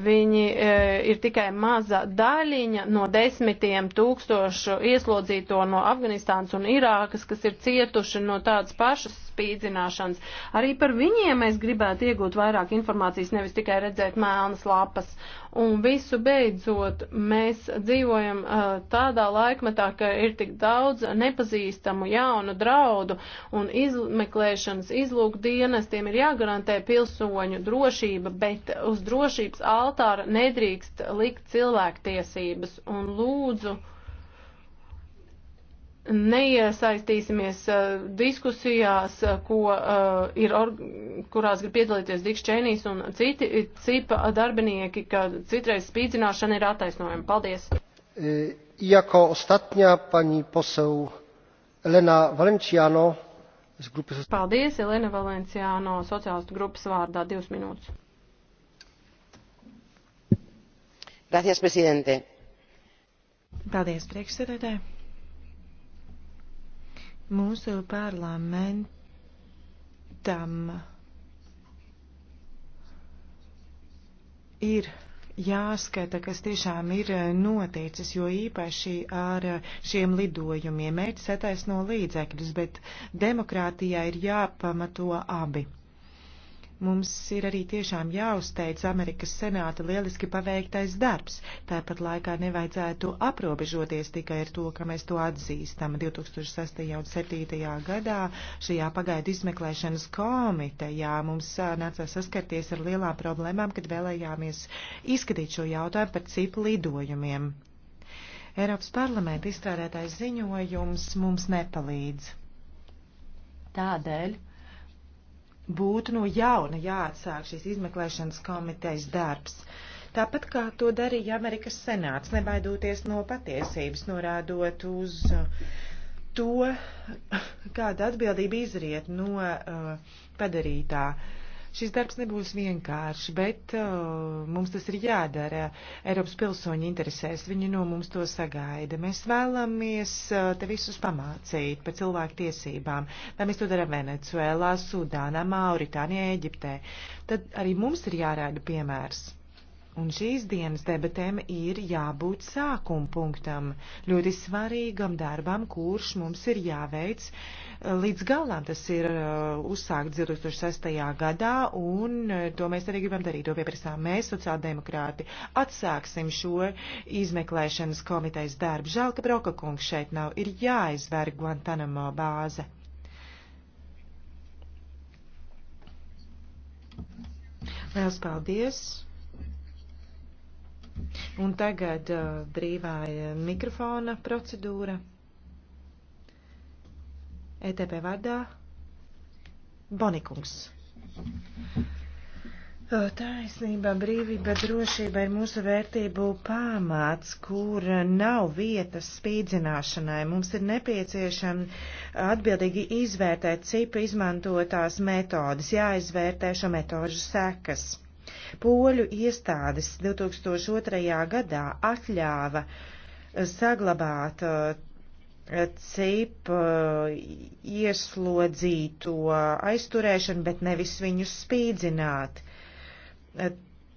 viņi eh, ir tikai maza daļiņa no desmitiem tūkstošu ieslodzīto no Afganistānas un Irākas, kas ir cietuši no tādas pašas spīdzināšanas. Arī par viņiem mēs gribētu iegūt vairāk informācijas, nevis tikai redzēt melnas lapas. Un visu beidzot, mēs dzīvojam uh, tādā laikmetā, ka ir tik daudz nepazīstamu jaunu draudu un izmeklēšanas izlūk dienestiem ir jāgarantē pilsoņu drošība, bet uz drošības altāra nedrīkst likt cilvēktiesības. Un lūdzu, uh, neiesaistīsimies uh, diskusijās, uh, ko, uh, ir or, kurās grib piedalīties Diks Čēnīs un citi cipa darbinieki, ka citreiz spīdzināšana ir attaisnojama. Paldies! E, jako ostatnia pani poseł Elena Valenciano z grupy Paldies, Elena Valenciano, sociālistu grupas vārdā, divas minūtes. Gracias, presidente. Paldies, priekšsēdētāji. Mūsu parlamentam ir jāskata, kas tiešām ir eh, noticis, jo īpaši ar eh, šiem lidojumiem mērķis attaisno līdzekļus, bet demokrātijā ir jāpamato abi. Mums ir arī tiešām jāuzteic Amerikas Senāta lieliski paveiktais darbs. Tāpat laikā nevajadzētu aprobežoties tikai ar to, ka mēs to atzīstam. 2006. un 2007. gadā šajā pagaidu izmeklēšanas komitejā mums nācās saskarties ar lielām problēmām, kad vēlējāmies izskatīt šo jautājumu par cipu lidojumiem. Eiropas parlamenta izstrādātais ziņojums mums nepalīdz. Tādēļ būtu no jauna jāatsāk šīs izmeklēšanas komitejas darbs. Tāpat kā to darīja Amerikas senāts, nebaidoties no patiesības, norādot uz uh, to, kāda atbildība izriet no uh, padarītā. Uh, Šis darbs nebūs vienkāršs, bet uh, mums tas ir jādara. Eiropas pilsoņi interesēs, viņi no mums to sagaida. Mēs vēlamies uh, te visus pamācīt par cilvēku tiesībām. Tā mēs to darām Venecuēlā, Sudānā, Mauritānijā, Eģiptē. Tad arī mums ir jārāda piemērs. Un šīs dienas debatēm ir jābūt sākuma punktam, ļoti svarīgam darbam, kurš mums ir jāveic līdz galam. Tas ir uh, uzsākts 2006. gadā, un uh, to mēs arī gribam darīt. To pieprasām mēs, sociāldemokrāti. Atsāksim šo izmeklēšanas komitejas darbu. Žēl, ka Broka kungs šeit nav. Ir jāizver Guantanamo bāze. Liels paldies! Un tagad uh, brīvā uh, mikrofona procedūra. ETP vārdā Bonikungs. Uh, taisnība, brīvība, drošība ir mūsu vērtību pamats, kur nav vietas spīdzināšanai. Mums ir nepieciešama atbildīgi izvērtēt cipu izmantotās metodas, jāizvērtē šo metožu sekas Poļu iestādes 2002. gadā atļāva eh, saglabāt eh, cip eh, ieslodzīto aizturēšanu, bet nevis viņus spīdzināt.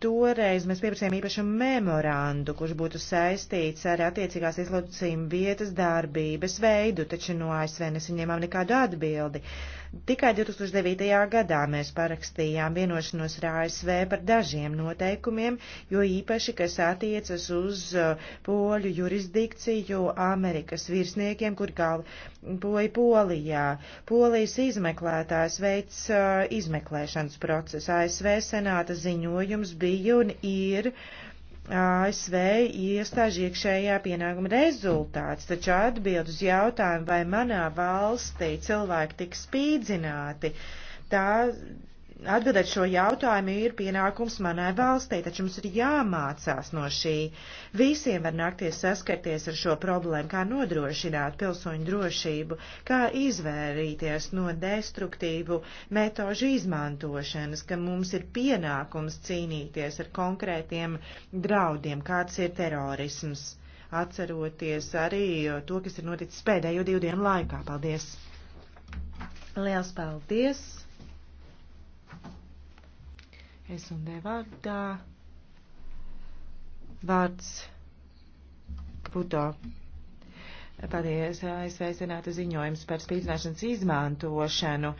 Toreiz mēs pieprasījām īpašu memorandu, kurš būtu saistīts ar attiecīgās izlūcījuma vietas darbības veidu, taču no ASV nesaņēmām nekādu atbildi. Uh, Tikai 2009. gadā mēs parakstījām vienošanos ar ASV par dažiem noteikumiem, jo īpaši, kas attiecas uz uh, poļu jurisdikciju Amerikas virsniekiem, kur galvoja Polijā. Polijas izmeklētājs veids uh, izmeklēšanas procesu. ASV senāta ziņojums bija un ir. Uh, ASV iestāžu iekšējā pienākuma rezultāts, taču atbild uz jautājumu, vai manā valstī cilvēki tik spīdzināti, tā Atbildēt šo jautājumu ir pienākums manai valstī, taču mums ir jāmācās no šī. Visiem var nākties saskarties ar šo problēmu, kā nodrošināt pilsoņu drošību, kā izvērīties no destruktīvu metožu izmantošanas, ka mums ir pienākums cīnīties ar konkrētiem draudiem, kāds ir terorisms, atceroties arī to, kas ir noticis pēdējo divu dienu laikā. Paldies! Liels paldies! Es un devārdā vārds Kputo. Paldies, ASV senāta ziņojums par spīdzināšanas izmantošanu.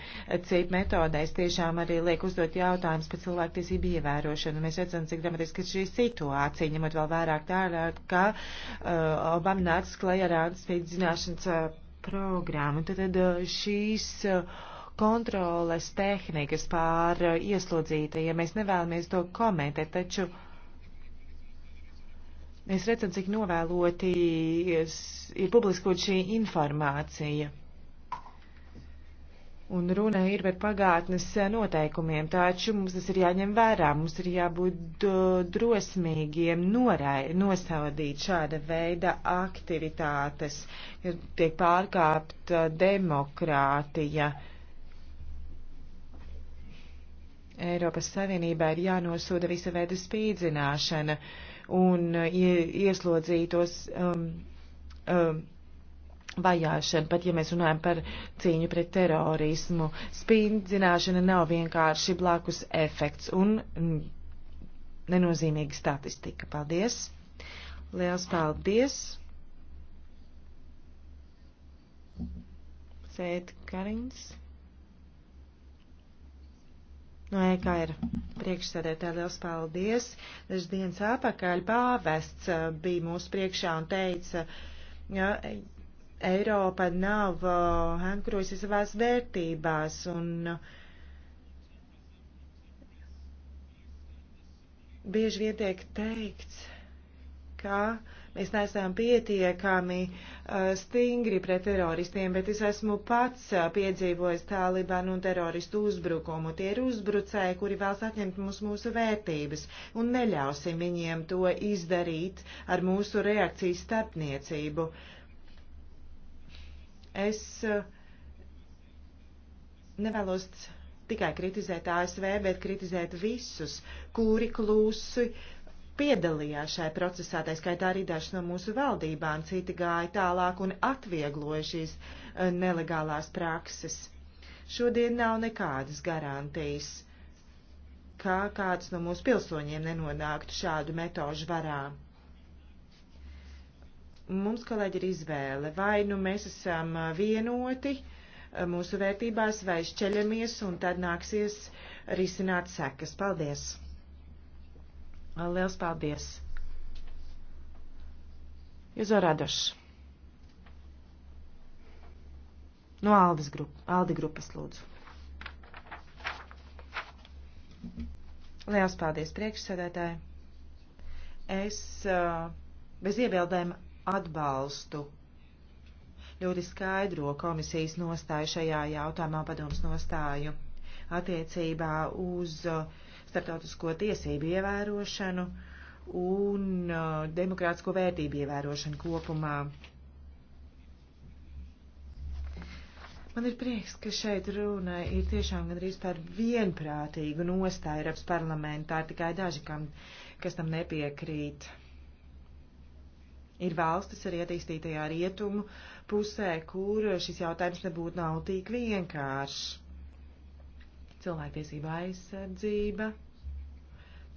CIP metodēs tiešām arī liek uzdot jautājumus par cilvēktiesību ievērošanu. Mēs redzam, cik dramatiski ir šī situācija, ņemot vēl vairāk tādā, ka uh, Obama nāca klajā ar spīdzināšanas uh, programmu. Tad, tad uh, šīs. Uh, kontroles tehnikas pār uh, ieslodzītajiem. Mēs nevēlamies to komentēt, taču mēs redzam, cik novēloti ir publiskot šī informācija. Un runa ir par pagātnes uh, noteikumiem, taču mums tas ir jāņem vērā, mums ir jābūt drosmīgiem norai, nosaudīt šāda veida aktivitātes, tiek pārkāpta demokrātija. Uh, Eiropas Savienībā ir jānosoda visa veida spīdzināšana un uh, ieslodzītos um, um, vajāšana, pat ja mēs runājam par cīņu pret terorismu. Spīdzināšana nav vienkārši blakus efekts un mm, nenozīmīga statistika. Paldies! Liels paldies! Sēt Karins. No EKR priekšsēdētāji liels paldies. Dažas dienas atpakaļ pāvests uh, bija mūsu priekšā un teica, ja, e, Eiropa nav uh, ankurojusi savās vērtībās un uh, bieži vien tiek teikts, ka uh, Mēs neesam pietiekami uh, stingri pret teroristiem, bet es esmu pats uh, piedzīvojis Talibanu un teroristu uzbrukumu. Tie ir uzbrucēji, kuri vēlas atņemt mums mūsu vērtības un neļausim viņiem to izdarīt ar mūsu reakcijas starpniecību. Es uh, nevēlos tikai kritizēt ASV, bet kritizēt visus, kuri klusi piedalījās šajā procesā, tā skaitā arī daži no mūsu valdībām, citi gāja tālāk un atviegloja šīs eh, nelegālās prakses. Šodien nav nekādas garantijas, ka kāds no mūsu pilsoņiem nenonāktu šādu metožu varā mums, kolēģi, ir izvēle. Vai nu mēs esam eh, vienoti eh, mūsu vērtībās, vai šķeļamies, un tad nāksies risināt sekas. Paldies! Liels paldies! Juzo Radošs. No Aldes grup, Aldi grupas lūdzu. Liels paldies priekšsēdētāji. Es uh, bez iebildēm atbalstu ļoti skaidro komisijas nostāju šajā jautājumā, padoms nostāju attiecībā uz uh, starptautisko tiesību ievērošanu un uh, demokrātisko vērtību ievērošanu kopumā. Man ir prieks, ka šeit runa ir tiešām gandrīz par vienprātīgu nostāju Eiropas parlamentā, ir tikai daži, kam, kas tam nepiekrīt. Ir valstis arī attīstītajā rietumu pusē, kur šis jautājums nebūtu nav tik vienkāršs cilvēktiesība aizsardzība,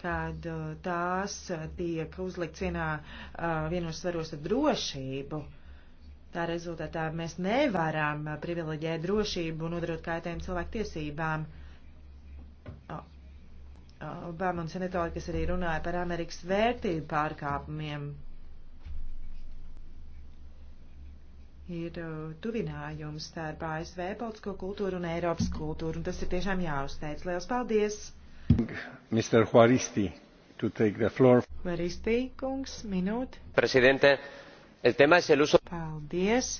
kad uh, tās uh, tiek uzlikts vienā uh, vienos svaros ar drošību. Tā rezultātā mēs nevaram privileģēt drošību un nodarot kaitējumu cilvēktiesībām. Obama un senatori, kas arī runāja par Amerikas vērtību pārkāpumiem, ir uh, tuvinājums starp ASV politisko kultūru un Eiropas kultūru, un tas ir tiešām jāuzteic. Liels paldies! Mr. Juaristi, to take the floor. Juaristi, kungs, minūte. Presidente, el tema es el uso. Paldies!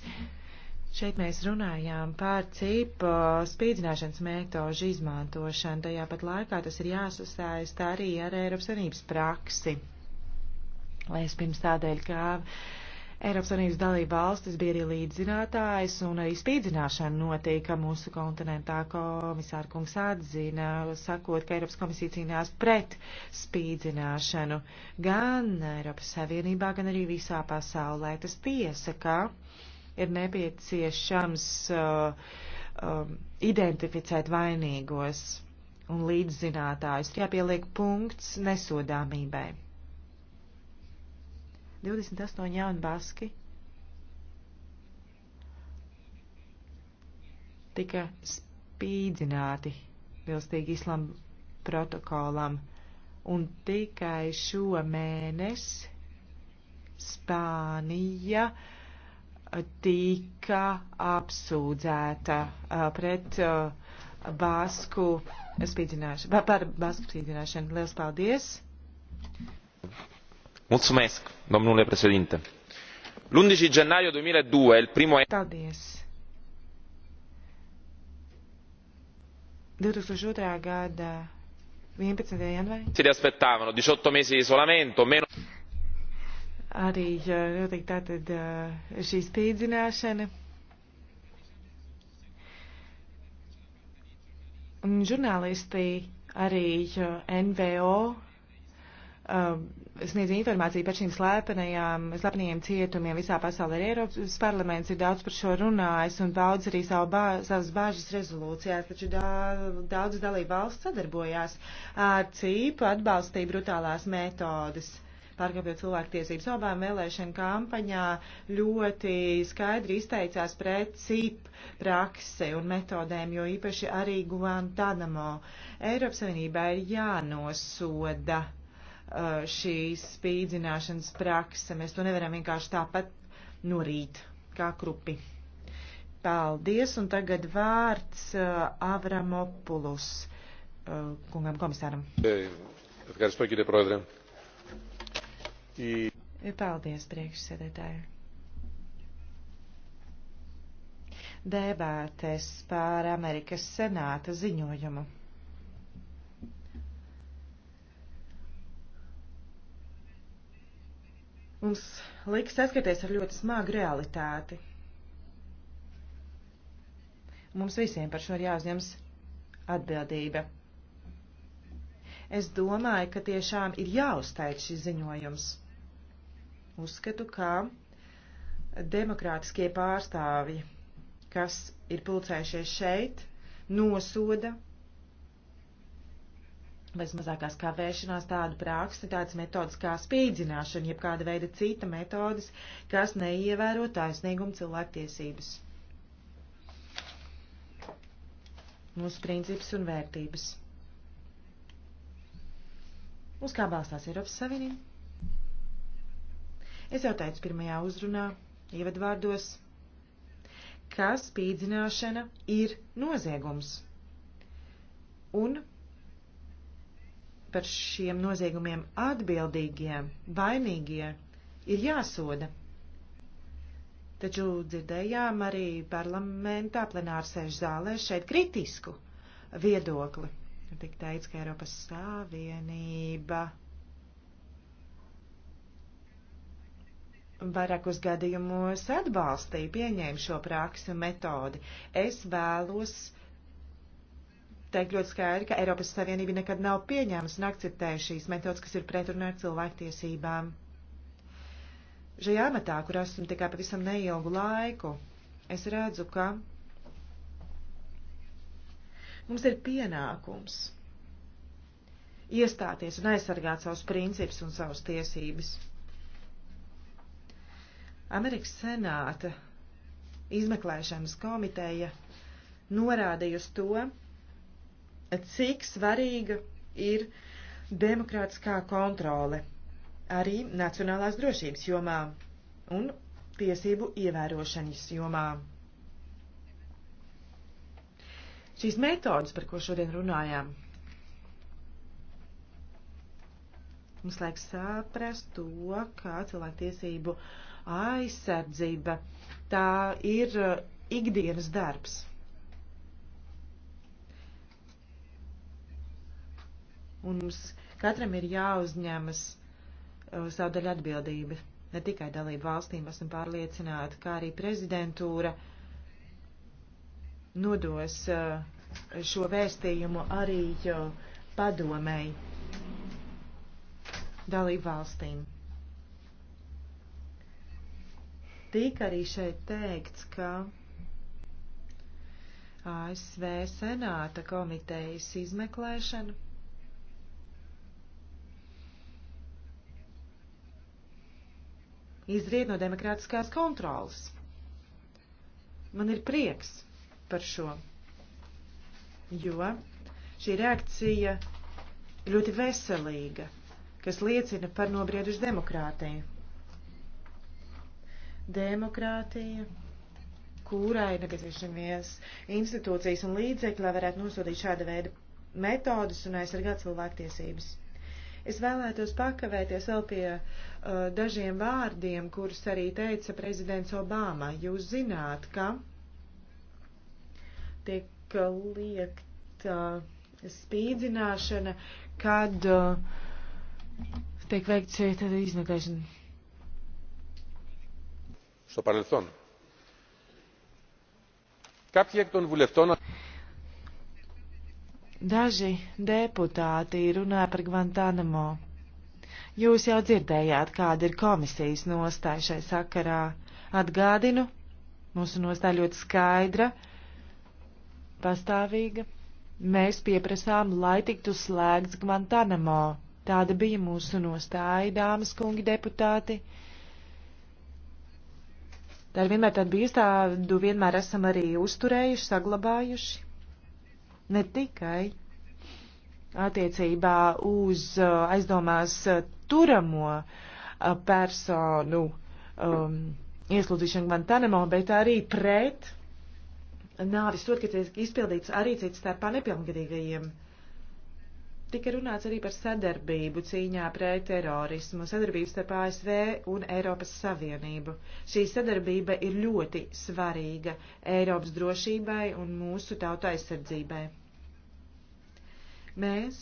Šeit mēs runājām par cipu uh, spīdzināšanas metožu izmantošanu. Tajā pat laikā tas ir jāsasaist arī ar Eiropas Savienības praksi. Lai es pirms tādēļ, kā Eiropas Savienības dalība valstis bija arī līdzzinātājs un arī spīdzināšana notika mūsu kontinentā. Komisāra kungs atzina, sakot, ka Eiropas komisija cīnās pret spīdzināšanu gan Eiropas Savienībā, gan arī visā pasaulē. Tas tiesa, ka ir nepieciešams uh, um, identificēt vainīgos un līdzzinātājus. Jāpieliek punkts nesodāmībai. 28 jauni baski tika spīdzināti vilstīgi islam protokolam, un tikai šo mēnesi Spānija tika apsūdzēta uh, pret uh, basku spīdzināšanu, par basku spīdzināšanu. Liels paldies! domnule președinte l' undici gennaio duemiladue il primo. paldies. 2002. gada 11. janvārī. si aspettavano diciotto mesi di isolamento meno. arī uh, notiek tātad šī uh, spīdzināšana. Un žurnālisti arī uh, NVO um, sniedz informāciju par šīm slēpenajiem cietumiem visā pasaulē. Ir Eiropas parlaments ir daudz par šo runājis un paudz arī savu bā, savas bāžas rezolūcijās, taču da, daudz dalību valsts sadarbojās ar cīpu atbalstīja brutālās metodas pārkāpjot cilvēktiesības. Obām vēlēšana kampaņā ļoti skaidri izteicās pret CIP praksi un metodēm, jo īpaši arī Guantanamo. Eiropas Savienībā ir jānosoda Eh, šīs spīdzināšanas prakse. Mēs to nevaram vienkārši tāpat norīt kā krupi. Paldies, un tagad vārds eh, Avramopulus eh, kungam komisāram. Paldies, priekšsēdētāji. Debātes pār Amerikas senāta ziņojumu. Mums liks saskaties ar ļoti smagu realitāti. Mums visiem par šo ir jāuzņems atbildība. Es domāju, ka tiešām ir jāuzteic šis ziņojums. Uzskatu, ka demokrātiskie pārstāvji, kas ir pulcējušies šeit, nosoda bez mazākās kavēšanās tādu praksi, tādas metodas kā spīdzināšana, jeb kāda veida cita metodas, kas neievēro taisnīgumu cilvēktiesības. Mūsu principus un vērtības. Uz kā balstās Eiropas Savienība? Es jau teicu pirmajā uzrunā, ievadvārdos, ka spīdzināšana ir noziegums. Un par šiem noziegumiem atbildīgie, vainīgie ir jāsoda. Taču dzirdējām arī parlamentā plenārsēžu zālē šeit kritisku viedokli. Tik teica, ka Eiropas Savienība vairākos gadījumos atbalstīja, pieņēma šo praksi un metodi. Es vēlos uh, teikt ļoti skaidri, ka Eiropas Savienība nekad nav pieņēmusi un akceptējusi šīs metodas, kas ir pretrunā ar cilvēktiesībām. Šajā amatā, kur esmu tikai pavisam neilgu laiku, es redzu, ka mums ir pienākums iestāties un aizsargāt savus principus un savus tiesības. Amerikas Senāta izmeklēšanas komiteja norādījusi to, cik svarīga ir demokrātiskā kontrole arī nacionālās drošības jomā un tiesību ievērošanas jomā. Šīs metodas, par ko šodien runājām, mums liek saprast to, kā cilvēktiesību aizsardzība tā ir uh, ikdienas darbs. Un mums katram ir jāuzņemas uh, savu daļu atbildība. Ne tikai dalību valstīm esmu pārliecināta, kā arī prezidentūra nodos uh, šo vēstījumu arī uh, padomēji dalību valstīm. Tika arī šeit teikts, ka ASV Senāta komitejas izmeklēšana izriet no demokrātiskās kontrolas. Man ir prieks par šo, jo šī reakcija ļoti veselīga, kas liecina par nobriedušu demokrātiju. Demokrātija, kurai nepieciešamies institūcijas un līdzekļi, lai varētu nosodīt šāda veida metodus un aizsargāt cilvēktiesības. Es vēlētos pakavēties vēl pie uh, dažiem vārdiem, kurus arī teica prezidents Obama. Jūs zināt, ka tiek liekta spīdzināšana, kad uh, tiek veikts tāda iznakašana. Στο παρελθόν. Κάποιοι εκ των βουλευτών Daži deputāti runāja par Guantanamo. Jūs jau dzirdējāt, kāda ir komisijas nostāja šai sakarā. Atgādinu, mūsu nostāja ļoti skaidra, pastāvīga. Mēs pieprasām, lai tiktu slēgts Guantanamo. Tāda bija mūsu nostāja, dāmas kungi deputāti. Tā ir vienmēr tāda bijis, tādu vienmēr esam arī uzturējuši, saglabājuši ne tikai attiecībā uz uh, aizdomās uh, turamo uh, personu um, ieslodzīšanu Guantanamo, bet arī pret nāvis, to, ka tiek izpildīts arī cits starpā nepilngadīgajiem. Tika runāts arī par sadarbību cīņā pret terorismu, sadarbību starp ASV un Eiropas Savienību. Šī sadarbība ir ļoti svarīga Eiropas drošībai un mūsu tauta aizsardzībai. Mēs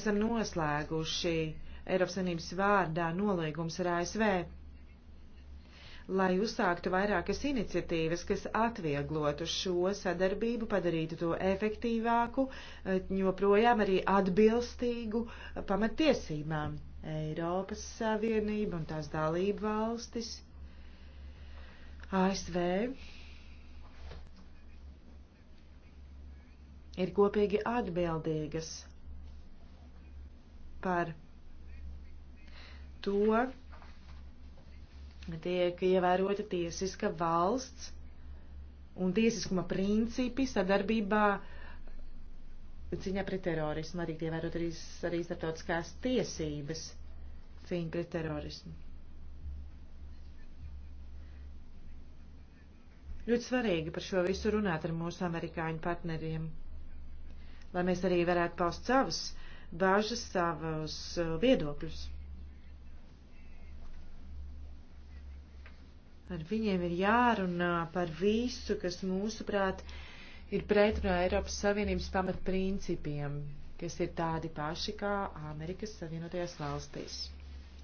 esam noslēguši Eiropas Savienības vārdā nolīgums ar ASV lai uzsāktu vairākas iniciatīvas, kas atvieglotu šo sadarbību, padarītu to efektīvāku, eh, joprojām arī atbilstīgu eh, pamatiesībām. Eiropas Savienība un tās dalība valstis, ASV ir kopīgi atbildīgas par to, tiek ievērota tiesiska valsts un tiesiskuma principi sadarbībā cīņā pret terorismu, arī ievērot arī, arī starptautiskās tiesības cīņa pret terorismu. Ļoti svarīgi par šo visu runāt ar mūsu amerikāņu partneriem, lai mēs arī varētu paust savas bāžas, savus uh, viedokļus. Ar viņiem ir jārunā par visu, kas mūsuprāt ir pretrunā Eiropas Savienības pamatprincipiem, kas ir tādi paši kā Amerikas Savienotajās valstīs.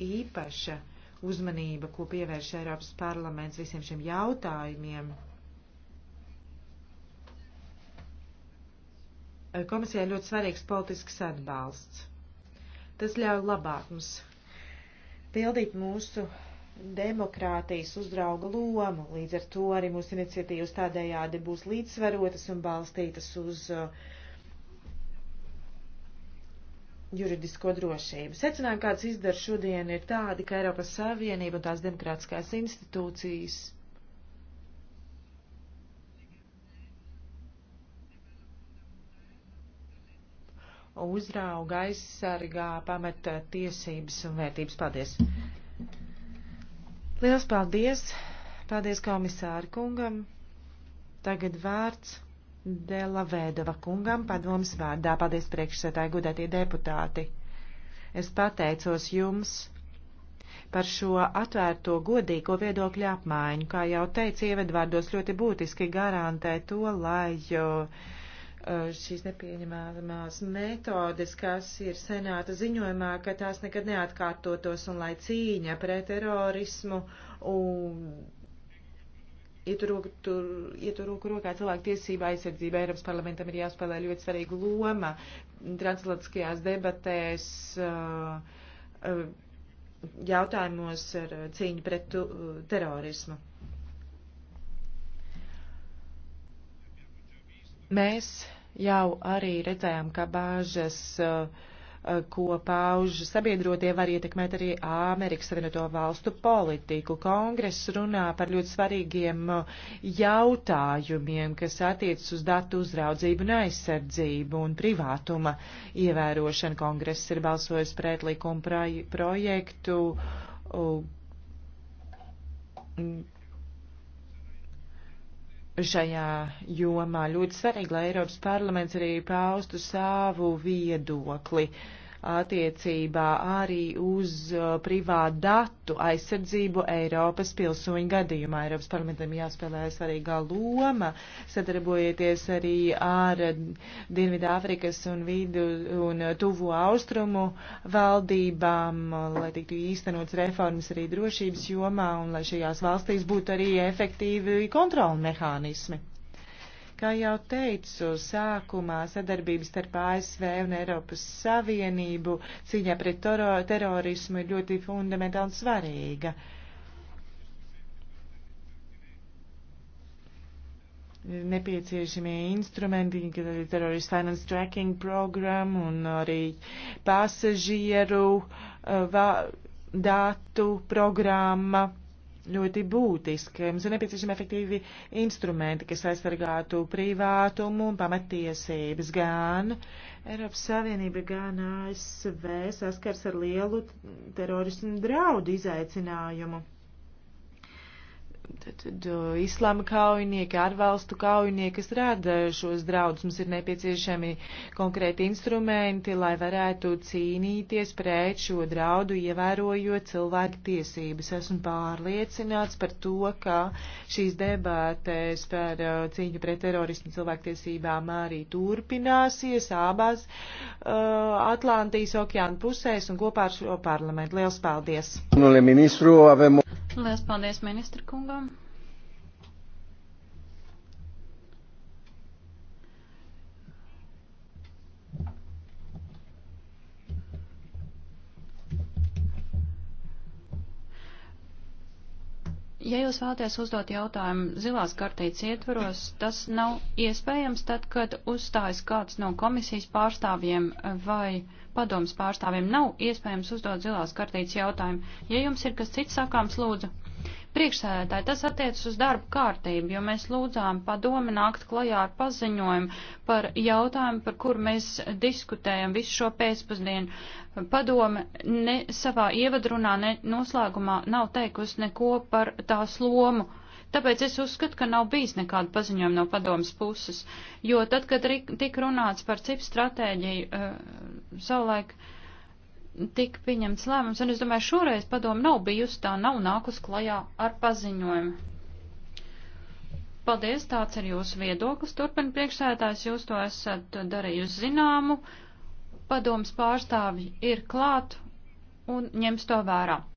Īpaša uzmanība, ko pievērš Eiropas parlaments visiem šiem jautājumiem. Komisijai ļoti svarīgs politisks atbalsts. Tas ļauj labāk mums pildīt mūsu demokrātijas uzrauga lomu. Līdz ar to arī mūsu iniciatīvas tādējādi būs līdzsvarotas un balstītas uz uh, juridisko drošību. Secinājumi, kāds izdara šodien, ir tādi, ka Eiropas Savienība un tās demokrātiskās institūcijas uzrauga, aizsargā pamata tiesības un vērtības. Paldies! Liels paldies! Paldies komisāri kungam! Tagad vārds Dela Vēdova kungam padoms vārdā. Paldies priekšsētāji gudētie deputāti! Es pateicos jums! par šo atvērto godīgo viedokļu apmaiņu, kā jau teicu, ievedvārdos ļoti būtiski garantē to, lai uh, Eh, šīs nepieņemamās metodes, kas ir senāta ziņojumā, ka tās nekad neatkārtotos un lai cīņa pret terorismu un ietur roku rokā cilvēku tiesība aizsardzība Eiropas parlamentam ir jāspēlē ļoti svarīga loma transatlantiskajās debatēs. Uh, uh, jautājumos ar cīņu pret terorismu. Mēs jau arī redzējām, ka bāžas, eh, ko pauž sabiedrotie, var ietekmēt arī Amerikas Savienoto Valstu politiku. Kongress runā par ļoti svarīgiem eh, jautājumiem, kas attiec uz datu uzraudzību un aizsardzību un privātuma ievērošanu. Kongress ir balsojis pret likumu projektu šajā jomā. Ļoti svarīgi, lai Eiropas parlaments arī paustu savu viedokli. Uh, attiecībā arī uz uh, privātu datu aizsardzību Eiropas pilsoņu gadījumā. Eiropas parlamentam jāspēlē svarīgā loma, sadarbojieties arī ar Dienvidāfrikas un vidu un tuvu austrumu valdībām, lai tiktu īstenots reformas arī drošības jomā un lai šajās valstīs būtu arī efektīvi kontrola mehānismi. Kā jau teicu, sākumā sadarbības starp ASV un Eiropas Savienību cīņā pret terorismu ir ļoti fundamentāli un svarīga. nepieciešamie instrumenti, kad ir terrorist finance tracking program un arī pasažieru uh, datu programma ļoti būtiski. Mums ir nepieciešami efektīvi instrumenti, kas aizsargātu privātumu un pamatiesības gan. Eiropas Savienība gan ASV saskars ar lielu terorismu draudu izaicinājumu. Tad islāma kaujinieki, ārvalstu kaujinieki, kas rada šos draudus, mums ir nepieciešami konkrēti instrumenti, lai varētu cīnīties pret šo draudu, ievērojot cilvēku tiesības. Esmu pārliecināts par to, ka šīs debātēs par cīņu pret terorismu cilvēktiesībām arī turpināsies abās uh, Atlantijas okeāna pusēs un kopā ar šo parlamentu. Liels paldies! Ministru, avemo... Lielas paldies ministra kungam. Ja jūs vēlaties uzdot jautājumu zilās kartītes ietvaros, tas nav iespējams tad, kad uzstājas kāds no komisijas pārstāvjiem vai uh, padomas pārstāvjiem nav iespējams uzdot zilās kartītes jautājumu. Ja jums ir kas cits sakāms, lūdzu. Priekšsēdētāji, tas attiecas uz darbu kārtību, jo mēs lūdzām padomi nākt klajā ar paziņojumu par jautājumu, par kuru mēs diskutējam visu šo pēcpusdienu. Padome ne savā ievadrunā, ne noslēgumā nav teikusi neko par tās lomu. Tāpēc es uzskatu, ka nav bijis nekāda paziņojuma no padomas puses, jo tad, kad tika runāts par cipu stratēģiju, eh, savulaik tika pieņemts lēmums, un es domāju, šoreiz padoma nav bijusi tā, nav nākus klajā ar paziņojumu. Paldies, tāds ir jūsu viedoklis. Turpin priekšsētājs, jūs to esat darījusi zināmu. Padoms pārstāvji ir klāt un ņems to vērā.